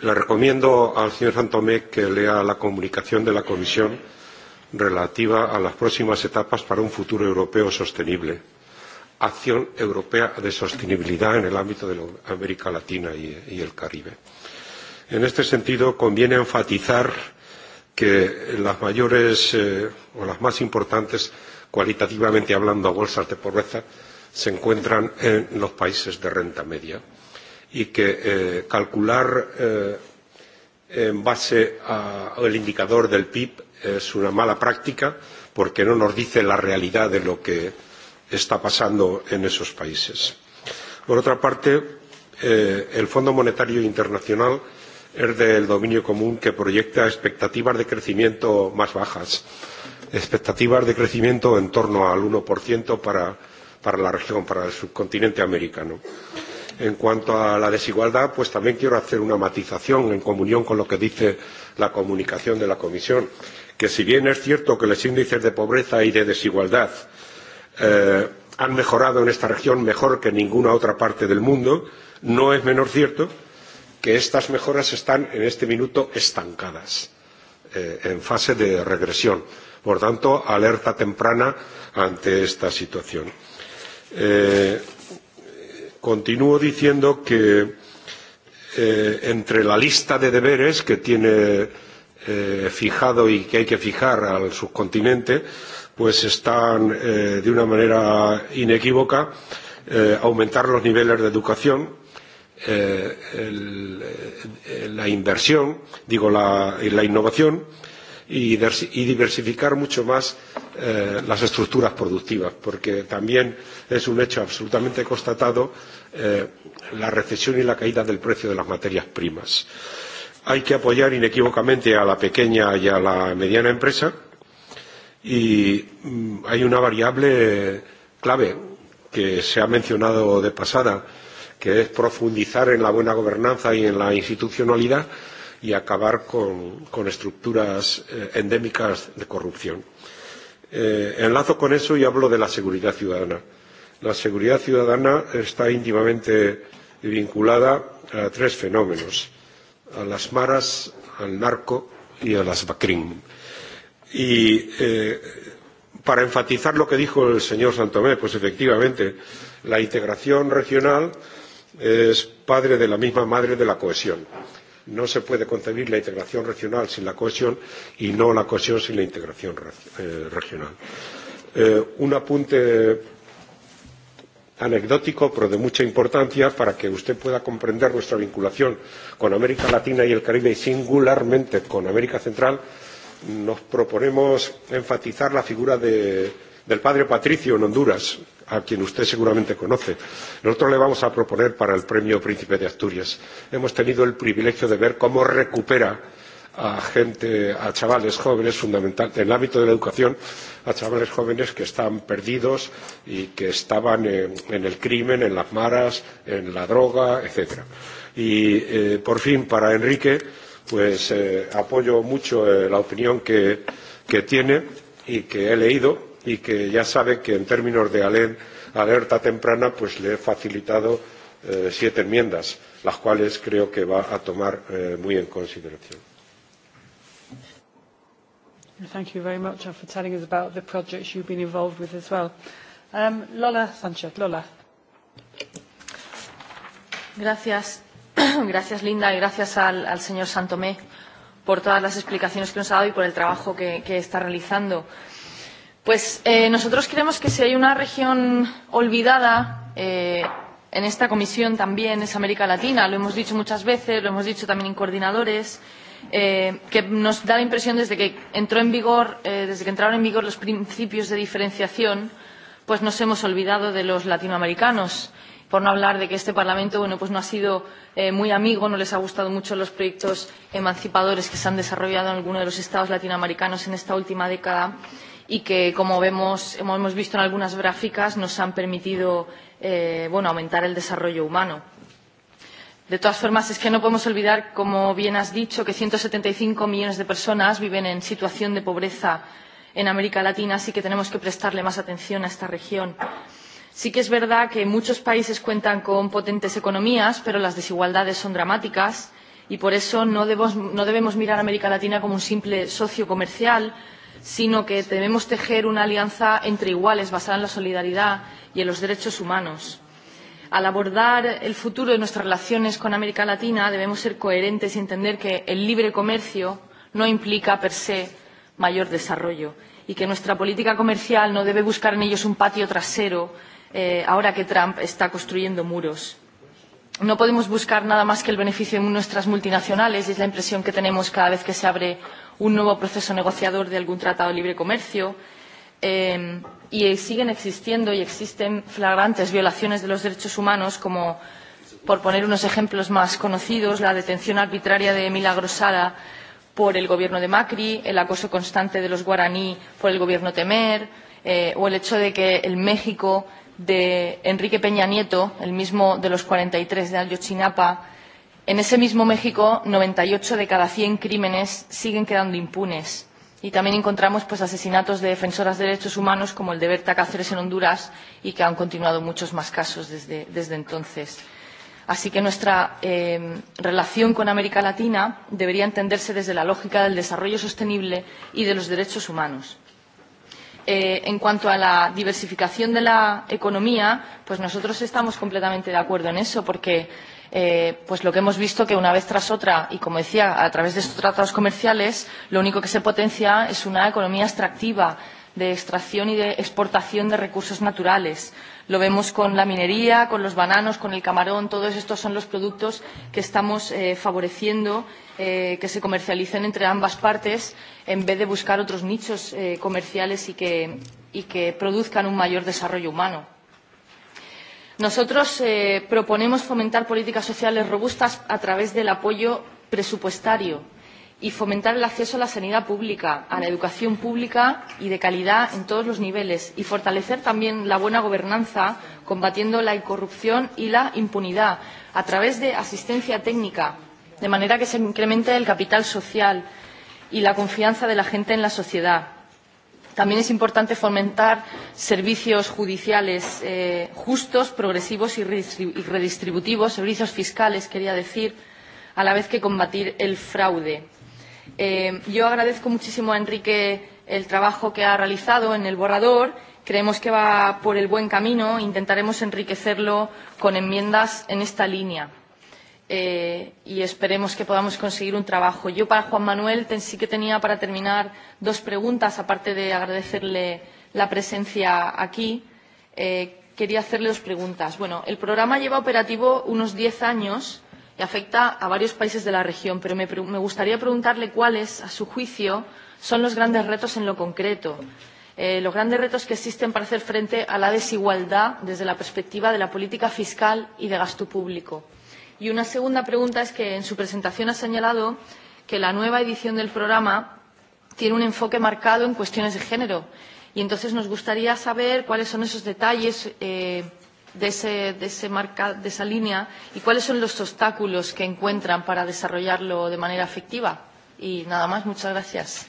le recomiendo al señor Santomé que lea la comunicación de la Comisión relativa a las próximas etapas para un futuro europeo sostenible, acción europea de sostenibilidad en el ámbito de América Latina y, y el Caribe. En este sentido, conviene enfatizar que las mayores eh, o las más importantes, cualitativamente hablando, bolsas de pobreza se encuentran en los países de renta media y que eh, calcular eh, en base al indicador del PIB es una mala práctica porque no nos dice la realidad de lo que está pasando en esos países. Por otra parte, eh, el Fondo Monetario Internacional es del dominio común que proyecta expectativas de crecimiento más bajas, expectativas de crecimiento en torno al 1% para para la región, para el subcontinente americano. En cuanto a la desigualdad, pues también quiero hacer una matización en comunión con lo que dice la comunicación de la Comisión, que si bien es cierto que los índices de pobreza y de desigualdad eh, han mejorado en esta región mejor que en ninguna otra parte del mundo, no es menor cierto que estas mejoras están en este minuto estancadas, eh, en fase de regresión. Por tanto, alerta temprana ante esta situación Eh, continúo diciendo que eh, entre la lista de deberes que tiene eh, fijado y que hay que fijar al subcontinente, pues están de una manera inequívoca aumentar los niveles de educación, la inversión, digo la innovación, y diversificar mucho más eh, las estructuras productivas porque también es un hecho absolutamente constatado eh, la recesión y la caída del precio de las materias primas. Hay que apoyar inequívocamente a la pequeña y a la mediana empresa y mm, hay una variable clave que se ha mencionado de pasada que es profundizar en la buena gobernanza y en la institucionalidad y acabar con, con estructuras eh, endémicas de corrupción. Eh, enlazo con eso y hablo de la seguridad ciudadana. La seguridad ciudadana está íntimamente vinculada a tres fenómenos, a las maras, al narco y a las BACRIM. Y eh, para enfatizar lo que dijo el señor Santomé, pues efectivamente la integración regional es padre de la misma madre de la cohesión. No se puede concebir la integración regional sin la cohesión y no la cohesión sin la integración eh, regional. Eh, un apunte anecdótico, pero de mucha importancia, para que usted pueda comprender nuestra vinculación con América Latina y el Caribe y singularmente con América Central, nos proponemos enfatizar la figura del padre Patricio en Honduras, a quien usted seguramente conoce. Nosotros le vamos a proponer para el Premio Príncipe de Asturias. Hemos tenido el privilegio de ver cómo recupera a gente, a chavales jóvenes, fundamentalmente en el ámbito de la educación, a chavales jóvenes que están perdidos y que estaban en, en el crimen, en las maras, en la droga, etc. Y, eh, por fin, para Enrique, pues eh, apoyo mucho eh, la opinión que, que tiene y que he leído y que ya sabe que en términos de alerta temprana pues le he facilitado eh, siete enmiendas, las cuales creo que va a tomar eh, muy en consideración. Thank you very much for telling us about the projects you've been involved with as well. Um, Lola Sanchez, Lola. Gracias. gracias, Linda, y gracias al, al señor Santomé por todas las explicaciones que nos ha dado y por el trabajo que, que está realizando. Pues eh, nosotros creemos que si hay una región olvidada eh, en esta comisión también es América Latina. Lo hemos dicho muchas veces, lo hemos dicho también en coordinadores, eh, que nos da la impresión desde que entró en vigor, eh, desde que entraron en vigor los principios de diferenciación, pues nos hemos olvidado de los latinoamericanos por no hablar de que este Parlamento bueno, pues no ha sido eh, muy amigo, no les ha gustado mucho los proyectos emancipadores que se han desarrollado en algunos de los estados latinoamericanos en esta última década y que, como, vemos, como hemos visto en algunas gráficas, nos han permitido eh, bueno, aumentar el desarrollo humano. De todas formas, es que no podemos olvidar, como bien has dicho, que 175 millones de personas viven en situación de pobreza en América Latina, así que tenemos que prestarle más atención a esta región. Sí que es verdad que muchos países cuentan con potentes economías, pero las desigualdades son dramáticas y por eso no debemos, no debemos mirar a América Latina como un simple socio comercial, sino que debemos tejer una alianza entre iguales basada en la solidaridad y en los derechos humanos. Al abordar el futuro de nuestras relaciones con América Latina debemos ser coherentes y entender que el libre comercio no implica per se mayor desarrollo y que nuestra política comercial no debe buscar en ellos un patio trasero eh, ahora que Trump está construyendo muros. No podemos buscar nada más que el beneficio de nuestras multinacionales y es la impresión que tenemos cada vez que se abre un nuevo proceso negociador de algún tratado de libre comercio eh, y siguen existiendo y existen flagrantes violaciones de los derechos humanos como por poner unos ejemplos más conocidos la detención arbitraria de Milagrosada por el gobierno de Macri el acoso constante de los guaraní por el gobierno Temer eh, o el hecho de que el México de Enrique Peña Nieto el mismo de los 43 de Ayotzinapa En ese mismo México, 98 de cada 100 crímenes siguen quedando impunes. Y también encontramos pues, asesinatos de defensoras de derechos humanos como el de Berta Cáceres en Honduras y que han continuado muchos más casos desde, desde entonces. Así que nuestra eh, relación con América Latina debería entenderse desde la lógica del desarrollo sostenible y de los derechos humanos. Eh, en cuanto a la diversificación de la economía, pues nosotros estamos completamente de acuerdo en eso, porque eh, pues lo que hemos visto que una vez tras otra, y como decía, a través de estos tratados comerciales, lo único que se potencia es una economía extractiva, de extracción y de exportación de recursos naturales. Lo vemos con la minería, con los bananos, con el camarón, todos estos son los productos que estamos eh, favoreciendo eh, que se comercialicen entre ambas partes en vez de buscar otros nichos eh, comerciales y que, y que produzcan un mayor desarrollo humano. Nosotros eh, proponemos fomentar políticas sociales robustas a través del apoyo presupuestario y fomentar el acceso a la sanidad pública, a la educación pública y de calidad en todos los niveles y fortalecer también la buena gobernanza combatiendo la corrupción y la impunidad a través de asistencia técnica, de manera que se incremente el capital social y la confianza de la gente en la sociedad También es importante fomentar servicios judiciales eh, justos, progresivos y redistributivos, servicios fiscales, quería decir, a la vez que combatir el fraude. Eh, yo agradezco muchísimo a Enrique el trabajo que ha realizado en el borrador. Creemos que va por el buen camino. Intentaremos enriquecerlo con enmiendas en esta línea eh, y esperemos que podamos conseguir un trabajo. Yo para Juan Manuel ten, sí que tenía para terminar dos preguntas, aparte de agradecerle la presencia aquí. Eh, quería hacerle dos preguntas. Bueno, el programa lleva operativo unos diez años y afecta a varios países de la región, pero me, me gustaría preguntarle cuáles, a su juicio, son los grandes retos en lo concreto. Eh, los grandes retos que existen para hacer frente a la desigualdad desde la perspectiva de la política fiscal y de gasto público. Y una segunda pregunta es que en su presentación ha señalado que la nueva edición del programa tiene un enfoque marcado en cuestiones de género. Y entonces nos gustaría saber cuáles son esos detalles eh, de, ese, de, ese marca, de esa línea y cuáles son los obstáculos que encuentran para desarrollarlo de manera efectiva. Y nada más, muchas gracias.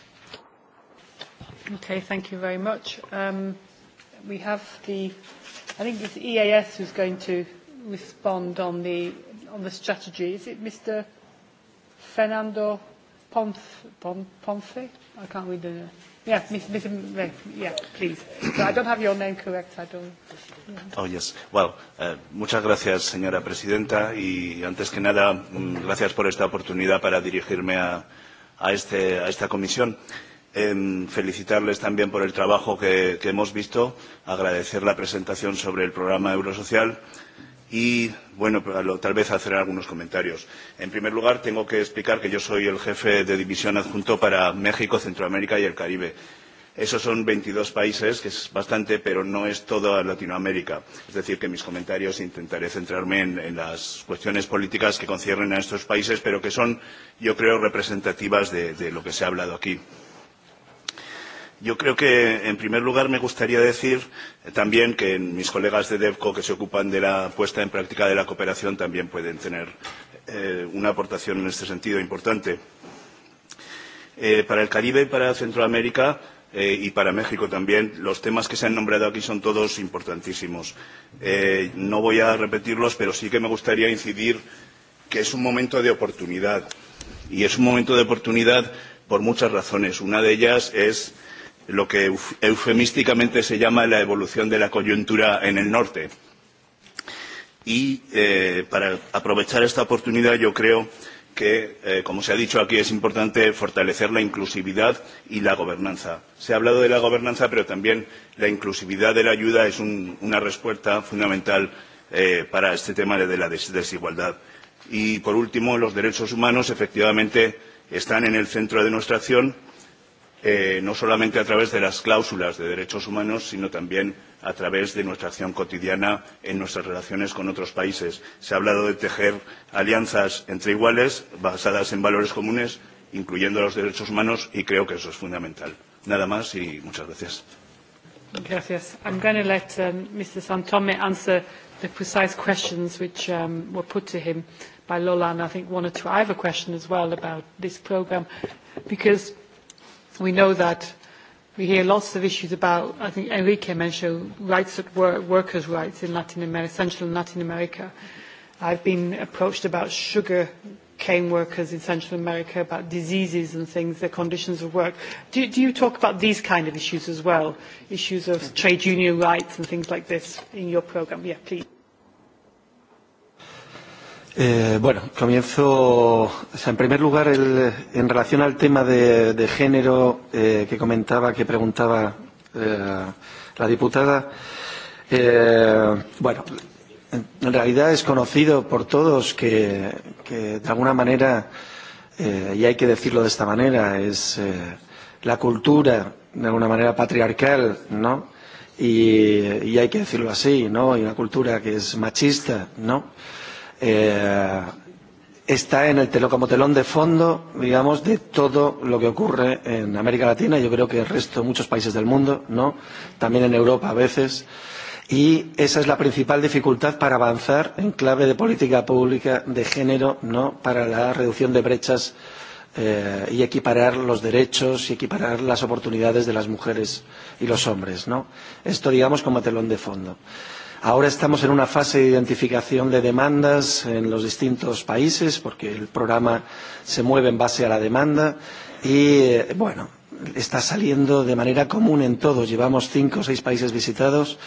Okay, thank you very much. Um, we have the, I think it's EAS who's going to respond on the on the strategy. Is it Mr. Fernando Ponce? I can't read the name. Yeah, Mr. Yeah, please. So I don't have your name correct. I don't. Oh, yes. Well, eh, muchas gracias, señora presidenta. Y antes que nada, mm, gracias por esta oportunidad para dirigirme a, a, este, a esta comisión. Eh, felicitarles también por el trabajo que, que hemos visto, agradecer la presentación sobre el programa Eurosocial y bueno, tal vez hacer algunos comentarios. En primer lugar, tengo que explicar que yo soy el jefe de división adjunto para México, Centroamérica y el Caribe. Esos son 22 países, que es bastante, pero no es toda Latinoamérica. Es decir, que mis comentarios intentaré centrarme en, en las cuestiones políticas que conciernen a estos países, pero que son, yo creo, representativas de, de lo que se ha hablado aquí. Yo creo que, en primer lugar, me gustaría decir también que mis colegas de DEVCO que se ocupan de la puesta en práctica de la cooperación también pueden tener eh, una aportación en este sentido importante. Eh, para el Caribe y para Centroamérica eh, y para México también, los temas que se han nombrado aquí son todos importantísimos. Eh, no voy a repetirlos, pero sí que me gustaría incidir que es un momento de oportunidad. Y es un momento de oportunidad por muchas razones. Una de ellas es lo que eufemísticamente se llama la evolución de la coyuntura en el norte. Y eh, para aprovechar esta oportunidad yo creo que, eh, como se ha dicho aquí, es importante fortalecer la inclusividad y la gobernanza. Se ha hablado de la gobernanza, pero también la inclusividad de la ayuda es un, una respuesta fundamental eh, para este tema de la desigualdad. Y, por último, los derechos humanos efectivamente están en el centro de nuestra acción eh, no solamente a través de las cláusulas de derechos humanos, sino también a través de nuestra acción cotidiana en nuestras relaciones con otros países. Se ha hablado de tejer alianzas entre iguales basadas en valores comunes, incluyendo los derechos humanos, y creo que eso es fundamental. Nada más y muchas gracias. Gracias. I'm going to let um, Mr. Santome answer the precise questions which um, were put to him by Lola, and I think one or two. I have a question as well about this program, because We know that we hear lots of issues about, I think Enrique mentioned rights at work, workers' rights in Latin America, Central and Latin America. I've been approached about sugar cane workers in Central America, about diseases and things, their conditions of work. Do, do you talk about these kind of issues as well, issues of mm-hmm. trade union rights and things like this in your program? Yeah, please. Eh, bueno, comienzo. O sea, en primer lugar, el, en relación al tema de, de género eh, que comentaba, que preguntaba eh, la diputada. Eh, bueno, en realidad es conocido por todos que, que de alguna manera, eh, y hay que decirlo de esta manera, es eh, la cultura de alguna manera patriarcal, ¿no? Y, y hay que decirlo así, ¿no? Hay una cultura que es machista, ¿no? eh, está en el telón, como telón de fondo, digamos, de todo lo que ocurre en América Latina, yo creo que el resto de muchos países del mundo, ¿no? También en Europa a veces. Y esa es la principal dificultad para avanzar en clave de política pública de género, ¿no? Para la reducción de brechas eh, y equiparar los derechos y equiparar las oportunidades de las mujeres y los hombres, ¿no? Esto, digamos, como telón de fondo. Ahora estamos en una fase de identificación de demandas en los distintos países, porque el programa se mueve en base a la demanda y, eh, bueno, está saliendo de manera común en todos. Llevamos cinco o seis países visitados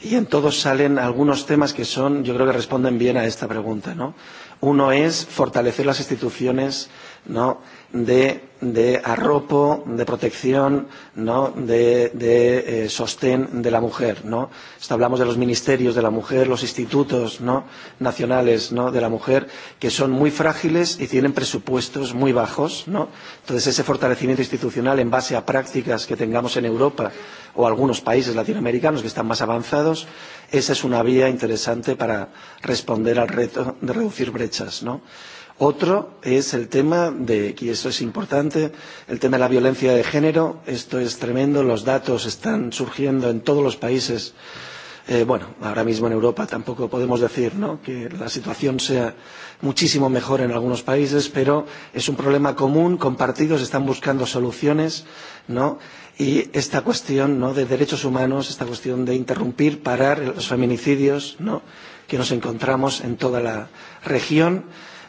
y en todos salen algunos temas que son, yo creo que responden bien a esta pregunta. ¿no? Uno es fortalecer las instituciones ¿no? de de arropo, de protección, ¿no? de, de eh, sostén de la mujer. ¿no? Hablamos de los ministerios de la mujer, los institutos ¿no? nacionales ¿no? de la mujer, que son muy frágiles y tienen presupuestos muy bajos. ¿no? Entonces, ese fortalecimiento institucional en base a prácticas que tengamos en Europa o algunos países latinoamericanos que están más avanzados, esa es una vía interesante para responder al reto de reducir brechas. ¿no? Otro es el tema de, y esto es importante, el tema de la violencia de género. Esto es tremendo, los datos están surgiendo en todos los países. Eh, bueno, ahora mismo en Europa tampoco podemos decir ¿no? que la situación sea muchísimo mejor en algunos países, pero es un problema común, compartido, se están buscando soluciones, ¿no? Y esta cuestión ¿no? de derechos humanos, esta cuestión de interrumpir, parar los feminicidios ¿no? que nos encontramos en toda la región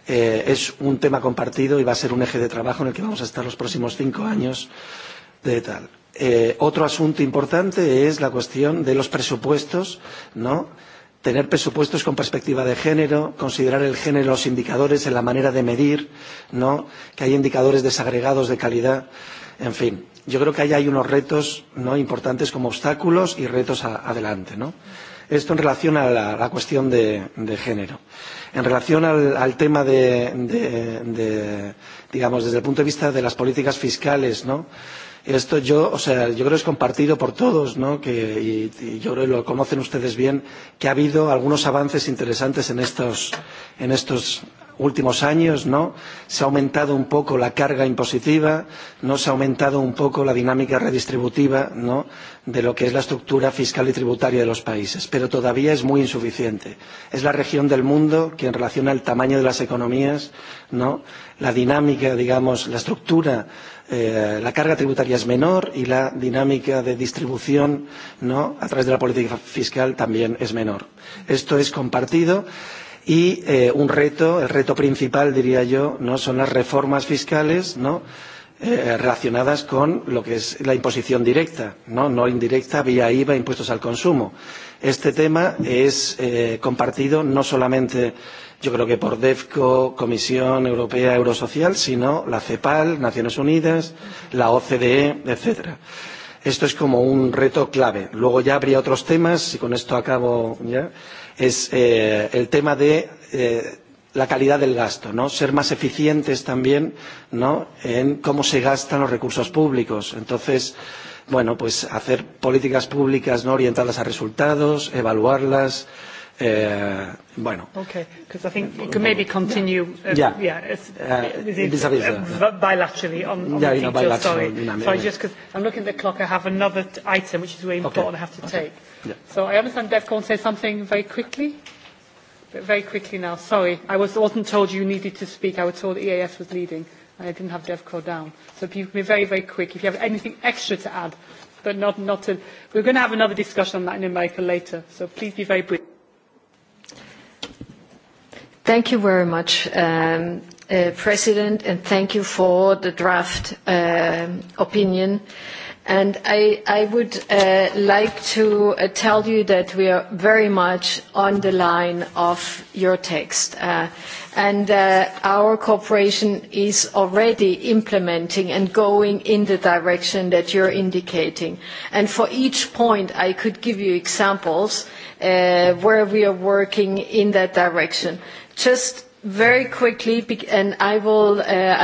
Eh, es un tema compartido y va a ser un eje de trabajo en el que vamos a estar los próximos cinco años de tal. Eh, otro asunto importante es la cuestión de los presupuestos, ¿no? Tener presupuestos con perspectiva de género, considerar el género, los indicadores en la manera de medir, ¿no? Que hay indicadores desagregados de calidad. En fin, yo creo que ahí hay unos retos, ¿no? Importantes como obstáculos y retos a, adelante, ¿no? Esto en relación a la, la cuestión de, de género. En relación al, al tema de, de, de, digamos, desde el punto de vista de las políticas fiscales, ¿no? Esto yo, o sea, yo creo que es compartido por todos, ¿no? Que, y, y yo creo que lo conocen ustedes bien, que ha habido algunos avances interesantes en estos, en estos últimos años no se ha aumentado un poco la carga impositiva no se ha aumentado un poco la dinámica redistributiva no de lo que es la estructura fiscal y tributaria de los países pero todavía es muy insuficiente es la región del mundo que en relación al tamaño de las economías no la dinámica digamos la estructura eh, la carga tributaria es menor y la dinámica de distribución no a través de la política fiscal también es menor esto es compartido y eh, un reto el reto principal diría yo no son las reformas fiscales no eh, relacionadas con lo que es la imposición directa no no indirecta vía IVA impuestos al consumo este tema es eh, compartido no solamente yo creo que por DEFCO Comisión Europea Eurosocial sino la CEPAL Naciones Unidas la OCDE etcétera esto es como un reto clave luego ya habría otros temas y con esto acabo ya es eh, el tema de eh, la calidad del gasto, ¿no? Ser más eficientes también, ¿no? En cómo se gastan los recursos públicos. Entonces, bueno, pues hacer políticas públicas no orientadas a resultados, evaluarlas, Uh, bueno. Okay, because I think you can maybe continue. Uh, yeah. Yeah. It's, uh, uh bilaterally on, on yeah, the details. sorry, just because I'm looking at the clock, I have another item which is very important. Okay. I have to okay. take. Yeah. So I understand DevCon say something very quickly. But very quickly now. Sorry, I was wasn't told you needed to speak. I was told EAS was leading, and I didn't have call down. So if you can be very, very quick. If you have anything extra to add, but not not to, we're going to have another discussion on that in America later. So please be very brief. Thank you very much, um, uh, President, and thank you for the draft uh, opinion. And I, I would uh, like to tell you that we are very much on the line of your text. And our cooperation is already implementing and going in the direction that you're indicating. And for each point, I could give you examples where we are working in that direction. Just very quickly, and uh, I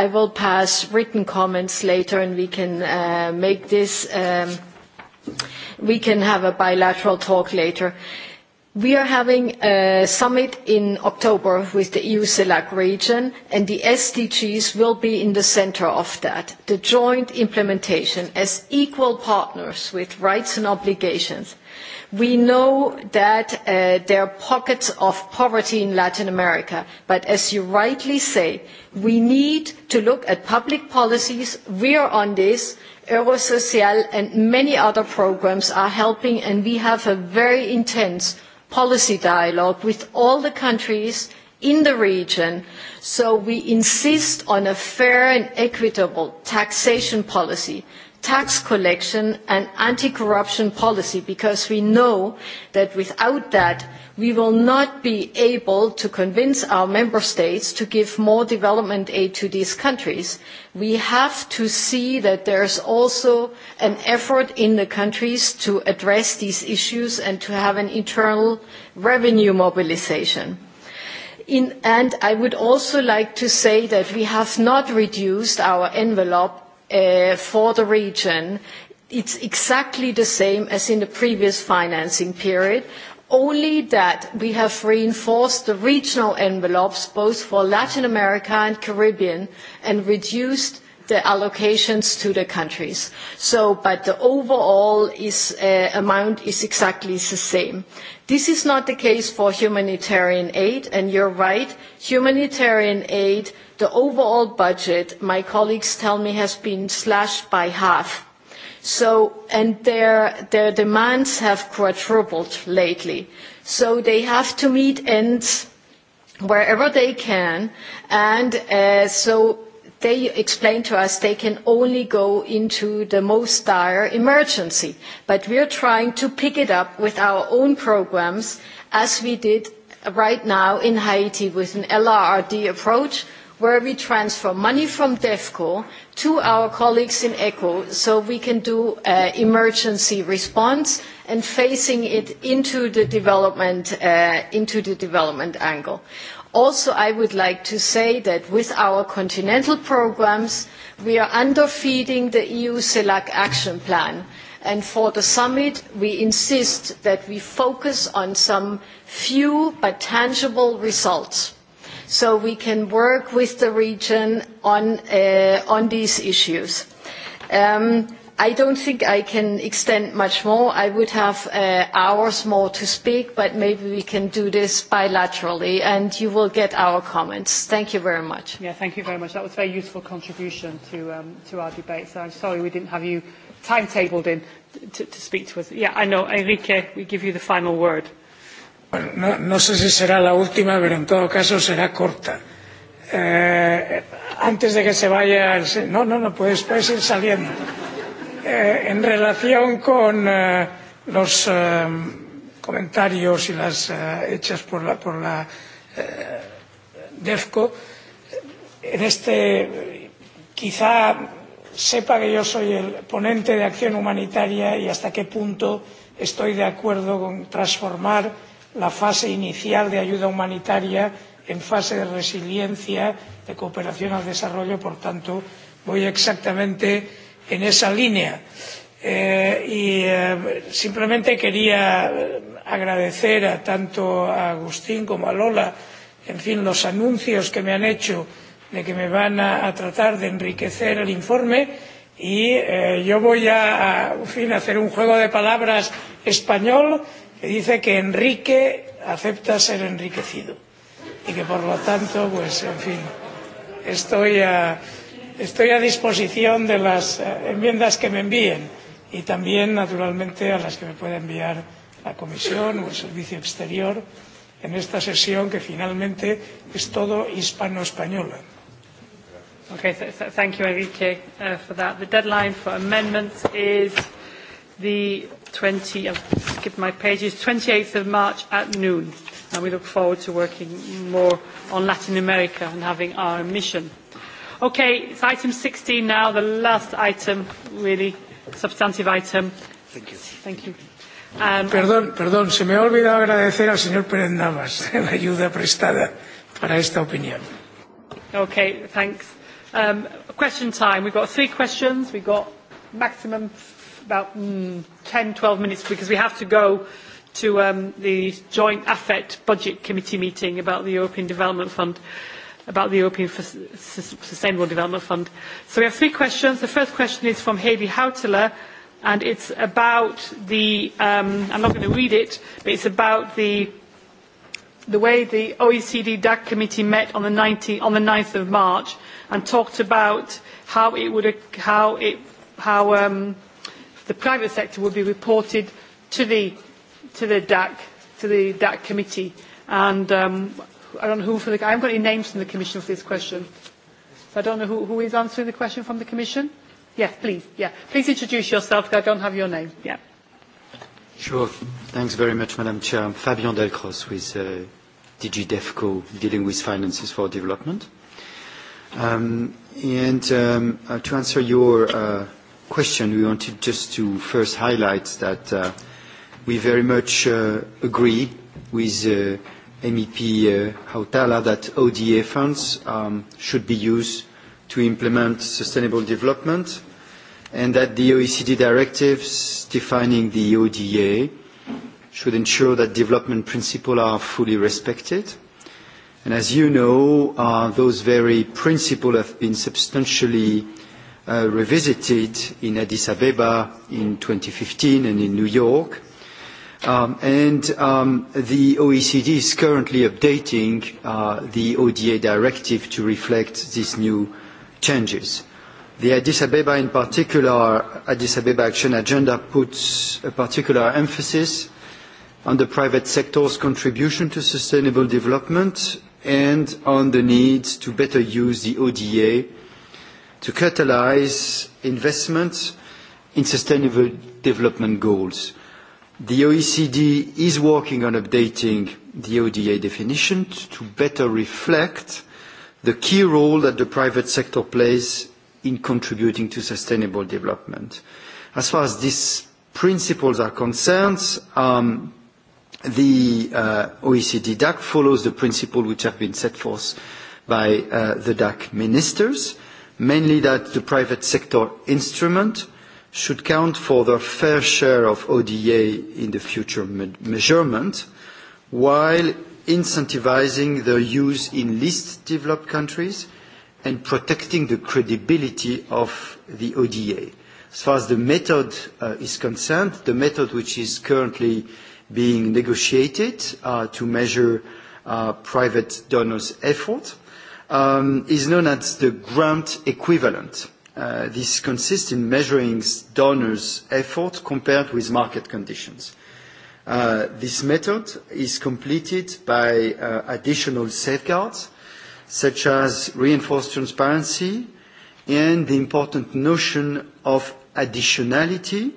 will, pass written comments later and we can uh, make this, um, we can have a bilateral talk later. We are having a summit in October with the EU CELAC region, and the SDGs will be in the center of that. The joint implementation as equal partners with rights and obligations. We know that uh, there are pockets of poverty in Latin America, but as you rightly say, we need to look at public policies. We are on this. Eurosocial and many other programs are helping, and we have a very intense policy dialogue with all the countries in the region so we insist on a fair and equitable taxation policy tax collection and anti corruption policy because we know that without that we will not be able to convince our member states to give more development aid to these countries. we have to see that there is also an effort in the countries to address these issues and to have an internal revenue mobilisation. and i would also like to say that we have not reduced our envelope Uh, for the region it's exactly the same as in the previous financing period only that we have reinforced the regional envelopes both for latin america and caribbean and reduced the allocations to the countries but the overall uh, amount is exactly the same this is not the case for humanitarian aid and you're right humanitarian aid the overall budget my colleagues tell me has been slashed by half so and their demands have quadrupled lately so they have to meet ends wherever they can and uh, so they explain to us they can only go into the most dire emergency but we are trying to pick it up with our own programs as we did right now in haiti with an lrrd approach where we transfer money from DEFCO to our colleagues in ECHO so we can do uh, emergency response and facing it into the development, uh, into the development angle. Also, I would like to say that with our continental programs, we are underfeeding the EU CELAC action plan. And for the summit, we insist that we focus on some few but tangible results so we can work with the region on, uh, on these issues. Um, I don't think I can extend much more. I would have uh, hours more to speak, but maybe we can do this bilaterally, and you will get our comments. Thank you very much. Yeah, thank you very much. That was a very useful contribution to, um, to our debate, so I'm sorry we didn't have you timetabled in to, to speak to us. Yeah, I know. Enrique, we give you the final word. Bueno, no, no sé si será la última, pero en todo caso será corta. Eh, antes de que se vaya... El, no, no, no, puedes, puedes ir saliendo. Eh, en relación con eh, los eh, comentarios y las eh, hechas por la, por la eh, DEFCO, en este quizá sepa que yo soy el ponente de acción humanitaria y hasta qué punto estoy de acuerdo con transformar la fase inicial de ayuda humanitaria en fase de resiliencia de cooperación al desarrollo por tanto voy exactamente en esa línea. Eh, y eh, simplemente quería eh, agradecer a tanto a agustín como a lola en fin los anuncios que me han hecho de que me van a, tratar de enriquecer el informe y eh, yo voy a, a hacer un juego de palabras español que dice que Enrique acepta ser enriquecido y que por lo tanto, pues en fin, estoy a, estoy a disposición de las eh, enmiendas que me envíen y también, naturalmente, a las que me pueda enviar la Comisión o el Servicio Exterior en esta sesión que finalmente es todo hispano-española. Okay, thank you, uh, for that. The deadline for amendments is the 20, I've skipped my pages, 28th of March at noon. And we look forward to working more on Latin America and having our mission. Okay, it's item 16 now, the last item, really, substantive item. Thank you. Thank you. Um, perdón, perdón, se me ha olvidado agradecer al señor Pérez Navas la ayuda prestada para esta opinión. Okay, thanks. Um, question time. We've got three questions. We've got maximum about mm, 10, 12 minutes because we have to go to um, the joint AFET budget committee meeting about the European Development Fund, about the European Sustainable Development Fund. So we have three questions. The first question is from Heidi Hauteler and it's about the, um, I'm not going to read it, but it's about the the way the OECD DAC committee met on the, 19, on the 9th of March and talked about how it would, how it, how, um, the private sector will be reported to the, to the DAC, to the DAC committee. And um, I don't know who for the, I haven't got any names from the Commission for this question. So I don't know who, who is answering the question from the Commission. Yes, please. Yeah. Please introduce yourself because I don't have your name. Yeah. Sure. Thanks very much, Madam Chair. Fabian Delcros with uh, DG DEFCO dealing with finances for development. Um, and um, uh, to answer your uh, question, we wanted just to first highlight that uh, we very much uh, agree with uh, MEP Hautala that ODA funds um, should be used to implement sustainable development and that the OECD directives defining the ODA should ensure that development principles are fully respected. And as you know, those very principles have been substantially uh, revisited in Addis Abeba in 2015 and in New York. Um, and um, the OECD is currently updating uh, the ODA directive to reflect these new changes. The Addis Abeba in particular, Addis Abeba Action Agenda puts a particular emphasis on the private sector's contribution to sustainable development and on the need to better use the ODA to catalyze investments in sustainable development goals. The OECD is working on updating the ODA definition to better reflect the key role that the private sector plays in contributing to sustainable development. As far as these principles are concerned, um, the uh, OECD DAC follows the principles which have been set forth by uh, the DAC ministers mainly that the private sector instrument should count for their fair share of ODA in the future measurement, while incentivizing their use in least developed countries and protecting the credibility of the ODA. As far as the method uh, is concerned, the method which is currently being negotiated uh, to measure uh, private donors' effort um, is known as the grant equivalent. Uh, this consists in measuring donors' effort compared with market conditions. Uh, this method is completed by uh, additional safeguards, such as reinforced transparency and the important notion of additionality,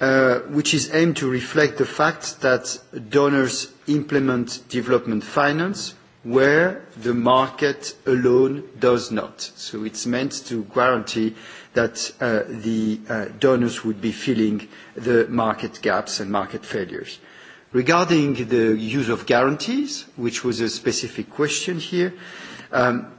uh, which is aimed to reflect the fact that donors implement development finance where the market alone does not. So it's meant to guarantee that uh, the uh, donors would be filling the market gaps and market failures. Regarding the use of guarantees, which was a specific question here, um,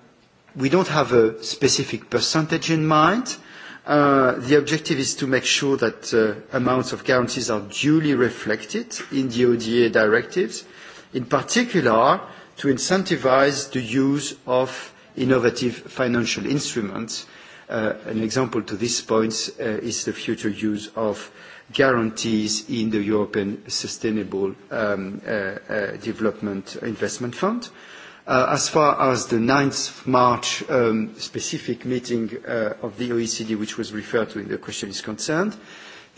we don't have a specific percentage in mind. Uh, the objective is to make sure that amounts of guarantees are duly reflected in the ODA directives. In particular, to incentivize the use of innovative financial instruments. Uh, an example to this point uh, is the future use of guarantees in the European Sustainable um, uh, Development Investment Fund. As far as the 9th March um, specific meeting of the OECD, which was referred to in the question, is concerned,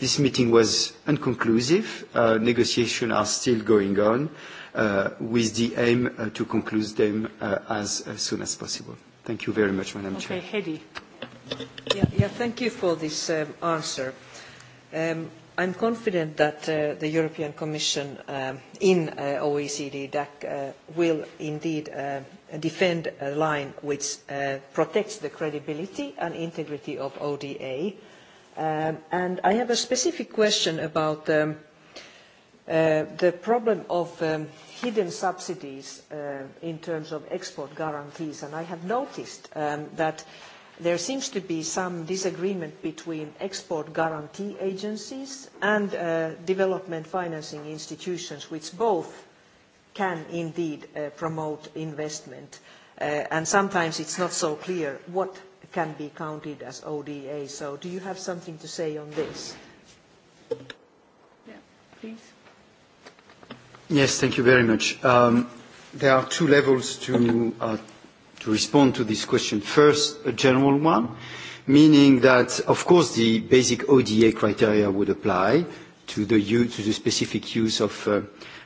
This meeting was unconclusive. Uh, negotiations are still going on uh, with the aim uh, to conclude them uh, as, as soon as possible. Thank you very much, Madam okay, Chair. Hedy. Yeah, yeah, thank you for this um, answer. Um, I'm confident that uh, the European Commission um, in uh, OECD DAC will indeed defend a line which protects the credibility and integrity of ODA Um, and I have a specific question about um, uh, the problem of um, hidden subsidies uh, in terms of export guarantees. And I have noticed that there seems to be some disagreement between export guarantee agencies and uh, development financing institutions, which both can indeed promote investment. And sometimes it's not so clear what can be counted as ODA. So do you have something to say on this? Yes, thank you very much. Um, there are two levels uh, to, respond to this question. First, a general one, meaning that, of course, the basic ODA criteria would apply to the, specific use of uh,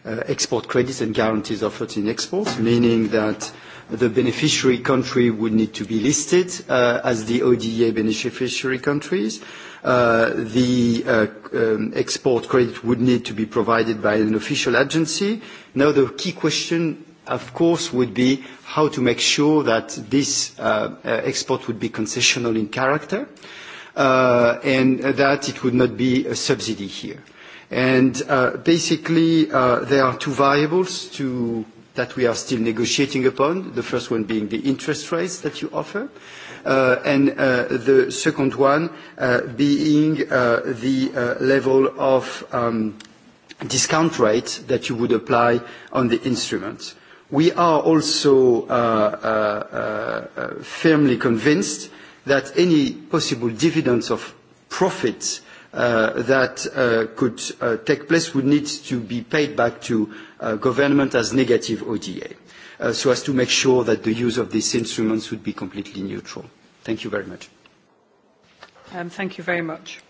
uh, export credits and guarantees offered in exports, meaning that the beneficiary country would need to be listed uh, as the ODA beneficiary countries. Uh, the uh, um, export credit would need to be provided by an official agency. Now the key question of course would be how to make sure that this export would be concessional in character and that it would not be a subsidy here. And basically there are two variables to that we are still negotiating upon, the first one being the interest rates that you offer, uh, and uh, the second one uh, being the level of um, discount rate that you would apply on the instrument. We are also firmly convinced that any possible dividends of profits Uh, that uh, could uh, take place would need to be paid back to government as negative ODA, so as to make sure that the use of these instruments would be completely neutral. Thank you very much. Um, thank you very much.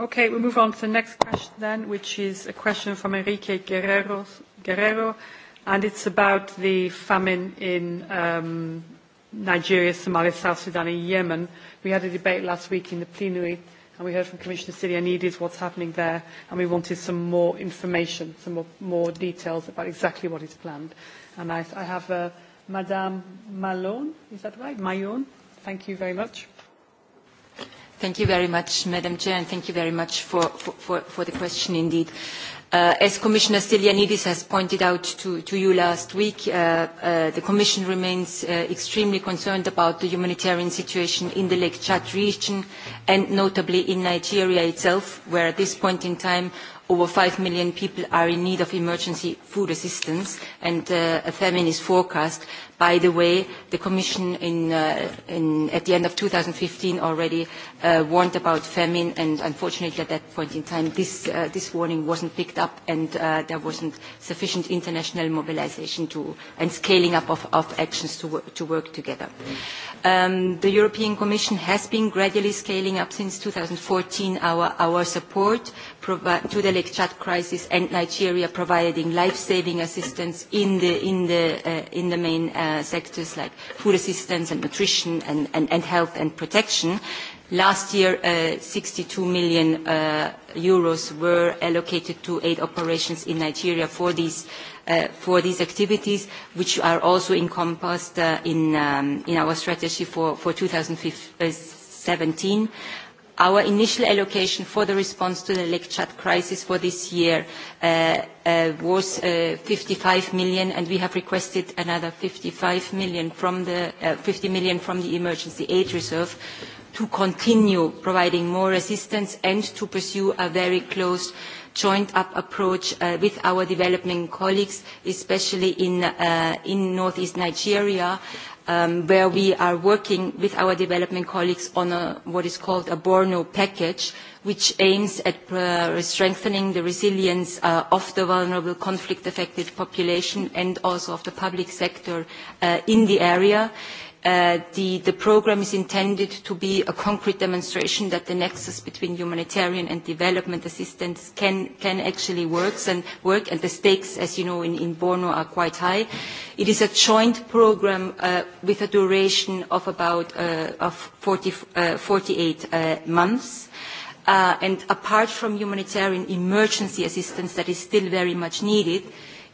Okay, we move on to the next question then, which is a question from Enrique Guerrero, Guerrero and it's about the famine in um, Nigeria, Somalia, South Sudan and Yemen. We had a debate last week in the plenary and we heard from Commissioner Silianides what's happening there, and we wanted some more information, some more, more details about exactly what is planned. And I, I have uh, Madame Malone, is that right? Mayone, thank you very much. Thank you very much, Madam Chair, and thank you very much for, for, for the question indeed. Uh, as Commissioner Stylianides has pointed out to, you last week, uh, uh, the Commission remains extremely concerned about the humanitarian situation in the Lake Chad region and notably in Nigeria itself, where at this point in time over 5 million people are in need of emergency food assistance and uh, a famine is forecast. By the way, the Commission in, uh, at the end of 2015 already uh, warned about famine and unfortunately at that point in time this, uh, this warning wasn't picked up and uh, there wasn't sufficient international mobilization to, and scaling up of, actions to, work, to work together. Um, the European Commission has been gradually scaling up since 2014 our, our support to the Lake Chad crisis and Nigeria providing life-saving assistance in the, in the, uh, in the main uh, sectors like food assistance and nutrition and, and, and health and protection. Last year, uh, 62 million uh, euros were allocated to aid operations in Nigeria for these, uh, for these activities, which are also encompassed uh, in, um, in our strategy for, for 2017. Our initial allocation for the response to the Lake Chad crisis for this year uh, uh, was uh, 55 million, and we have requested another 55 million from the 50 uh, million from the emergency aid reserve to continue providing more assistance and to pursue a very close joined up approach uh, with our development colleagues, especially in, uh, in northeast Nigeria, Um, where we are working with our development colleagues on what is called a Borno package, which aims at uh, strengthening the resilience uh, of the vulnerable conflict-affected population and also of the public sector uh, in the area Uh, the, the program is intended to be a concrete demonstration that the nexus between humanitarian and development assistance can, can actually works and work, and the stakes, as you know, in, in Borno are quite high. It is a joint program uh, with a duration of about uh, of 40, uh, 48 uh, months. Uh, and apart from humanitarian emergency assistance that is still very much needed,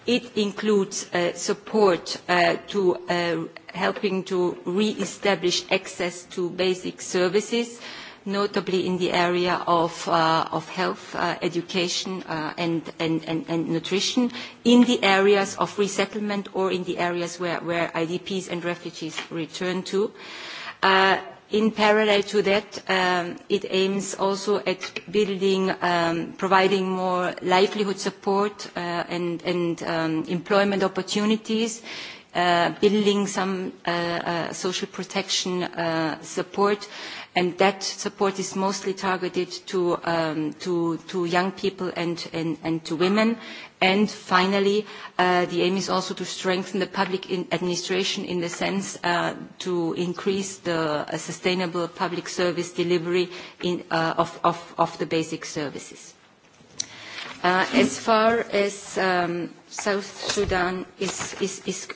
It includes uh, support uh, to uh, helping to re-establish access to basic services, notably in the area of, of health, education and, and, and, and nutrition, in the areas of resettlement or in the areas where, where IDPs and refugees return to in parallel to that um, it aims also at building um, providing more livelihood support uh, and um, employment opportunities uh, building some uh, social protection support and that support is mostly targeted to, um, to, to young people and, and, to women. And finally, uh, the aim is also to strengthen the public administration in the sense uh, to increase the uh, sustainable public service delivery uh, of, of, the basic services. As far as um, South Sudan is,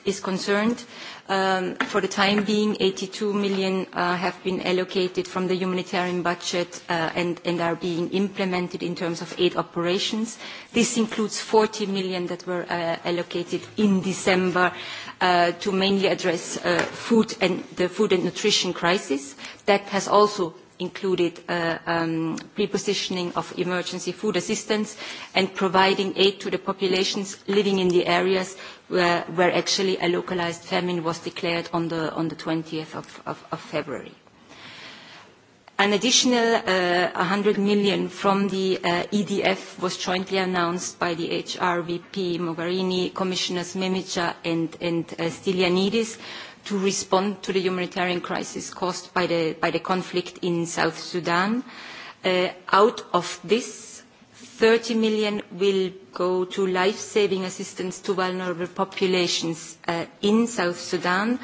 is, concerned. Um, for the time being, 82 million uh, have been allocated from the humanitarian budget uh, and, are being implemented in terms of aid operations. This includes 40 million that were uh, allocated in December to mainly address food and the food and nutrition crisis. That has also included uh, um, prepositioning of emergency food assistance and providing aid to the populations living in the areas where, where actually a localized famine was declared on the, on the 20th of, of, of February. An additional uh, 100 million from the uh, EDF was jointly announced by the HRVP, Mogherini, Commissioners Mimica and, and uh, Stylianidis to respond to the humanitarian crisis caused by the, by the conflict in South Sudan. Uh, out of this, 30 million will go to life-saving assistance to vulnerable populations uh, in South Sudan.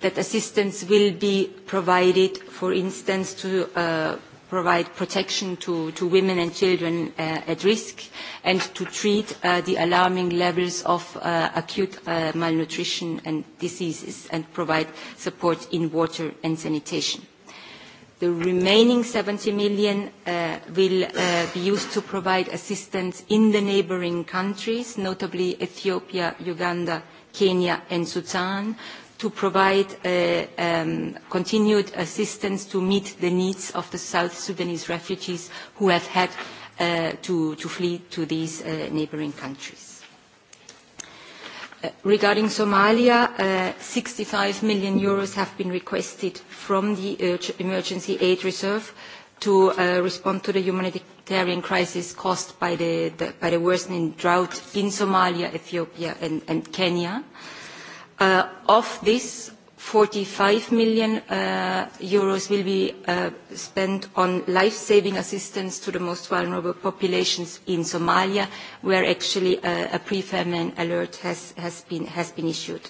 That assistance will be provided, for instance, to uh, provide protection to, to women and children uh, at risk and to treat uh, the alarming levels of uh, acute uh, malnutrition and diseases and provide support in water and sanitation. The remaining 70 million uh, will uh, be used to provide assistance in the neighboring countries, notably Ethiopia, Uganda, Kenya and Sudan to provide uh, um, continued assistance to meet the needs of the South Sudanese refugees who have had uh, to, to flee to these uh, neighboring countries. Uh, regarding Somalia, 65 uh, million euros have been requested from the emergency aid reserve to respond to the humanitarian crisis caused by the, the, by the worsening drought in Somalia, Ethiopia, and, and Kenya. Uh, of this, 45 million uh, euros will be uh, spent on life-saving assistance to the most vulnerable populations in Somalia, where actually uh, a pre-famine alert has, been, has been issued.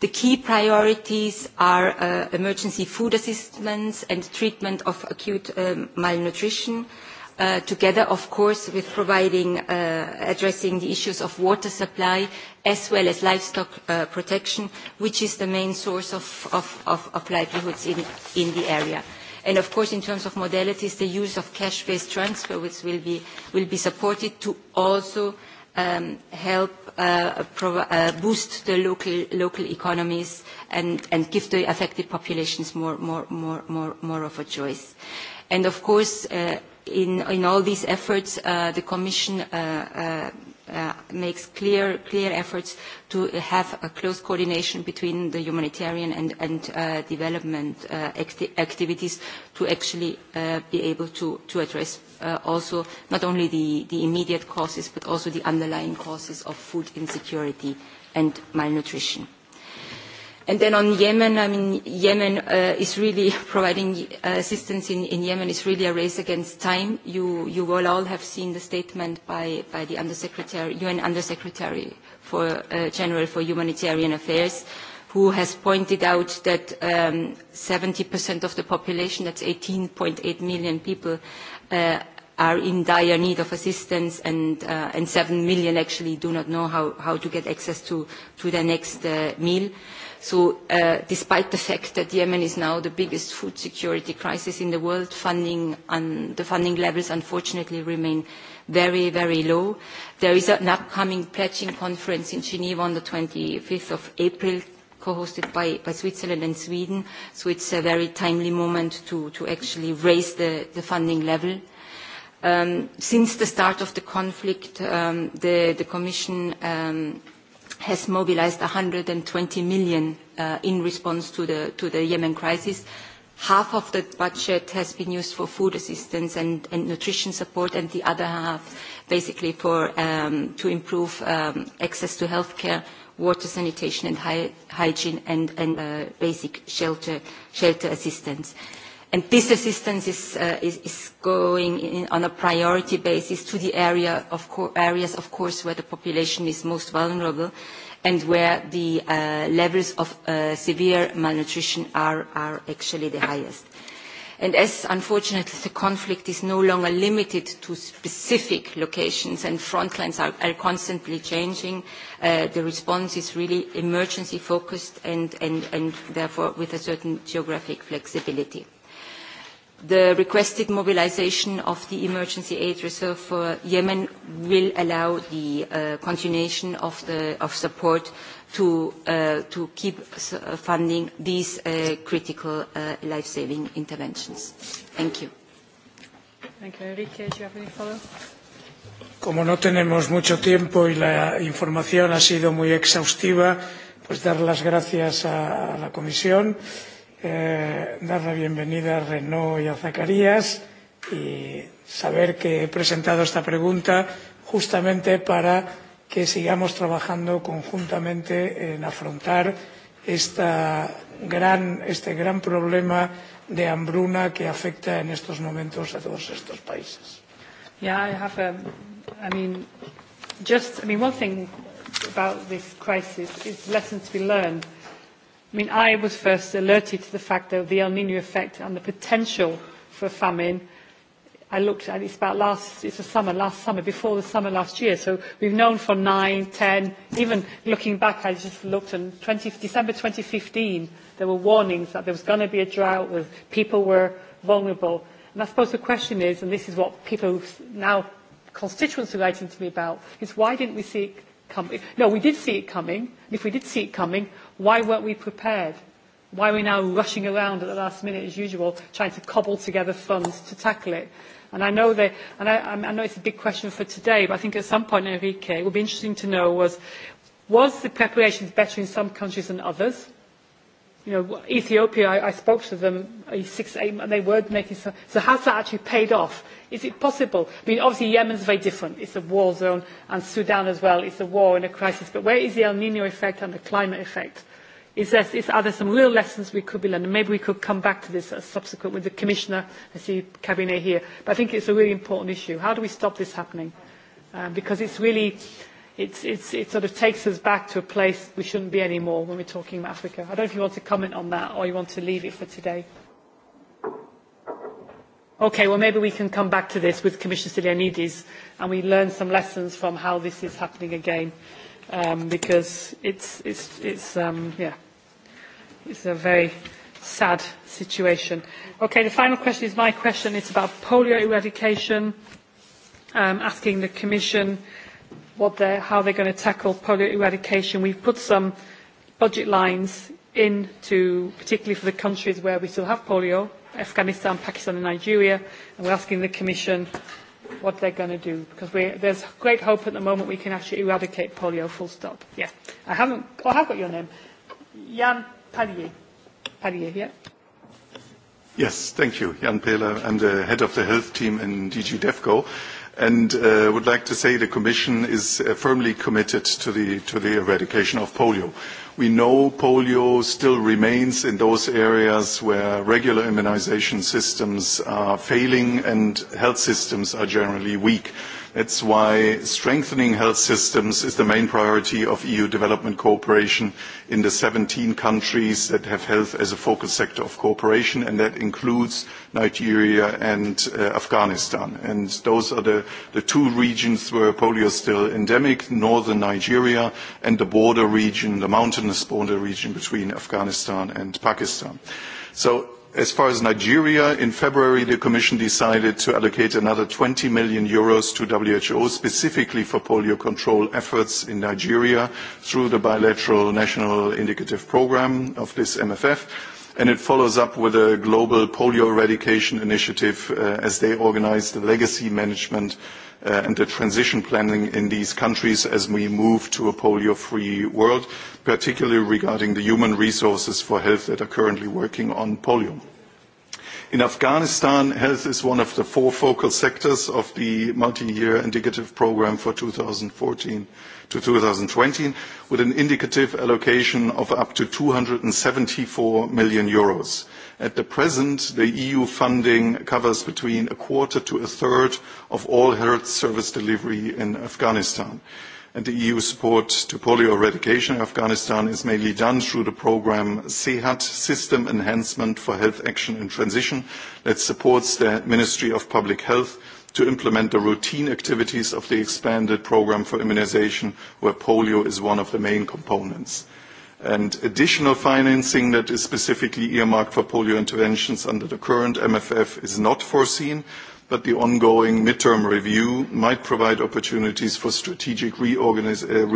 The key priorities are emergency food assistance and treatment of acute um, malnutrition, Uh, together of course with providing uh, addressing the issues of water supply as well as livestock uh, protection which is the main source of, of, of, of livelihoods in, in the area and of course in terms of modalities the use of cash based transfer which will be, will be supported to also um, help uh, uh, boost the local, local economies and, and give the affected populations more, more, more, more of a choice. and of course in, in all these efforts, uh, the Commission uh, uh, makes clear, clear efforts to have a close coordination between the humanitarian and, development activities to actually be able to, to address also not only the, the immediate causes but also the underlying causes of food insecurity and malnutrition. And then on Yemen, I mean, Yemen uh, is really providing uh, assistance in, Yemen is really a race against time. You, you will all have seen the statement by, the Undersecretary, UN Undersecretary for uh, General for Humanitarian Affairs, who has pointed out that 70% um, of the population, that's 18.8 million people, are in dire need of assistance and, 7 million actually do not know how, to get access to, their next meal. So uh, despite the fact that Yemen is now the biggest food security crisis in the world, funding and the funding levels unfortunately remain very, very low. There is an upcoming pledging conference in Geneva on the 25th of April co-hosted by, by Switzerland and Sweden, so it's a very timely moment to, to actually raise the, the funding level. Um, since the start of the conflict, um, the, the Commission um, has mobilized 120 million uh, in response to the, Yemen crisis. Half of the budget has been used for food assistance and, nutrition support, and the other half basically for, um, to improve um, access to health care, water sanitation and hygiene, and, uh, basic shelter assistance. And this assistance is, uh, is, going on a priority basis to the of areas, of course, where the population is most vulnerable and where the uh, levels of uh, severe malnutrition are, actually the highest. And as unfortunately the conflict is no longer limited to specific locations and front lines are, constantly changing, the response is really emergency focused and, and therefore with a certain geographic flexibility. The requested mobilization of the emergency aid reserve for Yemen will allow the uh, continuation of, the, of support to, uh, to keep uh, funding these uh, critical uh, life-saving interventions. Thank you. Thank you. Enrique, do you have any follow? Como no tenemos mucho tiempo y la información ha sido muy exhaustiva, pues dar las gracias a la Comisión. Eh, dar la bienvenida a Renault y a Zacarías y saber que he presentado esta pregunta justamente para que sigamos trabajando conjuntamente en afrontar esta gran, este gran problema de hambruna que afecta en estos momentos a todos estos países. Yeah, I have um, I mean, just, I mean, one thing about this crisis is to be learned i mean, I was first alerted to the fact of the El Nino effect and the potential for famine. I looked at it's about last, it's the summer, last summer, before the summer last year. So we've known for nine, ten, even looking back, I just looked and 20, December 2015, there were warnings that there was going to be a drought, that people were vulnerable. And I suppose the question is, and this is what people now, constituents are writing to me about, is why didn't we see it coming? No, we did see it coming. And if we did see it coming, Why weren't we prepared? Why are we now rushing around at the last minute as usual, trying to cobble together funds to tackle it? And I know they and I, I know it's a big question for today, but I think at some point, Enrique, it would be interesting to know was, was the preparations better in some countries than others? you know, Ethiopia, I, I spoke to them uh, six, eight, and they were making some. So has that actually paid off? Is it possible? I mean, obviously Yemen's very different. It's a war zone, and Sudan as well. It's a war and a crisis. But where is the El Nino effect and the climate effect? Is there, is, are there some real lessons we could be learning? Maybe we could come back to this as uh, subsequent with the Commissioner. I see Cabinet here. But I think it's a really important issue. How do we stop this happening? Uh, because it's really it's, it's, it sort of takes us back to a place we shouldn't be anymore when we're talking about Africa. I don't know if you want to comment on that or you want to leave it for today. Okay, well maybe we can come back to this with Commissioner Stylianides and we learn some lessons from how this is happening again um, because it's, it's, it's, um, yeah, it's a very sad situation. Okay, the final question is my question. It's about polio eradication, um, asking the Commission what they're, how they're going to tackle polio eradication. We've put some budget lines into, particularly for the countries where we still have polio, Afghanistan, Pakistan and Nigeria, and we're asking the Commission what they're going to do because we, there's great hope at the moment we can actually eradicate polio full stop. Yeah, I haven't, oh, I have got your name. Jan Palier. I yeah. Yes, thank you. the head of the health team in DG DEFCO and uh, would like to say the Commission is uh, firmly committed to the, to the eradication of polio. We know polio still remains in those areas where regular immunization systems are failing and health systems are generally weak. That's why strengthening health systems is the main priority of EU development cooperation in the 17 countries that have health as a focus sector of cooperation, and that includes Nigeria and uh, Afghanistan. And those are the, the two regions where polio is still endemic, northern Nigeria and the border region, the mountainous border region between Afghanistan and Pakistan. So As far as Nigeria, in February, the Commission decided to allocate another EUR 20 million Euros to WHO specifically for polio control efforts in Nigeria through the bilateral national indicative program of this MFF and it follows up with a global polio eradication initiative uh, as they organize the legacy management uh, and the transition planning in these countries as we move to a polio-free world, particularly regarding the human resources for health that are currently working on polio. In Afghanistan, health is one of the four focal sectors of the multi-year indicative program for 2014 to 2020 with an indicative allocation of up to 274 million euros. At the present, the EU funding covers between a quarter to a third of all health service delivery in Afghanistan. And the EU support to polio eradication in Afghanistan is mainly done through the program SEHAT, System Enhancement for Health Action in Transition, that supports the Ministry of Public Health to implement the routine activities of the expanded program for immunization, where polio is one of the main components. additional financing that is specifically earmarked for polio interventions under the current MFF is not foreseen, but the ongoing midterm review might provide opportunities for strategic uh,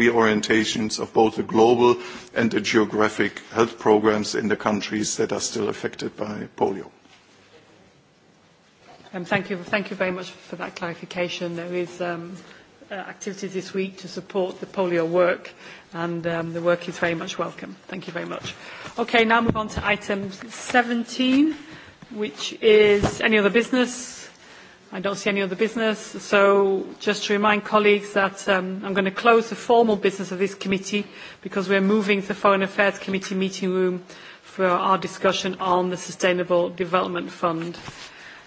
reorientations of both the global and the geographic health programs in the countries that are still affected by polio. Um, thank you. Thank you very much for that clarification. There is um, uh, activities this week to support the polio work, and um, the work is very much welcome. Thank you very much. Okay, now move on to item 17, which is any other business. I don't see any other business, so just to remind colleagues that um, I'm going to close the formal business of this committee because we're moving to the Foreign Affairs Committee meeting room for our discussion on the Sustainable Development Fund.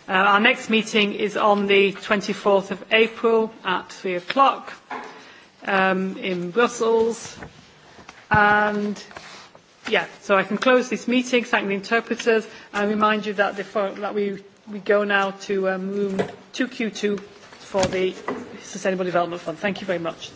Uh, our next meeting is on the 24th of April at 3 o'clock um, in Brussels. And yeah, so I can close this meeting, thank the interpreters, and remind you that, the, that we, we go now to um, room 2Q2 for the Sustainable Development Fund. Thank you very much.